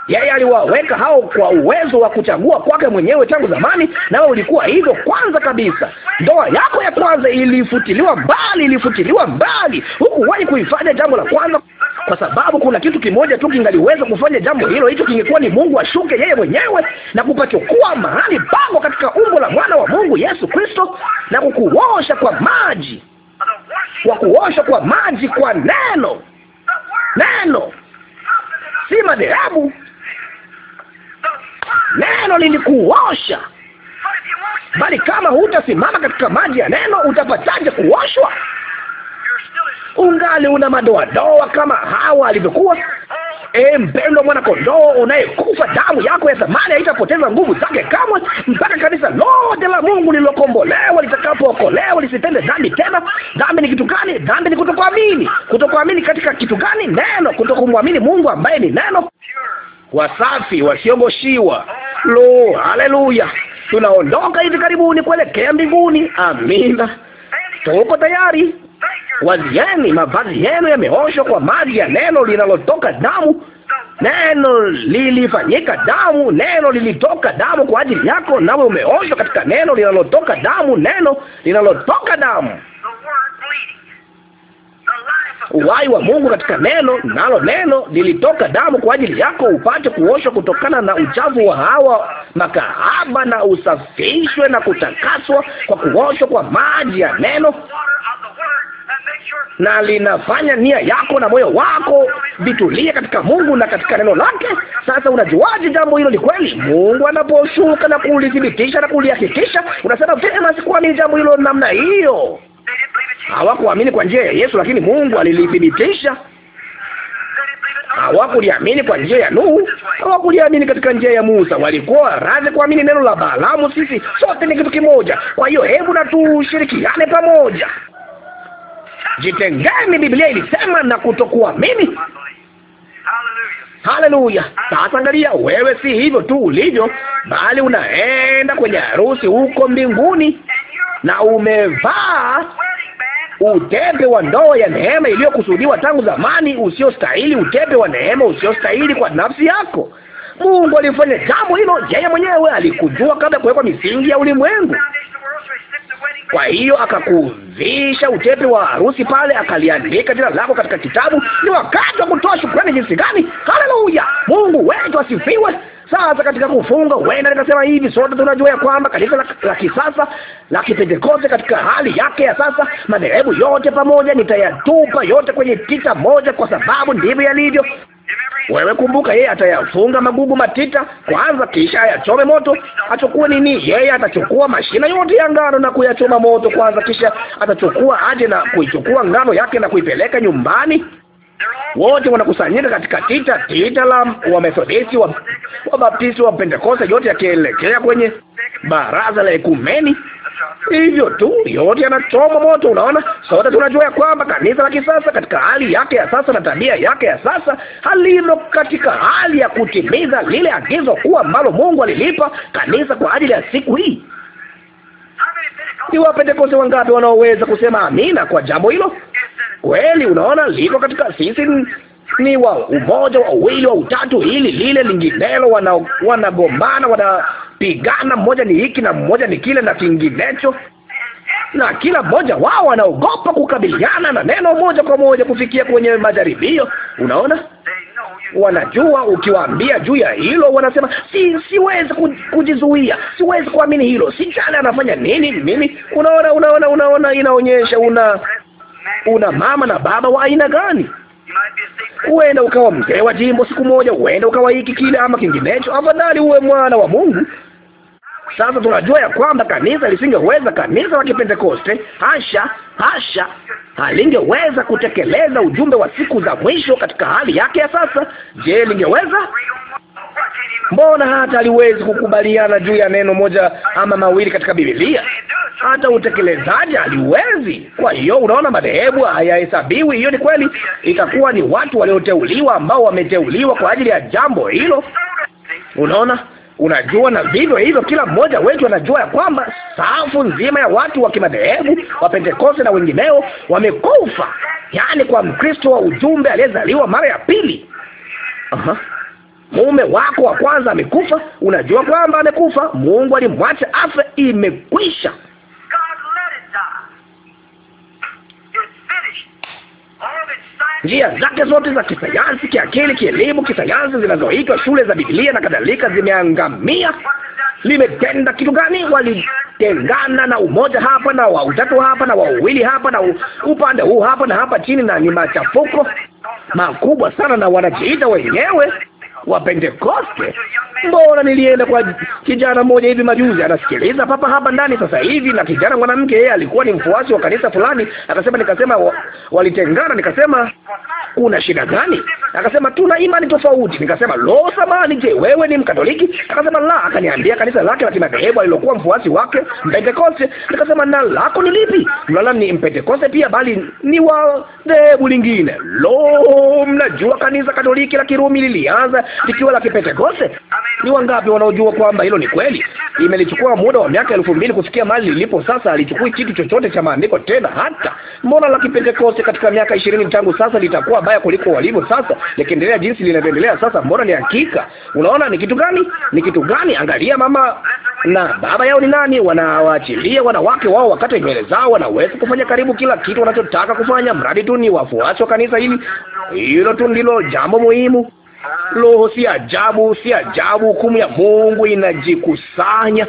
Yeye aliwaweka hao kwa uwezo wa kuchagua kwake mwenyewe tangu zamani, nawe ulikuwa hivyo kwanza kabisa. Ndoa yako ya kwanza ilifutiliwa mbali, ilifutiliwa mbali. Hukuwahi kuifanya jambo la kwanza, kwa sababu kuna kitu kimoja tu kingaliweza kufanya jambo hilo. Hicho kingekuwa ni Mungu ashuke yeye mwenyewe na kupachukua mahali pako katika umbo la mwana wa Mungu Yesu Kristo na kukuosha kwa maji, kwa kuosha kwa maji, kwa neno, neno si madhehebu neno lilikuosha. Bali kama hutasimama katika maji ya neno, utapataje kuoshwa? Ungali una madoadoa kama hawa alivyokuwa. E, mpendwa mwana kondoo unayekufa, damu yako ya thamani haitapoteza nguvu zake kamwe, mpaka kanisa lote la Mungu lililokombolewa litakapookolewa lisitende dhambi tena. Dhambi ni kitu gani? Dhambi ni kutokuamini. Kutokuamini katika kitu gani? Neno. Kutokumwamini Mungu ambaye ni neno wasafi, wasiogoshiwa. Lo, haleluya! Tunaondoka hivi karibuni kuelekea mbinguni. Amina, tuko tayari. Wazieni, mavazi yenu yameoshwa kwa maji ya neno linalotoka damu. Neno lilifanyika damu, neno lilitoka damu kwa ajili yako, nawe umeoshwa katika neno linalotoka damu, neno linalotoka damu uhai wa Mungu katika neno, nalo neno lilitoka damu kwa ajili yako upate kuoshwa kutokana na uchafu wa hawa makahaba, na usafishwe na kutakaswa kwa kuoshwa kwa maji ya neno na linafanya nia yako na moyo wako vitulie katika Mungu na katika neno lake. Sasa unajuaje jambo hilo ni kweli? Mungu anaposhuka na kulithibitisha na kulihakikisha, unasema tena, sikuamini jambo hilo namna hiyo. Hawakuamini kwa njia ya Yesu, lakini Mungu alilithibitisha.
Hawakuliamini
kwa njia ya Nuhu, hawakuliamini katika njia ya Musa. Walikuwa radhi kuamini neno la Balaamu. Sisi sote ni kitu kimoja, kwa hiyo hebu na tushirikiane pamoja. Jitengeni, Biblia ilisema, na kutokuamini. Haleluya! Sasa angalia, wewe si hivyo tu ulivyo, bali unaenda kwenye harusi huko mbinguni na umevaa utepe wa ndoa ya neema iliyokusudiwa tangu zamani, usiostahili, utepe wa neema usiostahili kwa nafsi yako. Mungu alifanya jambo hilo, yeye mwenyewe alikujua kabla ya kuwekwa misingi ya ulimwengu. Kwa hiyo akakuvisha utepe wa harusi pale, akaliandika jina lako katika kitabu. Ni wakati wa kutoa shukrani jinsi gani! Haleluya! Mungu wetu asifiwe. Sasa katika kufunga, huenda nikasema hivi, sote tunajua ya kwamba kanisa la, la kisasa la Kipentekoste katika hali yake ya sasa, madhehebu yote pamoja, nitayatupa yote kwenye tita moja, kwa sababu ndivyo yalivyo. Wewe kumbuka, yeye atayafunga magugu matita kwanza, kisha ayachome moto. Achukue nini? Yeye atachukua mashina yote ya ngano na kuyachoma moto kwanza, kisha atachukua aje na kuichukua ngano yake na kuipeleka nyumbani wote wanakusanyika katika tita tita la Wamethodisti, Wabaptisti, wa Pentekoste, yote yakielekea kwenye baraza la ekumeni. Hivyo tu yote yanachoma moto. Unaona, sote tunajua ya kwamba kanisa la kisasa katika hali yake ya sasa na tabia yake ya sasa halimo katika hali ya kutimiza lile agizo kuu ambalo Mungu alilipa kanisa kwa ajili ya siku hii. Ni Wapentekoste wangapi wanaoweza kusema amina kwa jambo hilo? kweli. Unaona, liko katika sisi ni wa umoja wa wili wa utatu, hili lile linginelo, wana wanagombana wanapigana, mmoja ni hiki na mmoja ni kile na kinginecho, na kila mmoja wao wanaogopa kukabiliana na neno moja kwa moja kufikia kwenye majaribio. Unaona, wanajua ukiwaambia juu ya hilo, wanasema si, siwezi kujizuia, siwezi kuamini hilo, sijali anafanya nini mimi. Unaona, unaona, unaona, inaonyesha una una mama na baba wa aina gani? Huenda ukawa mzee wa jimbo siku moja, huenda ukawa hiki kile ama kinginecho. Afadhali uwe mwana wa Mungu. Sasa tunajua ya kwamba kanisa lisingeweza, kanisa la Kipentekoste, hasha, hasha, halingeweza kutekeleza ujumbe wa siku za mwisho katika hali yake ya sasa. Je, lingeweza? Mbona hata aliwezi kukubaliana juu ya neno moja ama mawili katika Biblia? Hata utekelezaji aliwezi. Kwa hiyo unaona, madhehebu hayahesabiwi. Hiyo ni kweli, itakuwa ni watu walioteuliwa ambao wameteuliwa kwa ajili ya jambo hilo. Unaona, unajua. Na vivyo hivyo, kila mmoja wetu anajua ya kwamba safu nzima ya watu wa kimadhehebu wa Pentekoste na wengineo wamekufa, yaani kwa Mkristo wa ujumbe aliyezaliwa mara ya pili. Aha mume wako wa kwanza amekufa, unajua kwamba amekufa. Mungu alimwacha afe, imekwisha. Njia zake zote za kisayansi, kiakili, kielimu, kisayansi zinazoitwa shule za Biblia na kadhalika zimeangamia. Limetenda kitu gani? Walitengana na umoja hapa na wa utatu hapa na wa uwili hapa na upande huu hapa na hapa chini, na ni machafuko makubwa sana, na wanajiita wenyewe wa Pentekoste. Mbona nilienda kwa kijana mmoja hivi majuzi, anasikiliza papa hapa ndani sasa hivi, na kijana mwanamke, yeye alikuwa ni mfuasi wa kanisa fulani, akasema, nikasema walitengana, nikasema una shida gani? Akasema tuna imani tofauti. Nikasema lo, samani, je, wewe ni Mkatoliki? Akasema la. Akaniambia kanisa lake la kimadhehebu alilokuwa mfuasi wake Mpentekoste. Nikasema na lako ni lipi? Mlala ni Mpentekoste pia, bali ni wa dhehebu lingine. Lo, mnajua kanisa Katoliki la Kirumi lilianza likiwa la Kipentekoste. Ni wangapi wanaojua kwamba hilo ni kweli? Imelichukua muda wa miaka elfu mbili kufikia mahali lilipo sasa. Alichukui kitu chochote cha maandiko tena, hata mbona la Kipentekoste katika miaka ishirini tangu sasa litakuwa baya kuliko walivyo sasa, likiendelea jinsi linavyoendelea sasa. Mbona ni hakika. Unaona ni kitu gani? Ni kitu gani? Angalia mama na baba yao ni nani, wanawaachilia wanawake wao wakate nywele zao. Wanaweza kufanya karibu kila kitu wanachotaka kufanya, mradi tu ni wafuasi wa kanisa hili. Hilo tu ndilo jambo muhimu. Loho, si ajabu, si ajabu hukumu ya Mungu inajikusanya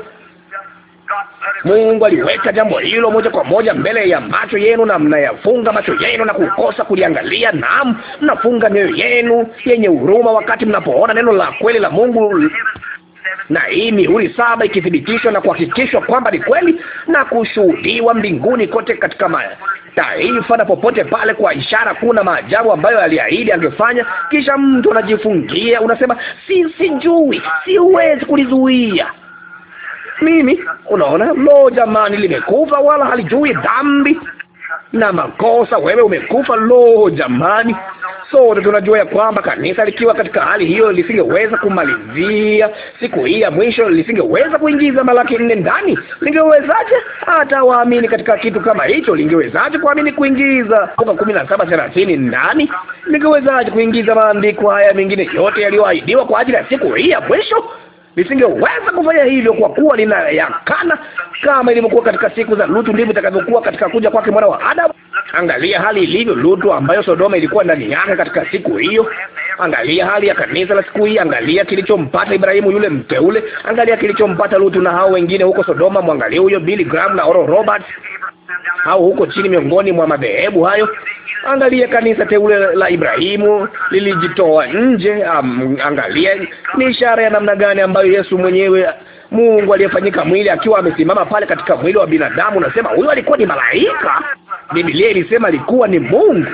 Mungu aliweka jambo hilo moja kwa moja mbele ya macho yenu, na mnayafunga macho yenu na kukosa kuliangalia. Naam, mnafunga mioyo yenu yenye huruma wakati mnapoona neno la kweli la Mungu na hii mihuri saba ikithibitishwa na kuhakikishwa kwamba ni kweli na kushuhudiwa mbinguni kote katika mataifa na popote pale, kwa ishara kuna maajabu ambayo aliahidi angefanya. Kisha mtu anajifungia, unasema si sijui, siwezi kulizuia mimi. Unaona, lo, jamani, limekufa wala halijui dhambi na makosa. Wewe umekufa. Lo, jamani, sote tunajua ya kwamba kanisa likiwa katika hali hiyo lisingeweza kumalizia siku hii ya mwisho, lisingeweza kuingiza Malaki nne ndani. Lingewezaje hata waamini katika kitu kama hicho? Lingewezaje kuamini kuingiza Luka kumi na saba thelathini ndani? Lingewezaje kuingiza maandiko haya mengine yote yaliyoahidiwa kwa ajili ya siku hii ya mwisho? Nisingeweza kufanya hivyo kwa kuwa yakana kama ilivyokuwa katika siku za Lutu, ndivyo itakavyokuwa katika kuja kwake mwana wa Adamu. Angalia hali ilivyo Lutu, ambayo Sodoma ilikuwa ndani yake katika siku hiyo. Angalia hali ya kanisa la siku hii. Angalia kilichompata Ibrahimu yule mteule. Angalia kilichompata Lutu na hao wengine huko Sodoma. Mwangalie huyo Billy Graham na Oral Roberts au huko chini miongoni mwa madhehebu hayo. Angalia kanisa teule la Ibrahimu lilijitoa nje. Angalia ni ishara ya namna gani ambayo Yesu mwenyewe Mungu aliyefanyika mwili akiwa amesimama pale katika mwili wa binadamu. Unasema huyo alikuwa ni malaika? Biblia ilisema alikuwa ni Mungu.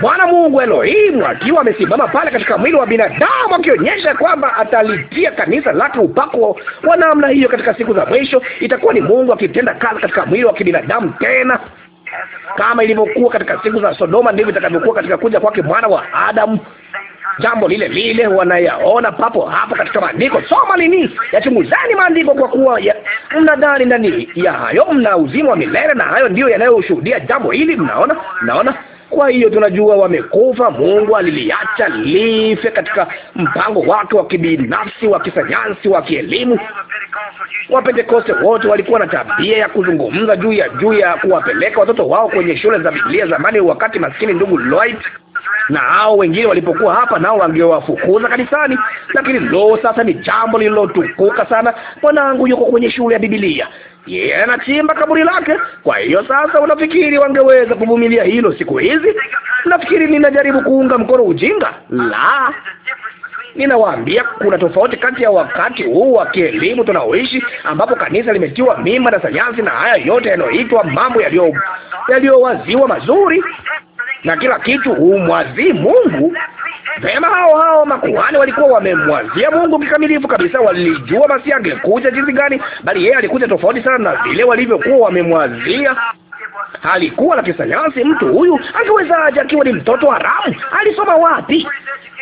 Bwana Mungu Elohimu akiwa amesimama pale katika mwili wa binadamu, akionyesha kwamba atalitia kanisa lake upako wa namna hiyo katika siku za mwisho. Itakuwa ni Mungu akitenda kazi katika mwili wa kibinadamu tena kama ilivyokuwa katika siku za Sodoma, ndivyo itakavyokuwa katika kuja kwake mwana wa Adamu. Jambo lile lile wanayaona papo hapa katika maandiko. Soma nini, yachunguzani maandiko, kwa kuwa mnadhani ndani ya hayo mna uzima wa milele, na hayo ndiyo yanayoshuhudia jambo hili. Mnaona, mnaona kwa hiyo tunajua wamekufa. Mungu aliliacha life katika mpango wake wa kibinafsi wa kisayansi wa kielimu. Wapentekoste wote walikuwa na tabia ya kuzungumza juu ya juu ya kuwapeleka watoto wao kwenye shule za Biblia zamani, wakati maskini ndugu Lloyd na hao wengine walipokuwa hapa, nao wangewafukuza kanisani. Lakini lo, sasa ni jambo lililotukuka sana. Mwanangu yuko kwenye shule ya Biblia, yeye yeah, anachimba kaburi lake. Kwa hiyo sasa, unafikiri wangeweza kuvumilia hilo siku hizi? Nafikiri ninajaribu kuunga mkono ujinga la Ninawaambia kuna tofauti kati ya wakati huu wa kielimu tunaoishi, ambapo kanisa limetiwa mimba na sayansi na haya yote yanayoitwa mambo yaliyo yaliyowaziwa mazuri na kila kitu humwazii Mungu. Vema, hao hao makuhani walikuwa wamemwazia Mungu kikamilifu kabisa. Walijua basi angekuja jinsi gani, bali yeye alikuja tofauti sana na vile walivyokuwa wamemwazia. Alikuwa la kisayansi. Mtu huyu akiwezaje, akiwa ni mtoto haramu? Alisoma wapi?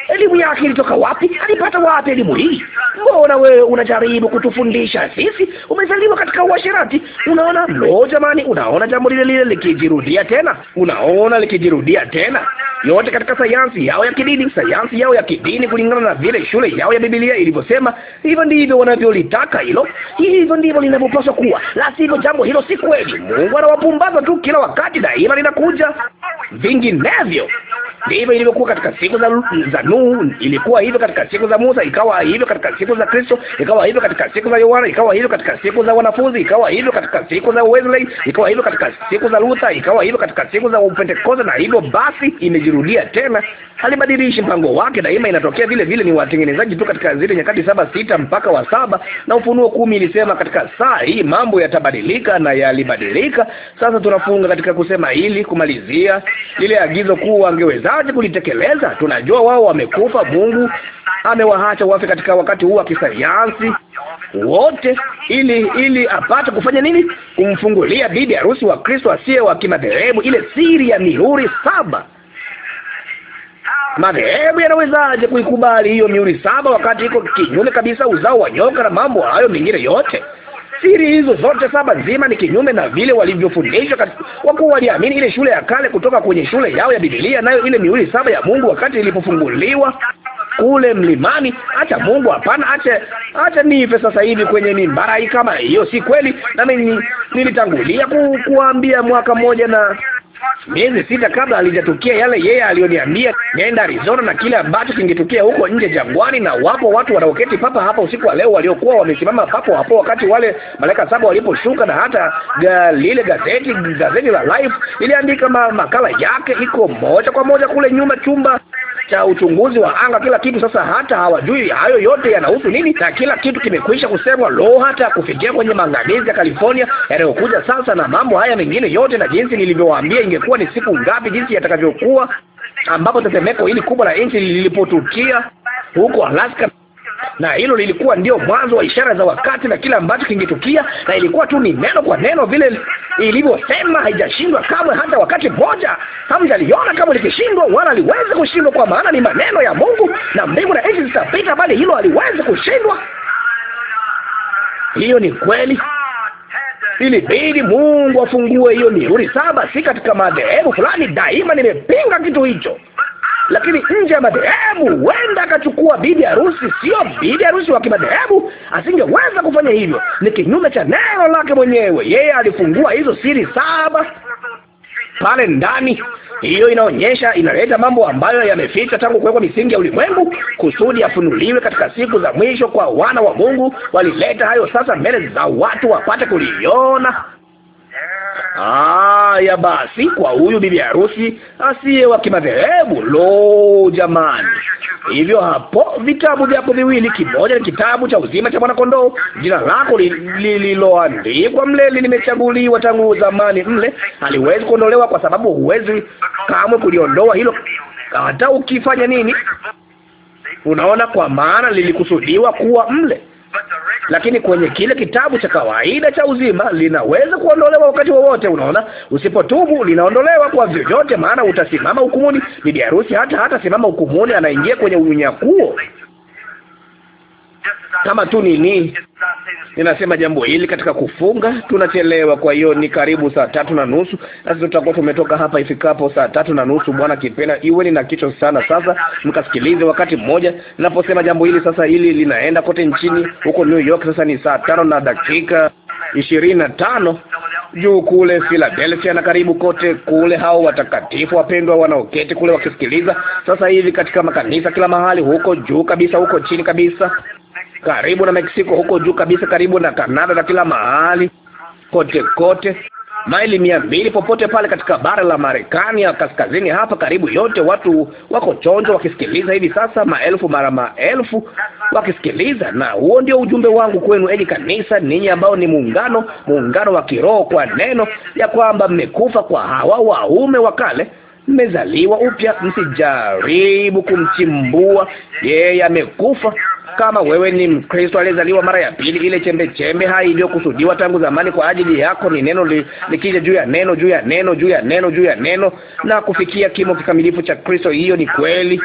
Elimu yake ilitoka wapi? Alipata wapi elimu hii? Mbona wewe unajaribu kutufundisha sisi? Umezaliwa katika uasherati. Unaona? Lo, jamani, unaona jambo lile lile likijirudia tena, unaona likijirudia tena, yote katika sayansi yao ya kidini, sayansi yao ya kidini, kulingana na vile shule yao ya Biblia ilivyosema. Hivyo ndivyo wanavyolitaka hilo, hivyo ndivyo linavyopaswa kuwa, la sivyo jambo hilo si kweli. Mungu anawapumbaza tu kila wakati, daima linakuja vinginevyo Ndivyo ilivyokuwa katika siku za, za Nuhu, ilikuwa hivyo katika siku za Musa, ikawa hivyo katika siku za Kristo, ikawa hivyo katika siku za Yohana, ikawa hivyo katika siku za wanafunzi, ikawa hivyo katika siku za Wesley, ikawa hivyo katika siku za Luther, ikawa hivyo katika siku za Pentecost, na hivyo basi imejirudia tena. Halibadilishi mpango wake, daima inatokea vile vile. Ni watengenezaji tu katika zile nyakati saba sita mpaka wa saba, na Ufunuo kumi ilisema katika saa hii mambo yatabadilika, na yalibadilika. Sasa tunafunga katika kusema hili kumalizia lile agizo kuu angeweza tutawezaje kulitekeleza? Tunajua wao wamekufa, Mungu amewaacha wafe katika wakati huu wa kisayansi wote, ili ili apate kufanya nini? Kumfungulia bibi harusi wa Kristo asiye wa kimadhehebu ile siri ya mihuri saba. Madhehebu yanawezaje kuikubali hiyo mihuri saba, wakati iko kinyume kabisa uzao wa nyoka na mambo hayo mengine yote? Siri hizo zote saba nzima ni kinyume na vile walivyofundishwa, kwa kuwa waliamini ile shule ya kale kutoka kwenye shule yao ya Biblia, nayo ile miwili saba ya Mungu wakati ilipofunguliwa kule mlimani. Acha Mungu, hapana, acha acha nife sasa hivi kwenye mimbara Kama hiyo si kweli, nami nilitangulia kuambia mwaka mmoja na miezi sita kabla alijatukia yale yeye aliyoniambia nenda Arizona na kile ambacho kingetukia huko nje jangwani. Na wapo watu wanaoketi papa hapa usiku wa leo waliokuwa wamesimama papo hapo wakati wale malaika saba waliposhuka, na hata ga, lile gazeti gazeti la Life iliandika ma, makala yake iko moja kwa moja kule nyuma chumba cha uchunguzi wa anga, kila kitu. Sasa hata hawajui hayo yote yanahusu nini, na kila kitu kimekwisha kusemwa. Lo, hata kufikia kwenye maangamizi ya California yanayokuja sasa na mambo haya mengine yote, na jinsi nilivyowaambia, ingekuwa ni siku ngapi, jinsi yatakavyokuwa ambapo tetemeko hili kubwa la nchi lilipotukia huko Alaska na hilo lilikuwa ndio mwanzo wa ishara za wakati na kila ambacho kingetukia, na ilikuwa tu ni neno kwa neno vile ilivyosema, haijashindwa kamwe hata wakati mmoja. Hamjaliona kama likishindwa, wala liweze kushindwa, kwa maana ni maneno ya Mungu, na mbingu na nchi zitapita, bali hilo haliwezi kushindwa. Hiyo ni kweli. Ilibidi Mungu afungue hiyo mihuri saba, si katika madhehebu fulani. Daima nimepinga kitu hicho, lakini nje ya madhehebu wenda akachukua bibi harusi, sio bibi harusi wa kimadhehebu. Asingeweza kufanya hivyo, ni kinyume cha neno lake mwenyewe. Yeye alifungua hizo siri saba pale ndani. Hiyo inaonyesha, inaleta mambo ambayo yameficha tangu kuwekwa misingi ya ulimwengu, kusudi afunuliwe katika siku za mwisho kwa wana wa Mungu. Walileta hayo sasa mbele za watu wapate kuliona. Haya basi, kwa huyu bibi harusi asiye wa kimadhehebu. Lo, jamani! Hivyo hapo vitabu vyapo viwili, kimoja ni kitabu cha uzima cha mwanakondoo, jina lako lililoandikwa li, mle limechaguliwa tangu zamani mle, haliwezi kuondolewa kwa sababu huwezi kamwe kuliondoa hilo, hata ukifanya nini. Unaona, kwa maana lilikusudiwa kuwa mle lakini kwenye kile kitabu cha kawaida cha uzima linaweza kuondolewa wakati wowote. Unaona, usipotubu linaondolewa kwa vyovyote, maana utasimama hukumuni. Bibi harusi hata hata simama hukumuni, anaingia kwenye unyakuo kama tu nini, ninasema jambo hili katika kufunga, tunachelewa. Kwa hiyo ni karibu saa tatu na nusu, nasi tutakuwa tumetoka hapa ifikapo saa tatu na nusu, Bwana kipenda. Iweni na kicho sana sasa, mkasikilize wakati mmoja ninaposema jambo hili sasa. Hili linaenda kote nchini, huko New York sasa ni saa tano na dakika ishirini na tano juu kule Philadelphia na karibu kote kule, hao watakatifu wapendwa wanaoketi kule wakisikiliza sasa hivi katika makanisa kila mahali, huko juu kabisa, huko chini kabisa karibu na Meksiko, huko juu kabisa, karibu na Kanada na kila mahali kote kote, maili mia mbili popote pale katika bara la Marekani ya kaskazini hapa, karibu yote watu wako chonjo wakisikiliza hivi sasa, maelfu mara maelfu wakisikiliza. Na huo ndio ujumbe wangu kwenu, enyi kanisa, ninyi ambao ni muungano, muungano wa kiroho kwa neno, ya kwamba mmekufa kwa hawa waume wa kale mmezaliwa upya. Msijaribu kumchimbua yeye, amekufa kama wewe ni Mkristo aliyezaliwa mara ya pili, ile chembe chembe hai iliyokusudiwa tangu zamani kwa ajili yako, ni neno li, likija juu ya neno juu ya neno juu ya neno juu ya neno na kufikia kimo kikamilifu cha Kristo. Hiyo ni kweli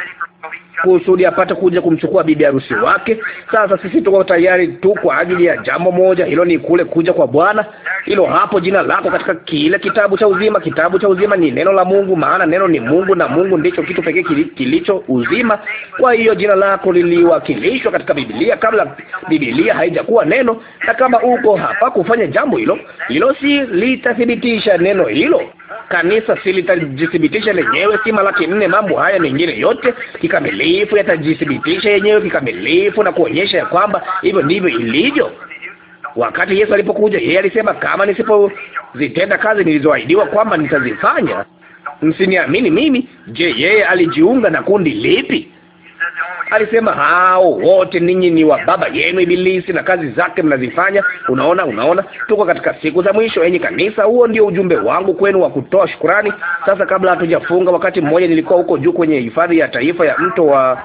kusudi apate kuja kumchukua bibi harusi wake. Sasa sisi tuko tayari tu kwa ajili ya jambo moja, hilo ni kule kuja kwa Bwana. Hilo hapo jina lako katika kile kitabu cha uzima. Kitabu cha uzima ni neno la Mungu, maana neno ni Mungu na Mungu ndicho kitu pekee kilicho uzima. Kwa hiyo jina lako liliwakilishwa katika Biblia kabla Biblia haijakuwa neno, na kama uko hapa kufanya jambo hilo, hilo si litathibitisha neno hilo. Kanisa si litajithibitisha lenyewe, si Malaki nne. Mambo haya mengine yote kikamilifu yatajithibitisha yenyewe kikamilifu na kuonyesha ya kwamba hivyo ndivyo ilivyo. Wakati Yesu alipokuja, yeye alisema, kama nisipozitenda kazi nilizoahidiwa kwamba nitazifanya, msiniamini mimi. Je, yeye alijiunga na kundi lipi? Alisema hao wote ninyi ni wa baba yenu Ibilisi na kazi zake mnazifanya. Unaona, unaona, tuko katika siku za mwisho, enyi kanisa. Huo ndio ujumbe wangu kwenu wa kutoa shukurani. Sasa, kabla hatujafunga, wakati mmoja nilikuwa huko juu kwenye hifadhi ya taifa ya mto wa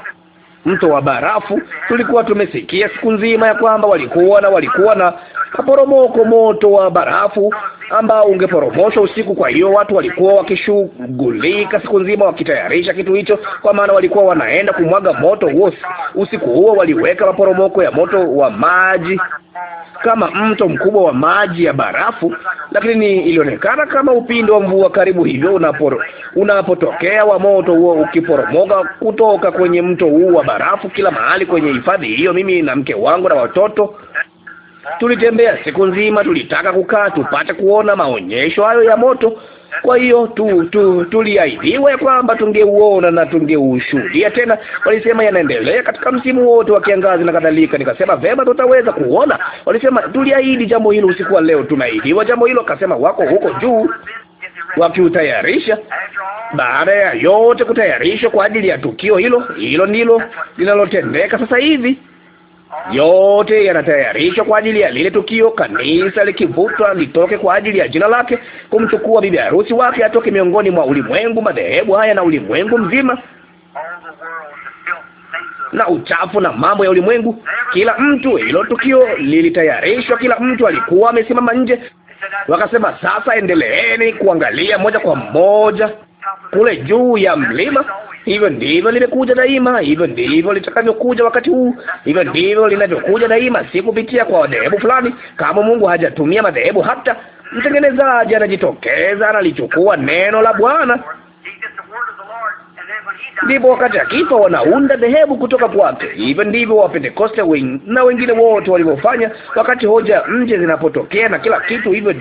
mto wa barafu. Tulikuwa tumesikia siku nzima ya kwamba walikuwa na walikuwa na kaporomoko, moto wa barafu ambao ungeporomoshwa usiku. Kwa hiyo watu walikuwa wakishughulika siku nzima wakitayarisha kitu hicho, kwa maana walikuwa wanaenda kumwaga moto huo usiku huo. Waliweka maporomoko ya moto wa maji kama mto mkubwa wa maji ya barafu, lakini ilionekana kama upinde wa mvua karibu hivyo unaporo, unapotokea wa moto huo ukiporomoka kutoka kwenye mto huu wa barafu. Kila mahali kwenye hifadhi hiyo, mimi na mke wangu na watoto tulitembea siku nzima, tulitaka kukaa tupate kuona maonyesho hayo ya moto. Kwa hiyo tu, tu, tuliahidiwa ya kwamba tungeuona na tungeushuhudia tena. Walisema yanaendelea katika msimu wote wa kiangazi na kadhalika. Nikasema vema, tutaweza kuona. Walisema tuliahidi jambo hilo usiku wa leo, tunaahidiwa jambo hilo. Akasema wako huko juu wakiutayarisha. Baada ya yote kutayarishwa kwa ajili ya tukio hilo, hilo ndilo linalotendeka sasa hivi yote yanatayarishwa kwa ajili ya lile tukio, kanisa likivutwa litoke kwa ajili ya jina lake, kumchukua bibi harusi wake atoke miongoni mwa ulimwengu, madhehebu haya na ulimwengu mzima na uchafu na mambo ya ulimwengu. Kila mtu, hilo tukio lilitayarishwa, kila mtu alikuwa amesimama nje. Wakasema, sasa endeleeni kuangalia moja kwa moja kule juu ya mlima. Hivyo ndivyo limekuja daima, hivyo ndivyo litakavyokuja wakati huu, hivyo ndivyo linavyokuja daima, si kupitia kwa dhehebu fulani. Kama Mungu hajatumia madhehebu, hata mtengenezaji anajitokeza, analichukua neno la Bwana ndipo wakati akifa wanaunda dhehebu kutoka kwake. Hivyo ndivyo Wapentekoste wen, na wengine wote walivyofanya, wakati hoja nje zinapotokea na kila kitu. Hivyo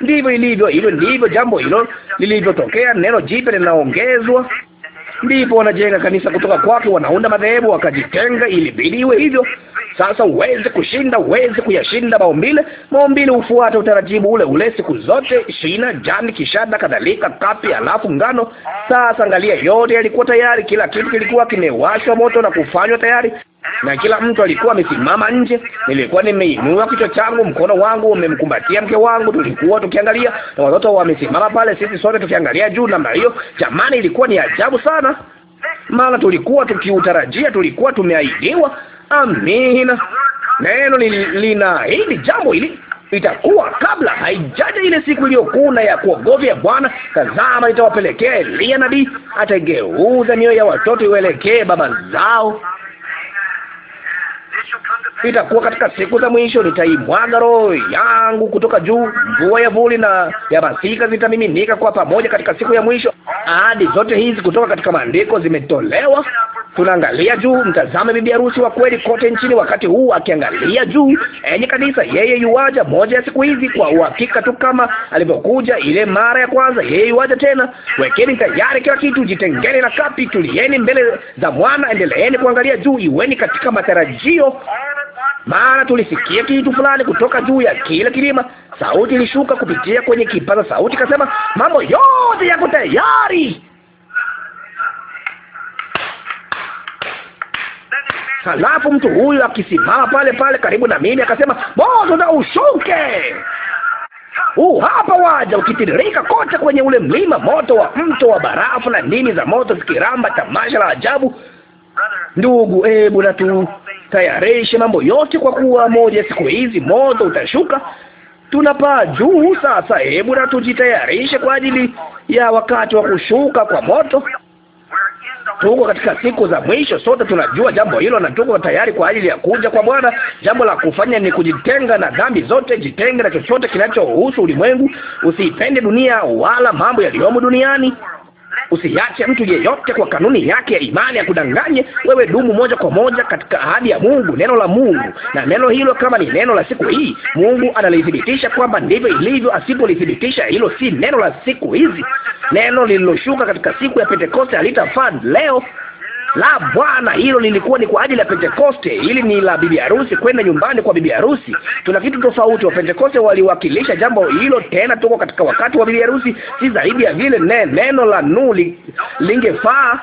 ndivyo ilivyo, hivyo ndivyo jambo hilo lilivyotokea. Neno jipya linaongezwa ndipo wanajenga kanisa kutoka kwake, wanaunda madhehebu, wakajitenga. Ilibidi iwe hivyo, sasa uweze kushinda, uweze kuyashinda maumbile. Maumbile hufuata utaratibu ule ule siku zote, shina, jani, kishada, kadhalika, kapi, alafu ngano. Sasa angalia, yote yalikuwa tayari, kila kitu kilikuwa kimewashwa moto na kufanywa tayari, na kila mtu alikuwa amesimama nje. Nilikuwa nimeinua kichwa changu, mkono wangu umemkumbatia mke wangu, tulikuwa tukiangalia, na watoto wamesimama pale, sisi sote tukiangalia juu namna hiyo. Jamani, ilikuwa ni ajabu sana maana tulikuwa tukiutarajia, tulikuwa tumeahidiwa amina. Neno lina li, jambo hili itakuwa kabla haijaja ile siku iliyokuna ya ya Bwana. Tazama, nitawapelekea elia nabii, atageuza mioyo ya watoto iwelekee baba zao itakuwa katika siku za mwisho, nitaimwaga roho yangu kutoka juu, mvua ya vuli na ya masika zitamiminika kwa pamoja katika siku ya mwisho. Ahadi zote hizi kutoka katika maandiko zimetolewa. Tunaangalia juu. Mtazame bibi harusi wa kweli kote nchini wakati huu akiangalia juu. Enyi kanisa, yeye yuwaja moja ya siku hizi kwa uhakika tu kama alivyokuja ile mara ya kwanza. Yeye yuwaja tena. Wekeni tayari kila kitu, jitengeni na kapi, tulieni mbele za mwana endeleeni kuangalia juu, iweni katika matarajio maana tulisikia kitu fulani kutoka juu ya kile kilima. Sauti ilishuka kupitia kwenye kipaza sauti, kasema mambo yote yako tayari. Halafu mtu huyu akisimama pale pale karibu na mimi akasema, moto na ushuke huu hapa waja ukitiririka kote kwenye ule mlima, moto wa mto wa barafu na ndimi za moto zikiramba, tamasha la ajabu. Ndugu, hebu na tu tayarishe mambo yote, kwa kuwa moja siku hizi moto utashuka. Tunapaa juu sasa. Hebu na tujitayarishe kwa ajili ya wakati wa kushuka kwa moto. Tuko katika siku za mwisho, sote tunajua jambo hilo, na tuko tayari kwa ajili ya kuja kwa Bwana. Jambo la kufanya ni kujitenga na dhambi zote, jitenge na chochote kinachohusu ulimwengu. Usiipende dunia wala mambo yaliyomo duniani. Usiache mtu yeyote kwa kanuni yake ya imani kudanganye Wewe dumu moja kwa moja katika ahadi ya Mungu, neno la Mungu. Na neno hilo kama ni neno la siku hii, Mungu analithibitisha kwamba ndivyo ilivyo. Asipolithibitisha hilo, si neno la siku hizi. Neno lililoshuka katika siku ya Pentekoste halitafaa leo. La, Bwana, hilo lilikuwa ni kwa ajili ya Pentekoste. Hili ni la bibi harusi, kwenda nyumbani kwa bibi harusi. Tuna kitu tofauti. Wa waliwakilisha jambo hilo. Tena tuko katika wakati wa bibi harusi, si zaidi ya vile. Ne, neno la nuli lingefaa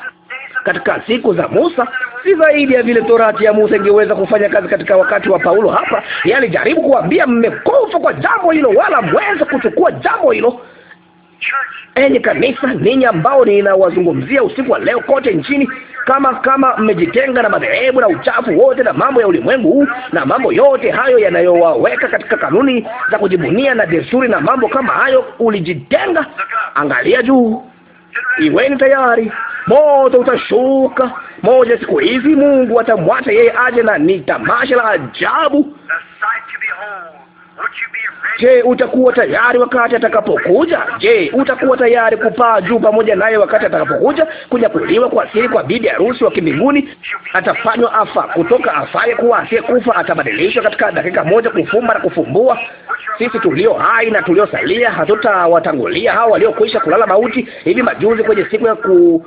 katika siku za Musa, si zaidi ya vile torati ya Musa ingeweza kufanya kazi katika wakati wa Paulo. Hapa yaani, jaribu kuambia mmekufa kwa jambo hilo, wala mweze kuchukua jambo hilo Enyi kanisa, ninyi ambao ninawazungumzia usiku wa leo kote nchini, kama kama mmejitenga na madhehebu na uchafu wote na mambo ya ulimwengu huu na mambo yote hayo yanayowaweka katika kanuni za kujibunia na desturi na mambo kama hayo, ulijitenga, angalia juu, iweni tayari, moto utashuka moja siku hizi. Mungu atamwacha yeye aje, na ni tamasha la ajabu
Je, utakuwa
tayari wakati atakapokuja? Je, utakuwa tayari kupaa juu pamoja naye wakati atakapokuja? Kunyakuliwa kwa siri kwa bibi harusi wa kimbinguni, atafanywa afa kutoka afaye kuwa kufa, atabadilishwa katika dakika moja, kufumba na kufumbua. Sisi tulio hai na tuliosalia hatutawatangulia hao waliokwisha kulala mauti. Hivi majuzi kwenye siku ya ku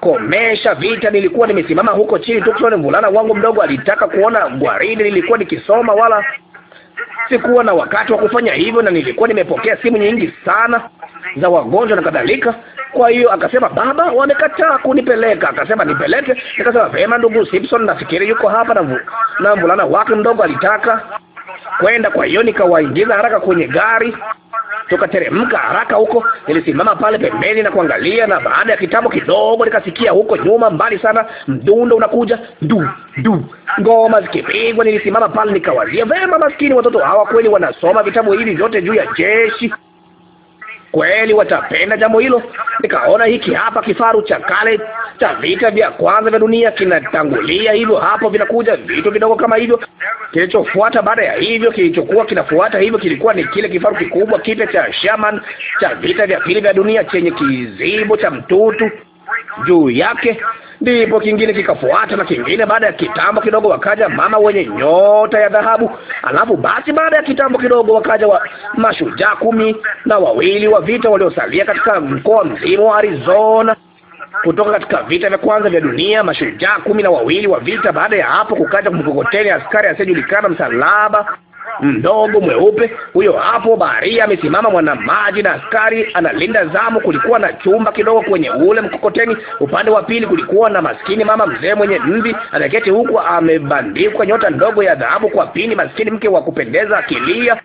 komesha vita, nilikuwa nimesimama huko chini Tucson. Mvulana wangu mdogo alitaka kuona gwaride, nilikuwa nikisoma wala Sikuwa na wakati wa kufanya hivyo, na nilikuwa nimepokea simu nyingi sana za wagonjwa na kadhalika. Kwa hiyo akasema, baba, wamekataa kunipeleka. Akasema nipeleke, nikasema vema. Ndugu Simpson nafikiri yuko hapa, na, na mvulana wake mdogo alitaka kwenda. Kwa hiyo nikawaingiza haraka kwenye gari tukateremka haraka huko. Nilisimama pale pembeni na kuangalia, na baada ya kitambo kidogo nikasikia huko nyuma mbali sana mdundo unakuja, du du, ngoma zikipigwa. Nilisimama pale nikawazia, vema, maskini watoto hawa kweli wanasoma vitabu hivi vyote juu ya jeshi kweli watapenda jambo hilo. Nikaona hiki hapa kifaru cha kale cha vita vya kwanza vya dunia kinatangulia hivyo, hapo vinakuja vitu vidogo kama hivyo. Kilichofuata baada ya hivyo, kilichokuwa kinafuata hivyo, kilikuwa ni kile kifaru kikubwa kipya cha Shaman cha vita vya pili vya dunia chenye kizibo cha mtutu juu yake, ndipo kingine kikafuata na kingine. Baada ya kitambo kidogo wakaja mama wenye nyota ya dhahabu, alafu basi, baada ya kitambo kidogo wakaja wa mashujaa kumi na wawili wa vita waliosalia katika mkoa mzima wa Arizona kutoka katika vita vya kwanza vya dunia, mashujaa kumi na wawili wa vita. Baada ya hapo kukaja mkokoteni, askari asiyejulikana, msalaba mdogo mweupe. Huyo hapo baharia amesimama, mwana maji na askari analinda zamu. Kulikuwa na chumba kidogo kwenye ule mkokoteni upande wa pili. Kulikuwa na maskini mama mzee mwenye mvi anaketi huku amebandikwa nyota ndogo ya dhahabu kwa pini, maskini mke wa kupendeza akilia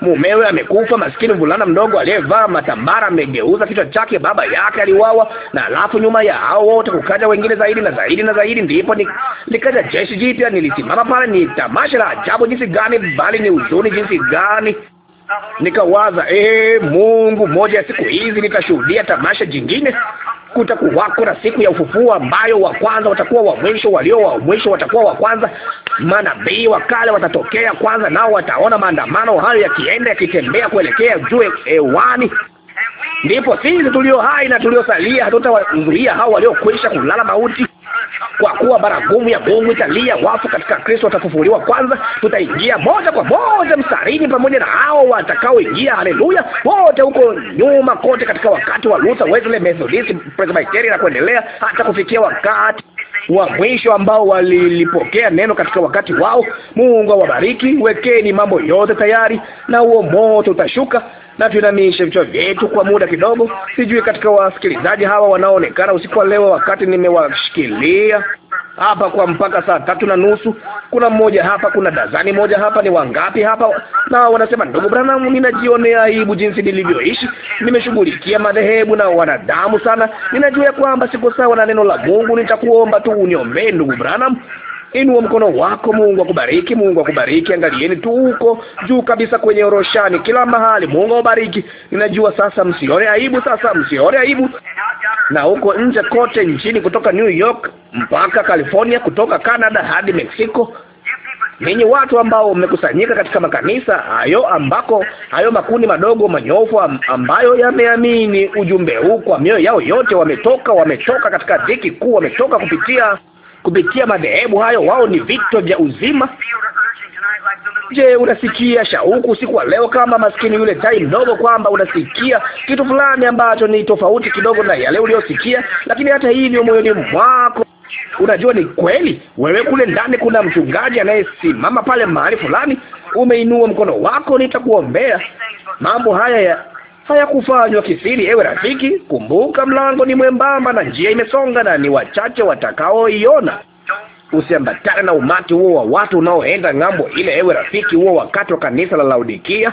mumewe amekufa, maskini mvulana mdogo aliyevaa matambara amegeuza kichwa chake, baba yake aliwawa, na alafu nyuma ya hao wote kukaja wengine zaidi na zaidi na zaidi. Ndipo ni, likaja jeshi jipya. Nilisimama pale, ni tamasha la ajabu jinsi gani, bali ni huzuni jinsi gani! Nikawaza, ee Mungu, moja ya siku hizi nitashuhudia tamasha jingine. Kutakuwako na siku ya ufufuo ambayo wa kwanza watakuwa wa mwisho, walio wa mwisho watakuwa wa kwanza. Manabii wa kale watatokea kwanza, nao wataona maandamano hayo yakienda yakitembea kuelekea juu e, hewani. Ndipo sisi tulio hai na tuliosalia hatutawazuia hao waliokwisha kulala mauti kwa kuwa baragumu ya Mungu italia, wafu katika Kristo watafufuliwa kwanza. Tutaingia moja kwa moja msarini pamoja na hao watakaoingia, haleluya, wote huko nyuma kote, katika wakati wa Luther, Wesley, Methodist, Presbyterian na kuendelea hata kufikia wakati wa mwisho ambao walilipokea neno katika wakati wao. Mungu awabariki. Wekeni mambo yote tayari, na huo moto utashuka. Na tuinamishe vichwa vyetu kwa muda kidogo. Sijui katika wasikilizaji hawa wanaoonekana usiku wa leo, wakati nimewashikilia hapa kwa mpaka saa tatu na nusu. Kuna mmoja hapa, kuna dazani moja hapa. Ni wangapi hapa? Na wanasema ndugu Branham, ninajionea aibu jinsi nilivyoishi, nimeshughulikia madhehebu na wanadamu sana. Ninajua ya kwamba siko sawa na neno la Mungu. Nitakuomba tu uniombee ndugu Branham. Inua mkono wako. Mungu akubariki, Mungu akubariki. Angalieni tu huko juu kabisa kwenye oroshani, kila mahali. Mungu awabariki. Ninajua sasa, msione aibu, sasa msione aibu na huko nje kote nchini, kutoka New York mpaka California, kutoka Canada hadi Mexico. Ninyi watu ambao mmekusanyika katika makanisa hayo, ambako hayo makundi madogo manyofu ambayo yameamini ujumbe huu kwa mioyo yao yote, wametoka wametoka katika dhiki kuu, wametoka kupitia kupitia madhehebu hayo. Wao ni vito vya uzima Je, unasikia shauku usiku wa leo kama maskini yule tai mdogo, kwamba unasikia kitu fulani ambacho ni tofauti kidogo na yale uliyosikia, lakini hata hivyo moyoni mwako unajua ni kweli. Wewe kule ndani kuna mchungaji anayesimama pale mahali fulani, umeinua mkono wako, nitakuombea. Mambo haya ya hayakufanywa kisiri, ewe rafiki. Kumbuka, mlango ni mwembamba na njia imesonga, na ni wachache watakaoiona usiambatane na umati huo wa watu unaoenda ng'ambo ile. Ewe rafiki, huo wakati wa kanisa la Laodikia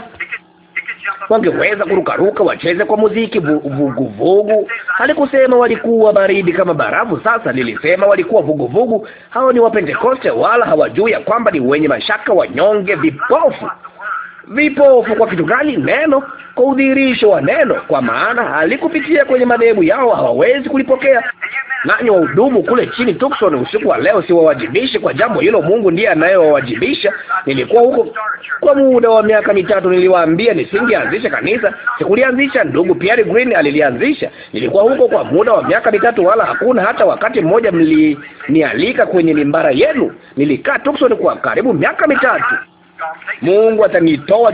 wangeweza kurukaruka, wacheze kwa muziki vuguvugu. Halikusema walikuwa baridi kama barafu, sasa lilisema walikuwa vuguvugu. Hao ni Wapentekoste, wala hawajui ya kwamba ni wenye mashaka, wanyonge, vipofu vipofu kwa kitu gani? Neno, kwa udhihirisho wa neno, kwa maana halikupitia kwenye madhehebu yao, hawawezi kulipokea nanyi wahudumu kule chini Tucson usiku wa leo, siwawajibishi kwa jambo hilo. Mungu ndiye anayewawajibisha. Nilikuwa huko kwa muda wa miaka mitatu. Niliwaambia nisingeanzisha kanisa, sikulianzisha. Ndugu Pierre Green alilianzisha. Nilikuwa huko kwa muda wa miaka mitatu, wala hakuna hata wakati mmoja mlinialika kwenye mimbara yenu. Nilikaa Tucson kwa karibu miaka mitatu. Mungu atanitoa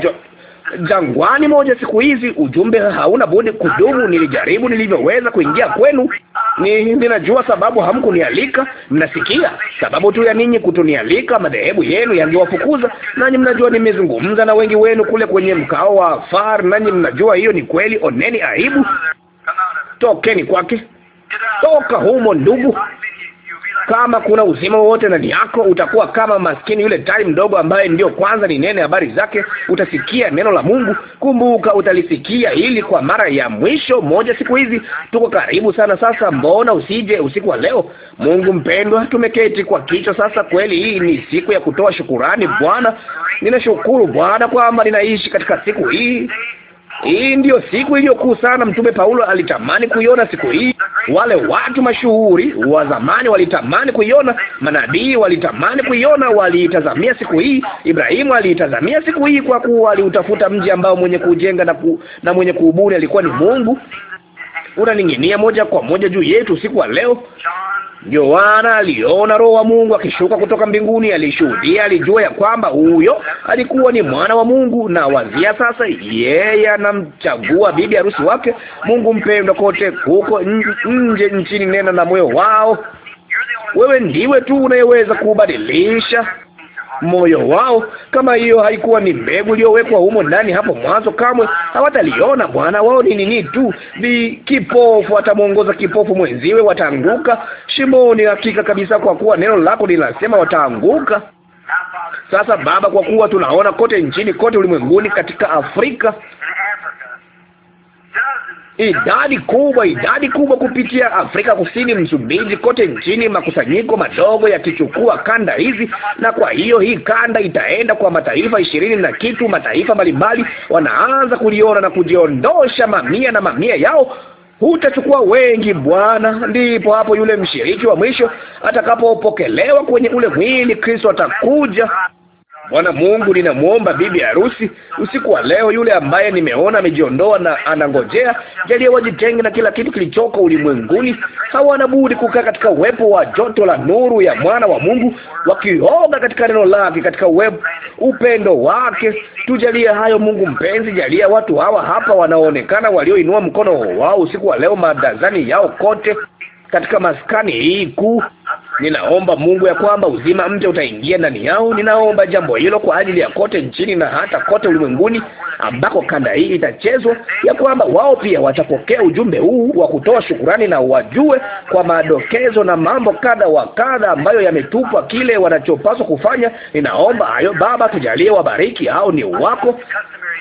jangwani moja siku hizi, ujumbe hauna budi kudumu. Nilijaribu nilivyoweza kuingia kwenu. Ni ninajua sababu hamkunialika, mnasikia sababu tu ya ninyi kutunialika. Madhehebu yenu yangewafukuza, nanyi mnajua. Nimezungumza na wengi wenu kule kwenye mkao wa Far, nanyi mnajua hiyo ni kweli. Oneni aibu, tokeni kwake, toka humo ndugu. Kama kuna uzima wowote ndani yako, utakuwa kama maskini yule tai mdogo ambaye ndiyo kwanza ni nene habari zake. Utasikia neno la Mungu. Kumbuka, utalisikia hili kwa mara ya mwisho moja siku hizi. Tuko karibu sana sasa, mbona usije usiku wa leo? Mungu mpendwa, tumeketi kwa kichwa sasa. Kweli hii ni siku ya kutoa shukurani. Bwana, ninashukuru Bwana kwamba ninaishi katika siku hii hii ndiyo siku iliyokuu sana. Mtume Paulo alitamani kuiona siku hii, wale watu mashuhuri wa zamani walitamani kuiona, manabii walitamani kuiona, waliitazamia siku hii. Ibrahimu aliitazamia siku hii, kwa kuwa aliutafuta mji ambao mwenye kujenga na, ku, na mwenye kuubuni alikuwa ni Mungu. Unaning'inia moja kwa moja juu yetu usiku wa leo. Yohana aliona Roho wa Mungu akishuka kutoka mbinguni, alishuhudia, alijua ya kwamba huyo alikuwa ni mwana wa Mungu. Na wazia sasa, yeye anamchagua bibi harusi wake. Mungu mpendwa, kote huko nje nchini, nena na moyo wao. Wewe ndiwe tu unayeweza kubadilisha moyo wao. Kama hiyo haikuwa ni mbegu iliyowekwa humo ndani hapo mwanzo, kamwe hawataliona Bwana wao. Ni nini tu vi kipofu atamwongoza kipofu mwenziwe, wataanguka shimoni, hakika kabisa, kwa kuwa neno lako linasema wataanguka. Sasa Baba, kwa kuwa tunaona kote nchini, kote ulimwenguni, katika Afrika idadi kubwa, idadi kubwa kupitia Afrika Kusini, Msumbiji, kote nchini, makusanyiko madogo yakichukua kanda hizi, na kwa hiyo hii kanda itaenda kwa mataifa ishirini na kitu, mataifa mbalimbali wanaanza kuliona na kujiondosha mamia na mamia yao hutachukua wengi Bwana. Ndipo hapo yule mshiriki wa mwisho atakapopokelewa kwenye ule mwili, Kristo atakuja Bwana Mungu, ninamwomba bibi harusi usiku wa leo, yule ambaye nimeona amejiondoa na anangojea, jalia wajitenge na kila kitu kilichoko ulimwenguni. Hawana budi kukaa katika uwepo wa joto la nuru ya mwana wa Mungu, wakioga katika neno lake, katika uwepo, upendo wake. Tujalie hayo, Mungu mpenzi, jalia watu hawa hapa wanaonekana walioinua mkono wao usiku wa leo, madazani yao kote katika maskani hii kuu Ninaomba Mungu ya kwamba uzima mpya utaingia ndani yao. Ninaomba jambo hilo kwa ajili ya kote nchini na hata kote ulimwenguni ambako kanda hii itachezwa, ya kwamba wao pia watapokea ujumbe huu wa kutoa shukurani na wajue kwa madokezo na mambo kadha wa kadha ambayo yametupwa, kile wanachopaswa kufanya. Ninaomba hayo Baba, tujalie, wabariki hao ni wako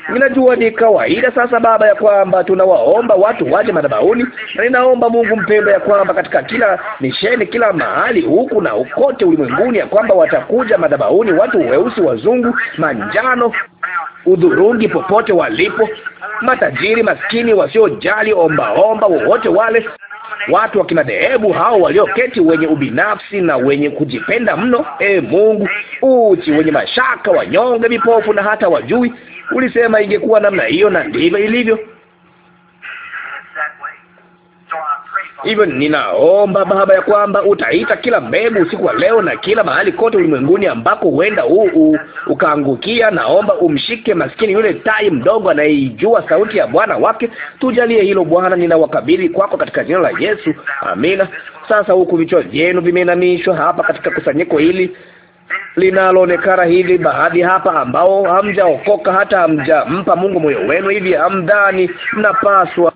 Ninajua ni kawaida sasa, Baba, ya kwamba tunawaomba watu waje madhabahuni, na ninaomba Mungu mpendwa, ya kwamba katika kila misheni, kila mahali huku na ukote ulimwenguni, ya kwamba watakuja madhabahuni watu weusi, wazungu, manjano, udhurungi, popote walipo, matajiri, maskini, wasiojali, ombaomba, wowote wale watu wa kimadhehebu hao walioketi, wenye ubinafsi na wenye kujipenda mno. E Mungu, uchi wenye mashaka, wanyonge, vipofu na hata wajui, ulisema ingekuwa namna hiyo, na ndivyo ilivyo. Hivyo ninaomba Baba ya kwamba utaita kila mbegu usiku wa leo na kila mahali kote ulimwenguni ambako huenda huu ukaangukia. Naomba umshike maskini yule tai mdogo anayeijua sauti ya Bwana wake. Tujalie hilo Bwana, ninawakabili kwako katika jina la Yesu, amina. Sasa huku vichwa vyenu vimeinamishwa hapa katika kusanyiko hili linaloonekana hivi, baadhi hapa ambao hamjaokoka hata hamjampa Mungu moyo wenu, hivi hamdhani mnapaswa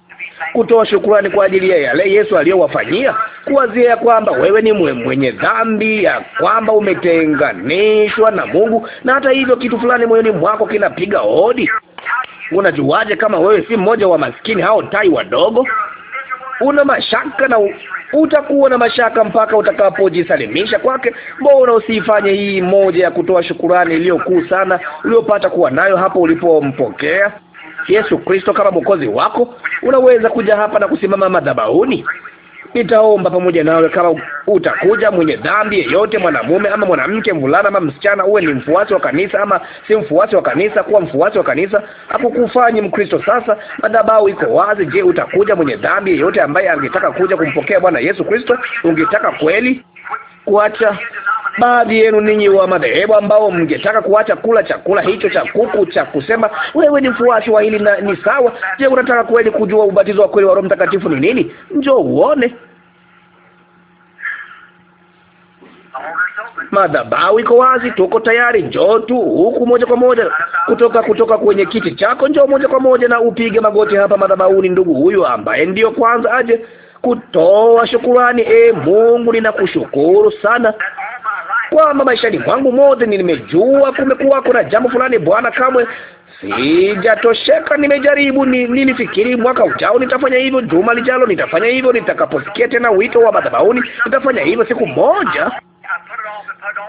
kutoa shukrani kwa ajili ya yale Yesu aliyowafanyia, kuwazia ya kwamba wewe ni mwenye dhambi, ya kwamba umetenganishwa na Mungu, na hata hivyo kitu fulani moyoni mwako kinapiga hodi. Unajuaje kama wewe si mmoja wa maskini hao tai wadogo? Una mashaka na Utakuwa na mashaka mpaka utakapojisalimisha kwake. Mbona usifanye hii moja ya kutoa shukurani iliyokuu sana uliyopata kuwa nayo hapo ulipompokea Yesu Kristo kama mwokozi wako? Unaweza kuja hapa na kusimama madhabahuni Nitaomba pamoja nawe kama utakuja mwenye dhambi yeyote, mwanamume ama mwanamke, mvulana ama msichana, uwe ni mfuasi wa kanisa ama si mfuasi wa kanisa. Kuwa mfuasi wa kanisa hakukufanyi Mkristo. Sasa madhabahu iko wazi. Je, utakuja mwenye dhambi yeyote ambaye angetaka kuja kumpokea Bwana Yesu Kristo? Ungetaka kweli kuacha baadhi yenu ninyi wa madhehebu ambao mngetaka kuacha kula chakula hicho cha kuku cha kusema wewe ni mfuasi wa hili na ni sawa. Je, unataka kweli kujua ubatizo wa kweli wa Roho Mtakatifu ni nini? Njoo uone. Madhabahu iko wazi, tuko tayari. Njoo tu huku moja kwa moja kutoka kutoka kwenye kiti chako, njoo moja kwa moja na upige magoti hapa madhabahuni, ndugu huyu ambaye ndiyo kwanza aje kutoa shukurani. E Mungu, ninakushukuru sana kwamba maishani mwangu mote nimejua kumekuwa kuna jambo fulani Bwana, kamwe sijatosheka. Nimejaribu ni, nilifikiri mwaka ujao nitafanya hivyo, juma lijalo nitafanya hivyo, nitakaposikia tena wito wa madhabahuni nitafanya hivyo siku moja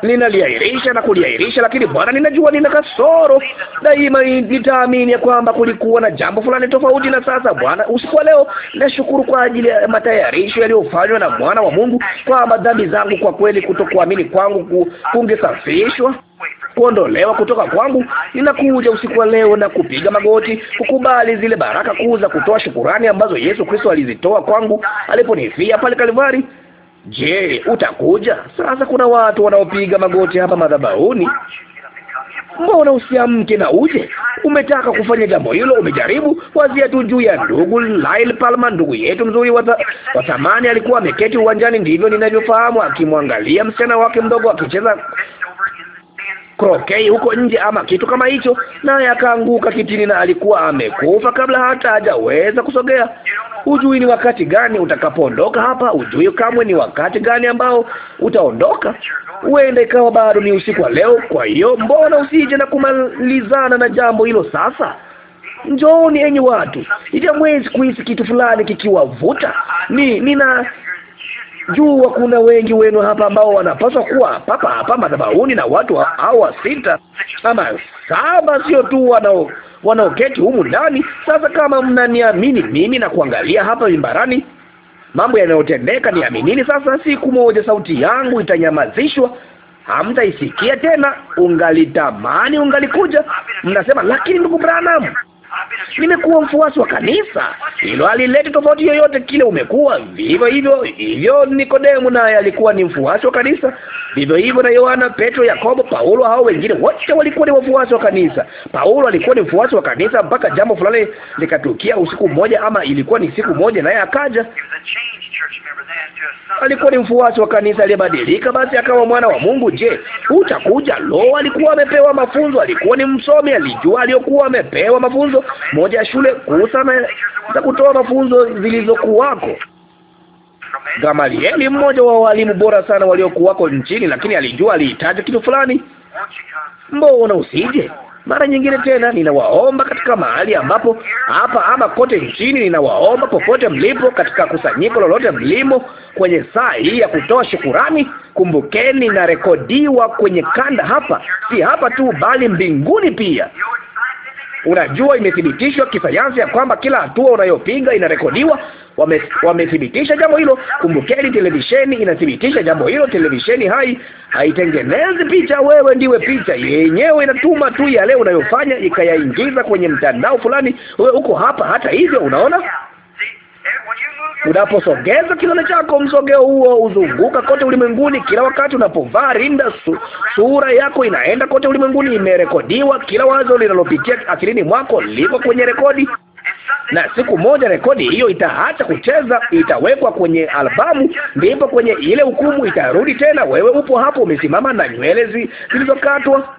ninaliahirisha na kuliahirisha, lakini Bwana, ninajua nina kasoro daima. Nitaamini ya kwamba kulikuwa na jambo fulani tofauti na sasa. Bwana, usiku wa leo nashukuru kwa ajili ya matayarisho yaliyofanywa na mwana wa Mungu, kwamba dhambi zangu kwa kweli, kutokuamini kwangu kungesafishwa kuondolewa kutoka kwangu. Ninakuja usiku wa leo na kupiga magoti, kukubali zile baraka kuu za kutoa shukurani ambazo Yesu Kristo alizitoa kwangu aliponifia pale Kalvari. Je, utakuja sasa? Kuna watu wanaopiga magoti hapa madhabahuni. Mbona usiamke na uje? Umetaka kufanya jambo hilo, umejaribu. Wazia tu juu ya ndugu Lyle Palmer, ndugu yetu mzuri wa thamani. Alikuwa ameketi uwanjani, ndivyo ninavyofahamu, akimwangalia msichana wake mdogo akicheza krokei huko nje ama kitu kama hicho, naye akaanguka kitini na alikuwa amekufa kabla hata hajaweza kusogea. Hujui ni wakati gani utakapoondoka hapa, hujui kamwe ni wakati gani ambao utaondoka. Huenda ikawa bado ni usiku wa leo. Kwa hiyo mbona usije na kumalizana na jambo hilo sasa? Njooni enyi watu, ija mwezi kuhisi kitu fulani kikiwavuta. Ni nina jua kuna wengi wenu hapa ambao wanapaswa kuwa papa hapa madhabahuni, na watu hawa sita ama saba sio tu wanao wanaoketi humu ndani. Sasa kama mnaniamini mimi na kuangalia hapa mimbarani mambo yanayotendeka, niaminini sasa. Siku moja sauti yangu itanyamazishwa, hamtaisikia tena. Ungalitamani ungalikuja. Mnasema, lakini ndugu Branham nimekuwa mfuasi wa kanisa, hilo alileti tofauti yoyote kile umekuwa vivyo hivyo. Hivyo Nikodemu naye alikuwa ni mfuasi wa kanisa, vivyo hivyo na Yohana, Petro, Yakobo, Paulo, hao wengine wote walikuwa ni wafuasi wa kanisa. Paulo alikuwa ni mfuasi wa kanisa mpaka jambo fulani likatukia usiku mmoja, ama ilikuwa ni siku moja, naye akaja alikuwa ni mfuasi wa kanisa aliyebadilika, basi akawa mwana wa Mungu. Je, utakuja? Lo, alikuwa amepewa mafunzo, alikuwa ni msomi, alijua aliyokuwa amepewa mafunzo. Moja ya shule kuu sana za kutoa mafunzo zilizokuwako Gamalieli, mmoja wa walimu bora sana waliokuwako nchini, lakini alijua alihitaji kitu fulani mbona usije? Mara nyingine tena ninawaomba katika mahali ambapo hapa ama kote nchini, ninawaomba popote mlipo, katika kusanyiko lolote mlimo, kwenye saa hii ya kutoa shukurani, kumbukeni na rekodiwa kwenye kanda hapa, si hapa tu, bali mbinguni pia. Unajua, imethibitishwa kisayansi ya kwamba kila hatua unayopiga inarekodiwa wamethibitisha wame jambo hilo. Kumbukeni, televisheni inathibitisha jambo hilo. Televisheni hai haitengenezi picha, wewe ndiwe picha yenyewe. Inatuma tu yale unayofanya ikayaingiza kwenye mtandao fulani, wewe uko hapa. Hata hivyo, unaona unaposogeza kidole chako, msogeo huo uzunguka kote ulimwenguni. Kila wakati unapovaa rinda, su, sura yako inaenda kote ulimwenguni, imerekodiwa. Kila wazo linalopitia akilini mwako liko kwenye rekodi na siku moja rekodi hiyo itaacha kucheza, itawekwa kwenye albamu, ndipo kwenye ile hukumu itarudi tena. Wewe upo hapo umesimama na nywele zilizokatwa,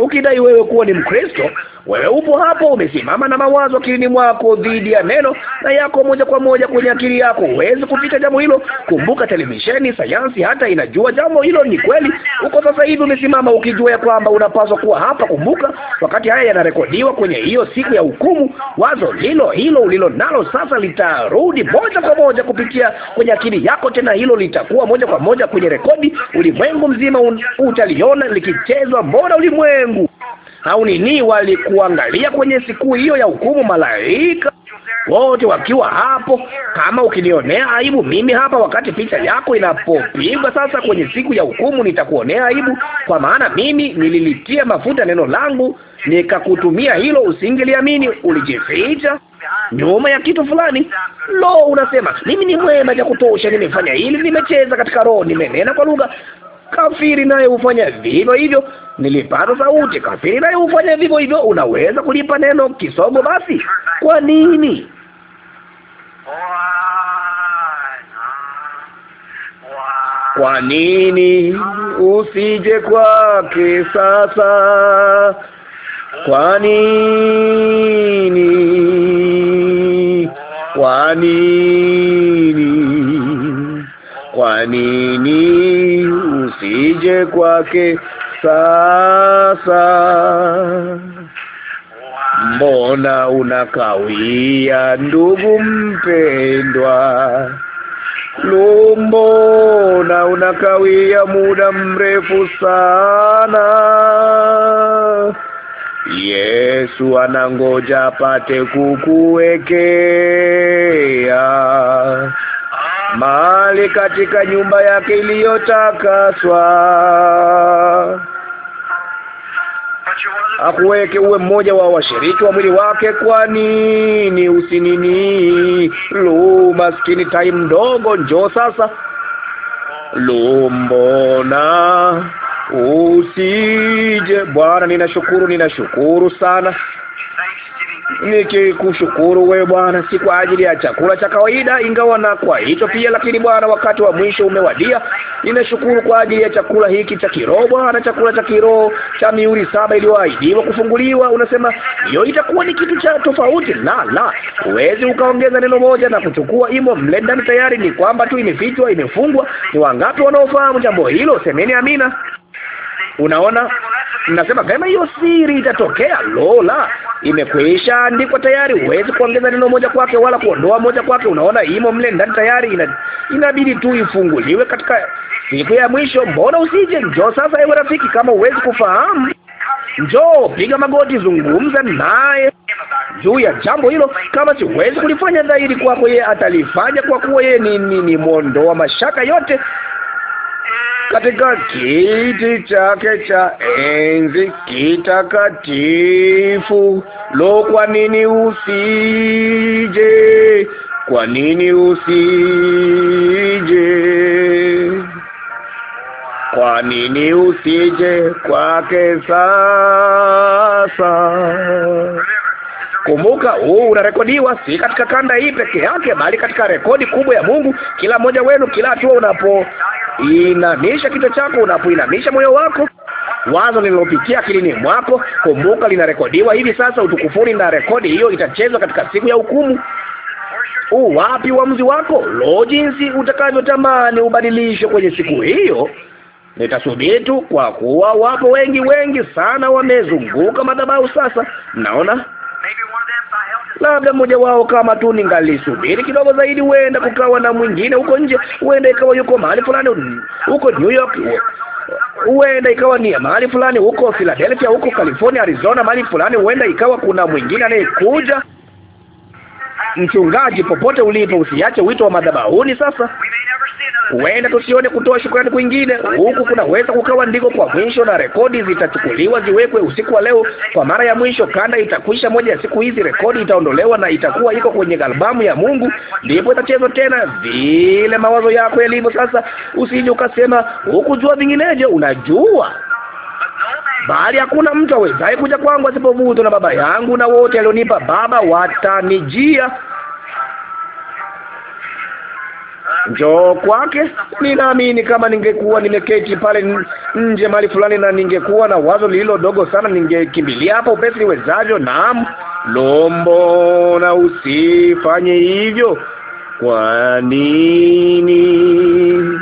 ukidai wewe kuwa ni Mkristo, wewe upo hapo, umesimama na mawazo akilini mwako dhidi ya neno na yako moja kwa moja kwenye akili yako. Huwezi kuficha jambo hilo. Kumbuka, televisheni, sayansi hata inajua jambo hilo ni kweli. Uko sasa hivi umesimama ukijua ya kwamba unapaswa kuwa hapa. Kumbuka, wakati haya yanarekodiwa kwenye hiyo siku ya hukumu, wazo hilo hilo ulilo nalo sasa litarudi moja kwa moja kupitia kwenye akili yako, tena hilo litakuwa moja kwa moja kwenye rekodi. Ulimwengu mzima un, utaliona likichezwa. Mbona ulimwengu au nini, walikuangalia kwenye siku hiyo ya hukumu, malaika wote wakiwa hapo. Kama ukinionea aibu mimi hapa, wakati picha yako inapopigwa sasa, kwenye siku ya hukumu nitakuonea aibu, kwa maana mimi nililitia mafuta neno langu, nikakutumia hilo. Usingeliamini, ulijificha nyuma ya kitu fulani. Lo, unasema mimi ni mwema cha kutosha, nimefanya hili, nimecheza katika roho, nimenena kwa lugha. Kafiri naye hufanya vivyo hivyo. Nilipata sauti. Kafiri naye hufanya vivyo hivyo. Unaweza kulipa neno kisogo? Basi kwa nini
kwa nini usije kwake sasa? Kwa nini? Kwa nini? Kwa nini? msije kwake sasa. Mbona unakawia ndugu mpendwa? Lo, mbona unakawia muda mrefu sana? Yesu anangoja apate kukuwekea mali katika nyumba yake iliyotakaswa. Akuweke uwe mmoja wa washiriki wa mwili wake. Kwa nini usinini? Lu, maskini tai mdogo, njoo sasa. Lu, mbona usije? Bwana, ninashukuru, ninashukuru sana nikikushukuru wewe Bwana, si kwa ajili ya
chakula cha kawaida, ingawa na kwa hicho pia, lakini Bwana, wakati wa mwisho umewadia. Ninashukuru kwa ajili ya chakula hiki cha kiroho Bwana, chakula cha kiroho cha mihuri saba iliyoahidiwa kufunguliwa. Unasema hiyo itakuwa ni kitu cha tofauti. La, la, huwezi ukaongeza neno moja na kuchukua, imo mle ndani tayari. Ni kwamba tu imefichwa, imefungwa. Ni wangapi wanaofahamu jambo hilo? Semeni amina. Unaona, Mnasema kama hiyo siri itatokea? Lola, imekwisha andikwa tayari. Huwezi kuongeza neno moja kwake wala kuondoa moja kwake. Unaona, imo mle ndani tayari. inabidi tu ifunguliwe katika siku ya mwisho. Mbona usije? Njoo sasa, ewe rafiki, kama huwezi kufahamu Njoo, piga magoti, zungumza naye juu ya jambo hilo. Kama siwezi kulifanya dhahiri kwako, yeye atalifanya, kwa kuwa yeye ni, ni, ni mwondoa mashaka yote
katika kiti chake cha enzi kitakatifu. Lo, kwa nini usije? Kwa nini usije? Kwa nini usije kwake sasa? Kumbuka huu unarekodiwa, si katika kanda hii peke
yake, bali katika rekodi kubwa ya Mungu. Kila mmoja wenu, kila hatua unapoinamisha kichwa chako, unapoinamisha moyo wako, wazo lililopitia akilini mwako, kumbuka, linarekodiwa hivi sasa utukufuni, na rekodi hiyo itachezwa katika siku ya hukumu. uwapi wapi uamuzi wako? Lo, jinsi utakavyotamani ubadilishwe kwenye siku hiyo. Nitasubiri tu, kwa kuwa wapo wengi wengi sana wamezunguka madhabahu sasa. Naona Labda mmoja wao kama tu ningalisubiri kidogo zaidi, huenda kukawa na mwingine huko nje, huenda ikawa yuko mahali fulani huko New York, huenda ikawa ni mahali fulani huko Philadelphia, huko California, Arizona, mahali fulani, huenda ikawa kuna mwingine anayekuja. Mchungaji, popote ulipo, usiache wito wa madhabahuni sasa Huenda tusione kutoa shukrani kwingine huku, kunaweza kukawa ndiko kwa mwisho, na rekodi zitachukuliwa ziwekwe usiku wa leo kwa mara ya mwisho. Kanda itakwisha moja ya siku hizi, rekodi itaondolewa na itakuwa iko kwenye albamu ya Mungu, ndipo itachezwa tena vile mawazo yako yalivyo sasa. Usije ukasema hukujua vinginevyo, unajua bali hakuna mtu awezaye kuja kwangu asipovutwa na Baba yangu, na wote alionipa Baba watanijia. njoo kwake. Ninaamini kama ningekuwa
nimeketi pale nje mahali fulani na ningekuwa na wazo lililo dogo sana, ningekimbilia hapo upesi niwezavyo. Naam, lombo na usifanye hivyo. Kwa nini?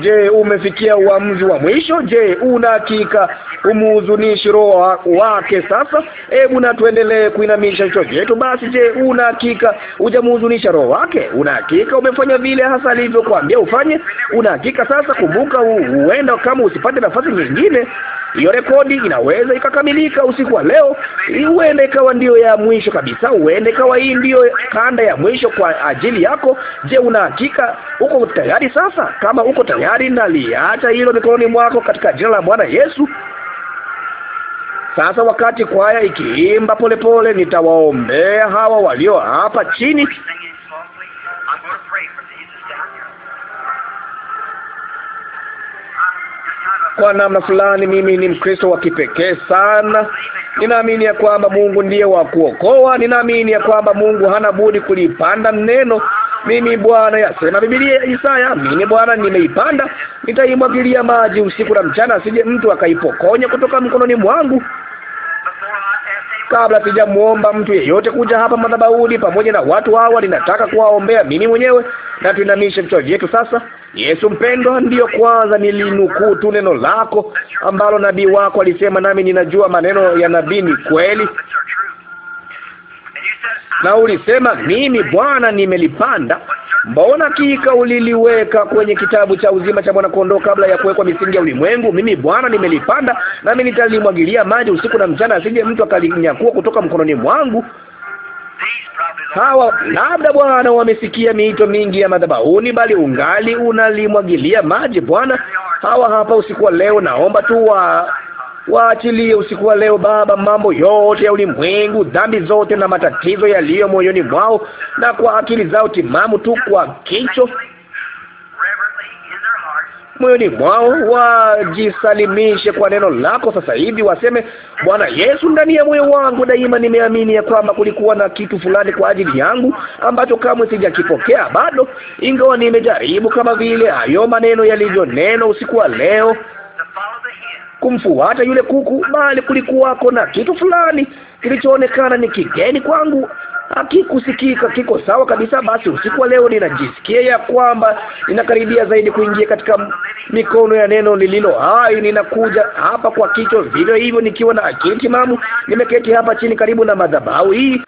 Je, umefikia uamuzi wa mwisho? Je, una hakika umuhuzunishi roho wake? Sasa hebu na tuendelee kuinamisha vichwa vyetu basi. Je, una hakika
hujamuhuzunisha roho wake? Una hakika umefanya vile hasa alivyokuambia ufanye? Una hakika sasa? Kumbuka, huenda kama usipate nafasi nyingine hiyo rekodi inaweza ikakamilika usiku wa leo, huenda ikawa ndiyo ya mwisho kabisa, huenda ikawa hii ndiyo kanda ya mwisho kwa ajili yako. Je, una hakika? Uko tayari sasa? Kama uko tayari, naliacha hilo mikononi mwako katika jina la Bwana Yesu. Sasa wakati kwaya ikiimba polepole, nitawaombea hawa walio hapa chini.
Kwa namna fulani mimi ni Mkristo wa kipekee sana.
Ninaamini ya kwamba Mungu ndiye wa kuokoa. Ninaamini ya kwamba Mungu hana budi kulipanda neno. Mimi Bwana, yasema Biblia Isaya, mimi Bwana nimeipanda, nitaimwagilia maji usiku na mchana, asije mtu akaipokonya kutoka mkononi mwangu kabla sijamwomba mtu yeyote kuja hapa madhabahuni pamoja na watu hawa, ninataka kuwaombea mimi mwenyewe. Na tuinamishe vichwa vyetu sasa. Yesu mpendwa, ndiyo kwanza nilinukuu tu neno lako ambalo nabii wako alisema, nami ninajua maneno ya nabii ni kweli na ulisema mimi Bwana nimelipanda, Mbona kika uliliweka kwenye kitabu cha uzima cha kondoo kabla ya kuwekwa misingi ya ulimwengu? Mimi Bwana nimelipanda, nami nitalimwagilia maji usiku na mchana, asije mtu akalinyakua kutoka mkononi mwangu. Hawa labda Bwana wamesikia miito mingi ya madhabahuni, bali ungali unalimwagilia maji Bwana. Hawa hapa usiku wa leo, naomba tu wa waachilie usiku wa leo Baba mambo yote ya ulimwengu, dhambi zote na matatizo yaliyo moyoni mwao, na kwa akili zao timamu tu kwa kicho moyoni mwao wajisalimishe kwa neno lako sasa hivi, waseme Bwana Yesu, ndani ya moyo wangu daima nimeamini ya kwamba kulikuwa na kitu fulani kwa ajili yangu ambacho kamwe sijakipokea bado, ingawa nimejaribu kama vile hayo maneno yalivyoneno usiku wa leo kumfuata yule kuku, bali kulikuwako na kitu fulani kilichoonekana ni kigeni kwangu, akikusikika kiko sawa kabisa. Basi usiku wa leo ninajisikia ya kwamba ninakaribia zaidi kuingia katika mikono ya neno lililo hai. Ninakuja hapa kwa kichwa vile hivyo, nikiwa na akili timamu. Nimeketi hapa chini karibu na madhabahu hii.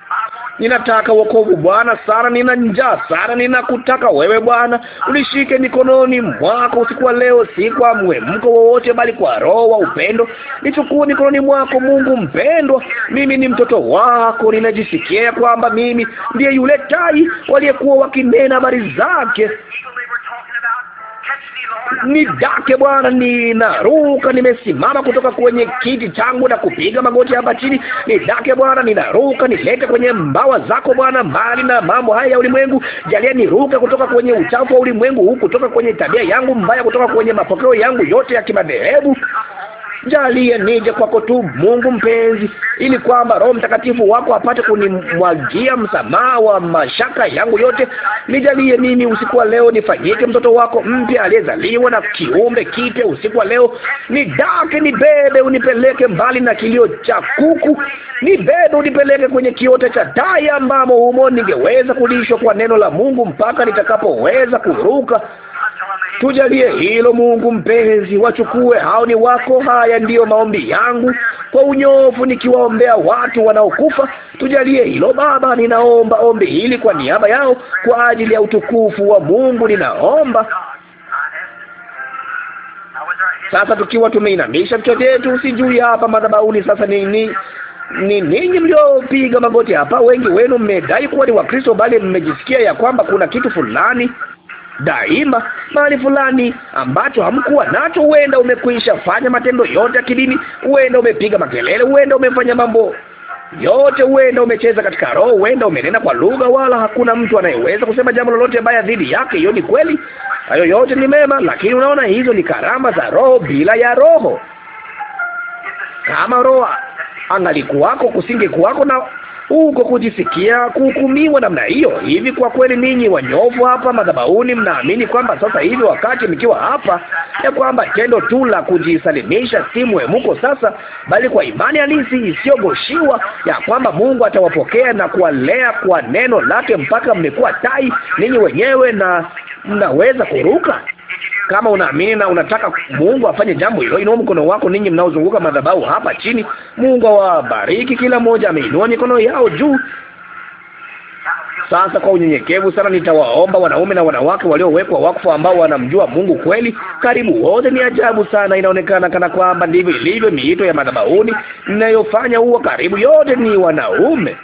Ninataka wokovu Bwana sana, nina njaa sana, ninakutaka wewe Bwana ulishike mikononi mwako usiku wa leo, si kwa mwemko wowote, bali kwa roho wa upendo. Nichukue mikononi mwako Mungu mpendwa, mimi ni mtoto wako, ninajisikia kwamba kwamba mimi ndiye yule tai waliyekuwa wakinena habari zake ni dake Bwana, ninaruka, nimesimama kutoka kwenye kiti changu na kupiga magoti hapa chini. Ni dake Bwana, ninaruka, nilete kwenye mbawa zako Bwana, mbali na mambo haya ya ulimwengu. Jalia niruke kutoka kwenye uchafu wa ulimwengu huu, kutoka kwenye tabia yangu mbaya, kutoka kwenye mapokeo yangu yote ya kimadhehebu jalie nije kwako tu, Mungu mpenzi, ili kwamba Roho Mtakatifu wako apate kunimwagia msamaha wa mashaka yangu yote. Nijalie mimi usiku wa leo nifanyike mtoto wako mpya aliyezaliwa na kiumbe kipya. Usiku wa leo nidake, nibebe, unipeleke mbali na kilio cha kuku, nibebe, unipeleke kwenye kiota cha tai, ambamo humo ningeweza kulishwa kwa neno la Mungu mpaka nitakapoweza kuruka Tujalie hilo Mungu mpenzi, wachukue hao ni wako. Haya ndiyo maombi yangu kwa unyofu, nikiwaombea watu wanaokufa. Tujalie hilo Baba, ninaomba ombi hili kwa niaba yao, kwa ajili ya utukufu wa Mungu ninaomba. Sasa tukiwa tumeinamisha vichwa vyetu, sijui hapa madhabahuni sasa nini ni ninyi mliopiga magoti hapa. Wengi wenu mmedai kuwa ni Wakristo, bali mmejisikia ya kwamba kuna kitu fulani daima mahali fulani ambacho hamkuwa nacho. Huenda umekwisha fanya matendo yote ya kidini, huenda umepiga makelele, huenda umefanya mambo yote, huenda umecheza katika roho, huenda umenena kwa lugha, wala hakuna mtu anayeweza kusema jambo lolote baya dhidi yake. Hiyo ni kweli, hayo yote ni mema, lakini unaona, hizo ni karama za roho bila ya roho. Kama roho angalikuwako, kusingekuwako na huko kujisikia kuhukumiwa namna hiyo. Hivi kwa kweli ninyi wanyovu hapa madhabahuni, mnaamini kwamba sasa hivi wakati mkiwa hapa ya kwamba tendo tu la kujisalimisha simu emuko sasa, bali kwa imani halisi isiyogoshiwa ya kwamba Mungu atawapokea na kuwalea kwa neno lake mpaka mmekuwa tai ninyi wenyewe na mnaweza kuruka kama unaamini na unataka Mungu afanye jambo hilo, inua mkono wako, ninyi mnaozunguka madhabahu hapa chini. Mungu awabariki kila mmoja, ameinua mikono yao juu. Sasa kwa unyenyekevu sana nitawaomba wanaume na wanawake waliowekwa wakfu ambao wanamjua Mungu kweli, karibu wote. Ni ajabu sana, inaonekana kana kwamba ndivyo ilivyo miito ya madhabahuni ninayofanya huwa, karibu yote ni wanaume.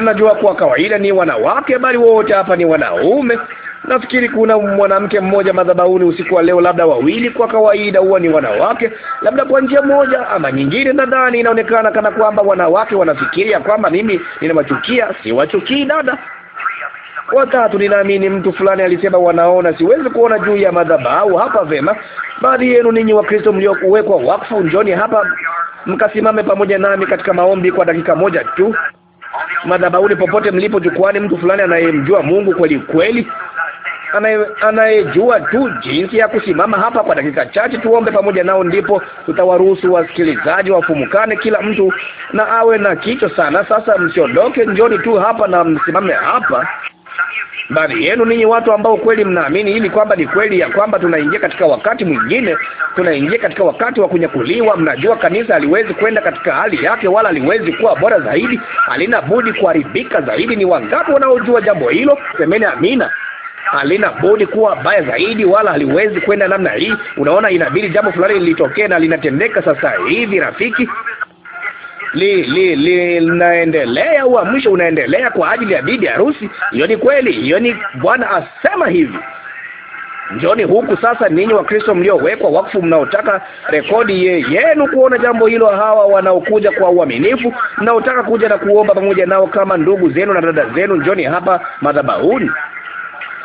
Mnajua, kwa kawaida ni wanawake, bali wote hapa ni wanaume. Nafikiri kuna mwanamke mmoja madhabahuni usiku wa leo, labda wawili. Kwa kawaida huwa ni wanawake, labda kwa njia moja ama nyingine. Nadhani inaonekana kana kwamba wanawake wanafikiria kwamba mimi ninawachukia. Siwachukii dada watatu ninaamini mtu fulani alisema, wanaona siwezi kuona juu ya madhabahu hapa. Vema, baadhi yenu ninyi Kristo mliokuwekwa wakfu, njoni hapa mkasimame pamoja nami katika maombi kwa dakika moja tu madhabahuni, popote mlipo, jukwani, mtu fulani anayemjua Mungu kweli kweli, anayejua tu jinsi ya kusimama hapa kwa dakika chache, tuombe pamoja nao, ndipo tutawaruhusu wasikilizaji wafumukane, kila mtu na awe na kicho sana. Sasa msiondoke, njoni tu hapa na msimame hapa bali yenu ninyi watu ambao kweli mnaamini ili kwamba ni kweli ya kwamba tunaingia katika wakati mwingine, tunaingia katika wakati wa kunyakuliwa. Mnajua kanisa haliwezi kwenda katika hali yake, wala haliwezi kuwa bora zaidi, halina budi kuharibika zaidi. Ni wangapi wanaojua jambo hilo? Semeni amina. Halina budi kuwa baya zaidi, wala haliwezi kwenda namna hii. Unaona, inabidi jambo fulani litokee, na linatendeka sasa hivi, rafiki
li, li, linaendelea,
wa mwisho unaendelea kwa ajili ya bibi harusi. Hiyo ni kweli, hiyo ni Bwana asema hivi. Njoni huku sasa, ninyi wa Kristo mliowekwa wakfu, mnaotaka rekodi ye, yenu kuona jambo hilo, hawa wanaokuja kwa uaminifu, mnaotaka kuja na kuomba pamoja nao kama ndugu zenu na dada zenu, njoni hapa madhabahuni.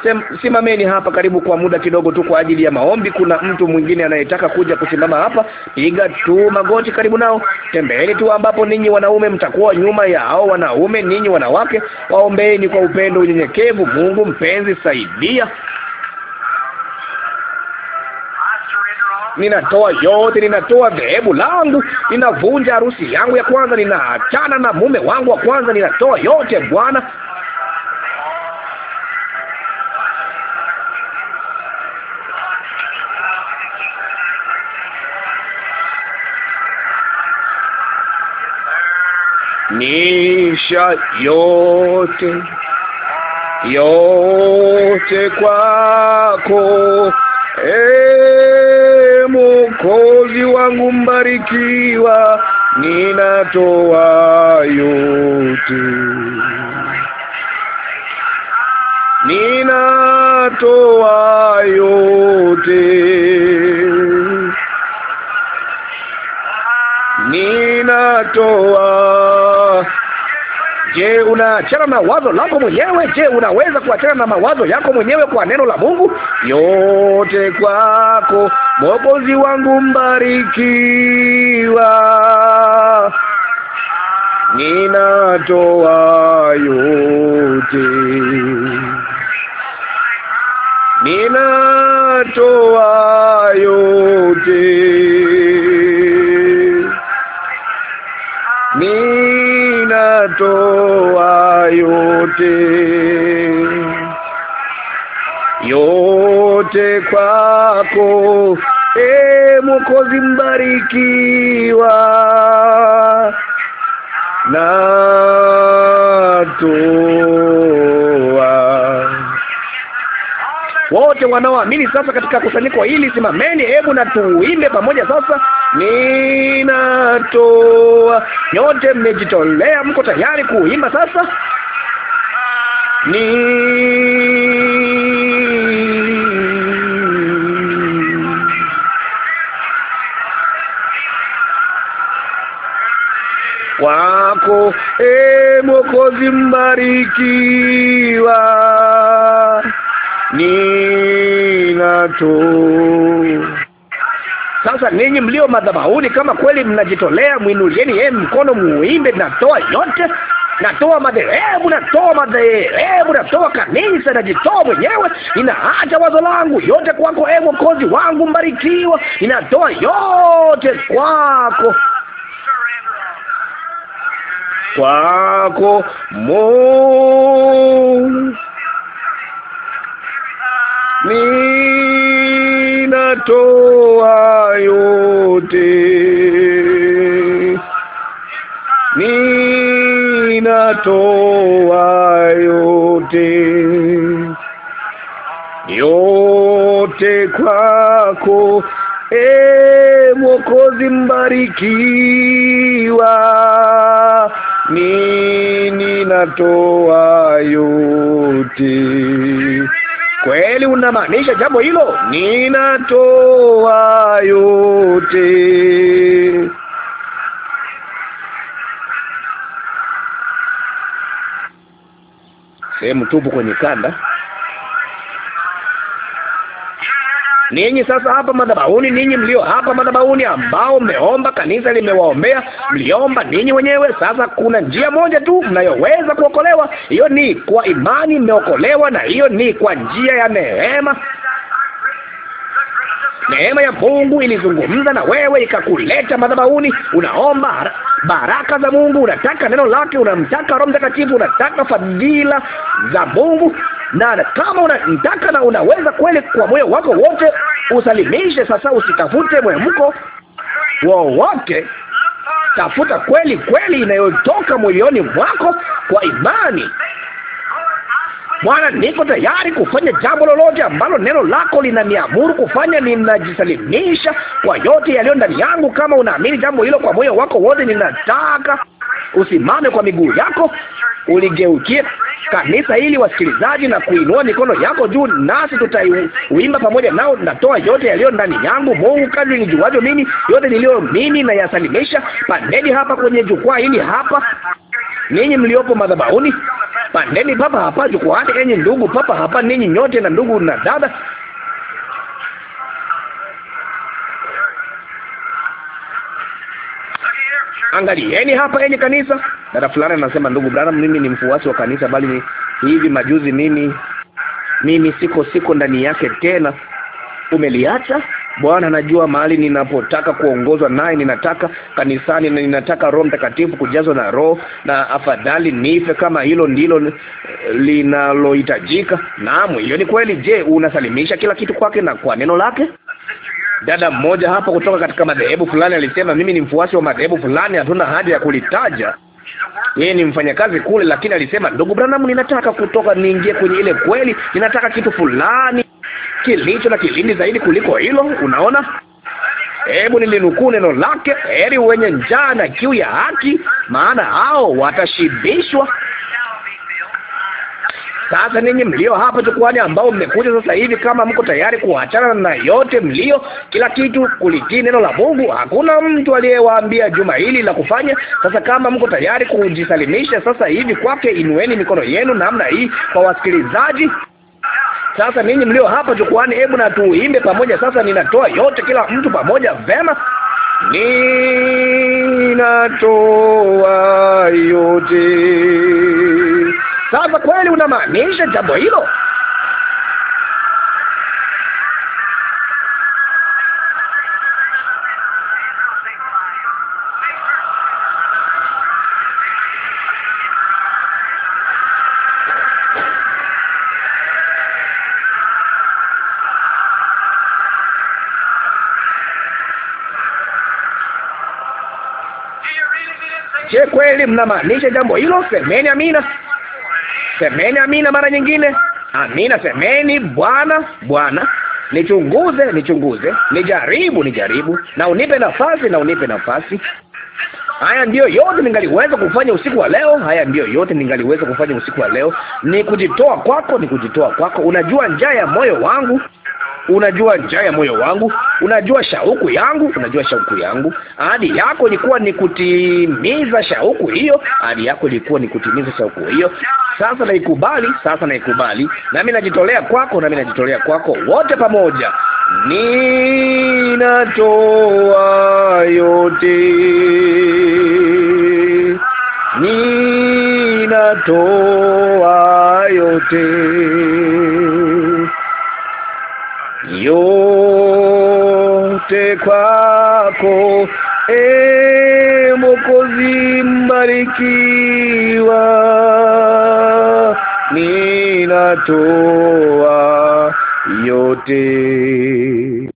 Sem, simameni hapa karibu kwa muda kidogo tu kwa ajili ya maombi. Kuna mtu mwingine anayetaka kuja kusimama hapa. Piga tu magoti karibu nao, tembeeni tu ambapo ninyi wanaume mtakuwa nyuma ya hao wanaume. Ninyi wanawake waombeeni kwa upendo unyenyekevu. Mungu mpenzi, saidia Ninatoa yote, ninatoa dhehebu langu, ninavunja harusi yangu ya kwanza, ninaachana na mume wangu wa kwanza, ninatoa yote Bwana.
nisha yote yote kwako, e Mwokozi wangu mbarikiwa, ninatoa yote, ninatoa yote, ninatoa
Je, unaachana na wazo lako mwenyewe? Je, unaweza kuachana na mawazo yako mwenyewe kwa neno
la Mungu? Yote kwako Mwokozi wangu mbarikiwa, ninatoa yote, ninatoa yote, ninatoa yote atoa yote yote kwako, e Mwokozi mbarikiwa na to
wote wanaoamini sasa katika kusanyiko hili, simameni, hebu na tuimbe pamoja sasa. Ninatoa, nyote mmejitolea, mko tayari
kuimba sasa. Ni wako e ee Mwokozi mbarikiwa tu. Sasa ninyi mlio
madhabahuni, kama kweli mnajitolea, mwinulieni yeye mkono, muimbe, natoa yote natoa madhehebu, natoa madhehebu, natoa kanisa, najitoa mwenyewe, ninaacha wazo langu yote kwako, ee Mwokozi wangu mbarikiwa, ninatoa yote
kwako, kwako Mungu ninatoa yote, ninatoa yote, yote kwako, e Mwokozi mbarikiwa ni ninatoa yote kweli unamaanisha jambo hilo? Ninatoa yote. Sehemu tupu kwenye kanda
ninyi sasa hapa madhabahuni, ninyi mlio hapa madhabahuni ambao mmeomba, kanisa limewaombea, mliomba ninyi wenyewe. Sasa kuna njia moja tu mnayoweza kuokolewa, hiyo ni kwa imani. Mmeokolewa na hiyo ni kwa njia ya neema.
Neema ya Mungu
ilizungumza na wewe ikakuleta madhabahuni. Unaomba baraka za Mungu, unataka neno lake, unamtaka Roho Mtakatifu, unataka fadhila za Mungu na kama unataka na unaweza kweli kwa moyo wako wote usalimishe sasa. Usitafute mwemko wowote, tafuta kweli kweli inayotoka moyoni mwako kwa imani. Bwana, niko tayari kufanya jambo lolote ambalo neno lako linaniamuru kufanya. Ninajisalimisha kwa yote yaliyo ndani yangu. Kama unaamini jambo hilo kwa moyo wako wote, ninataka usimame kwa miguu yako, uligeukie kanisa hili, wasikilizaji, na kuinua mikono yako juu, nasi tutaiwimba pamoja nao. Natoa yote yaliyo ndani yangu, Mungu, kadri nijuavyo mimi, yote niliyo mimi na yasalimisha. Pandeni hapa kwenye jukwaa hili hapa, ninyi mliopo madhabahuni, pandeni papa hapa jukwaani, enyi ndugu, papa hapa ninyi nyote, na ndugu na dada Angalieni yaani hapa enyi yaani kanisa. Dada fulani anasema, ndugu Branham, mimi ni mfuasi wa kanisa, bali hivi majuzi mimi mimi siko siko ndani yake tena. Umeliacha? Bwana anajua mahali ninapotaka kuongozwa naye. Ninataka kanisani na ninataka Roho Mtakatifu kujazwa na Roho, na afadhali nife kama hilo ndilo eh, linalohitajika. Naam, hiyo ni kweli. Je, unasalimisha kila kitu kwake na kwa neno lake? Dada mmoja hapa kutoka katika madhehebu fulani alisema, mimi ni mfuasi wa madhehebu fulani, hatuna haja ya kulitaja. Yeye ni mfanyakazi kule, lakini alisema, ndugu Branham, ninataka kutoka niingie kwenye ile kweli, ninataka kitu fulani kilicho na kilindi zaidi kuliko hilo. Unaona, hebu nilinukuu neno lake, heri wenye njaa na kiu ya haki, maana hao watashibishwa. Sasa ninyi mlio hapa chukwani ambao mmekuja sasa hivi, kama mko tayari kuachana na yote mlio kila kitu kulitii neno la Mungu, hakuna mtu aliyewaambia juma hili la kufanya. Sasa kama mko tayari kujisalimisha sasa hivi kwake, inueni mikono yenu namna hii kwa wasikilizaji. Sasa ninyi mlio hapa jukwani, hebu na tuimbe pamoja. Sasa ninatoa yote, kila mtu pamoja. Vema,
ninatoa yote sasa kweli unamaanisha jambo hilo?
Je, kweli mnamaanisha jambo hilo? Semeni amina. Semeni amina mara nyingine. Amina, semeni Bwana, Bwana, nichunguze, nichunguze, nijaribu, nijaribu, na unipe nafasi, na unipe nafasi. Haya ndiyo yote ningaliweza kufanya usiku wa leo. Haya ndiyo yote ningaliweza kufanya usiku wa leo, ni kujitoa kwako, ni kujitoa kwako. Unajua njaa ya moyo wangu unajua njaa ya moyo wangu, unajua shauku yangu, unajua shauku yangu. Ahadi yako ilikuwa ni kutimiza shauku hiyo, ahadi yako ilikuwa ni kutimiza shauku hiyo. Sasa naikubali, sasa naikubali, nami najitolea kwako, nami najitolea
kwako, wote pamoja. Ninatoa yote, ninatoa yote yote kwako, e Mwokozi mbarikiwa, ninatoa yote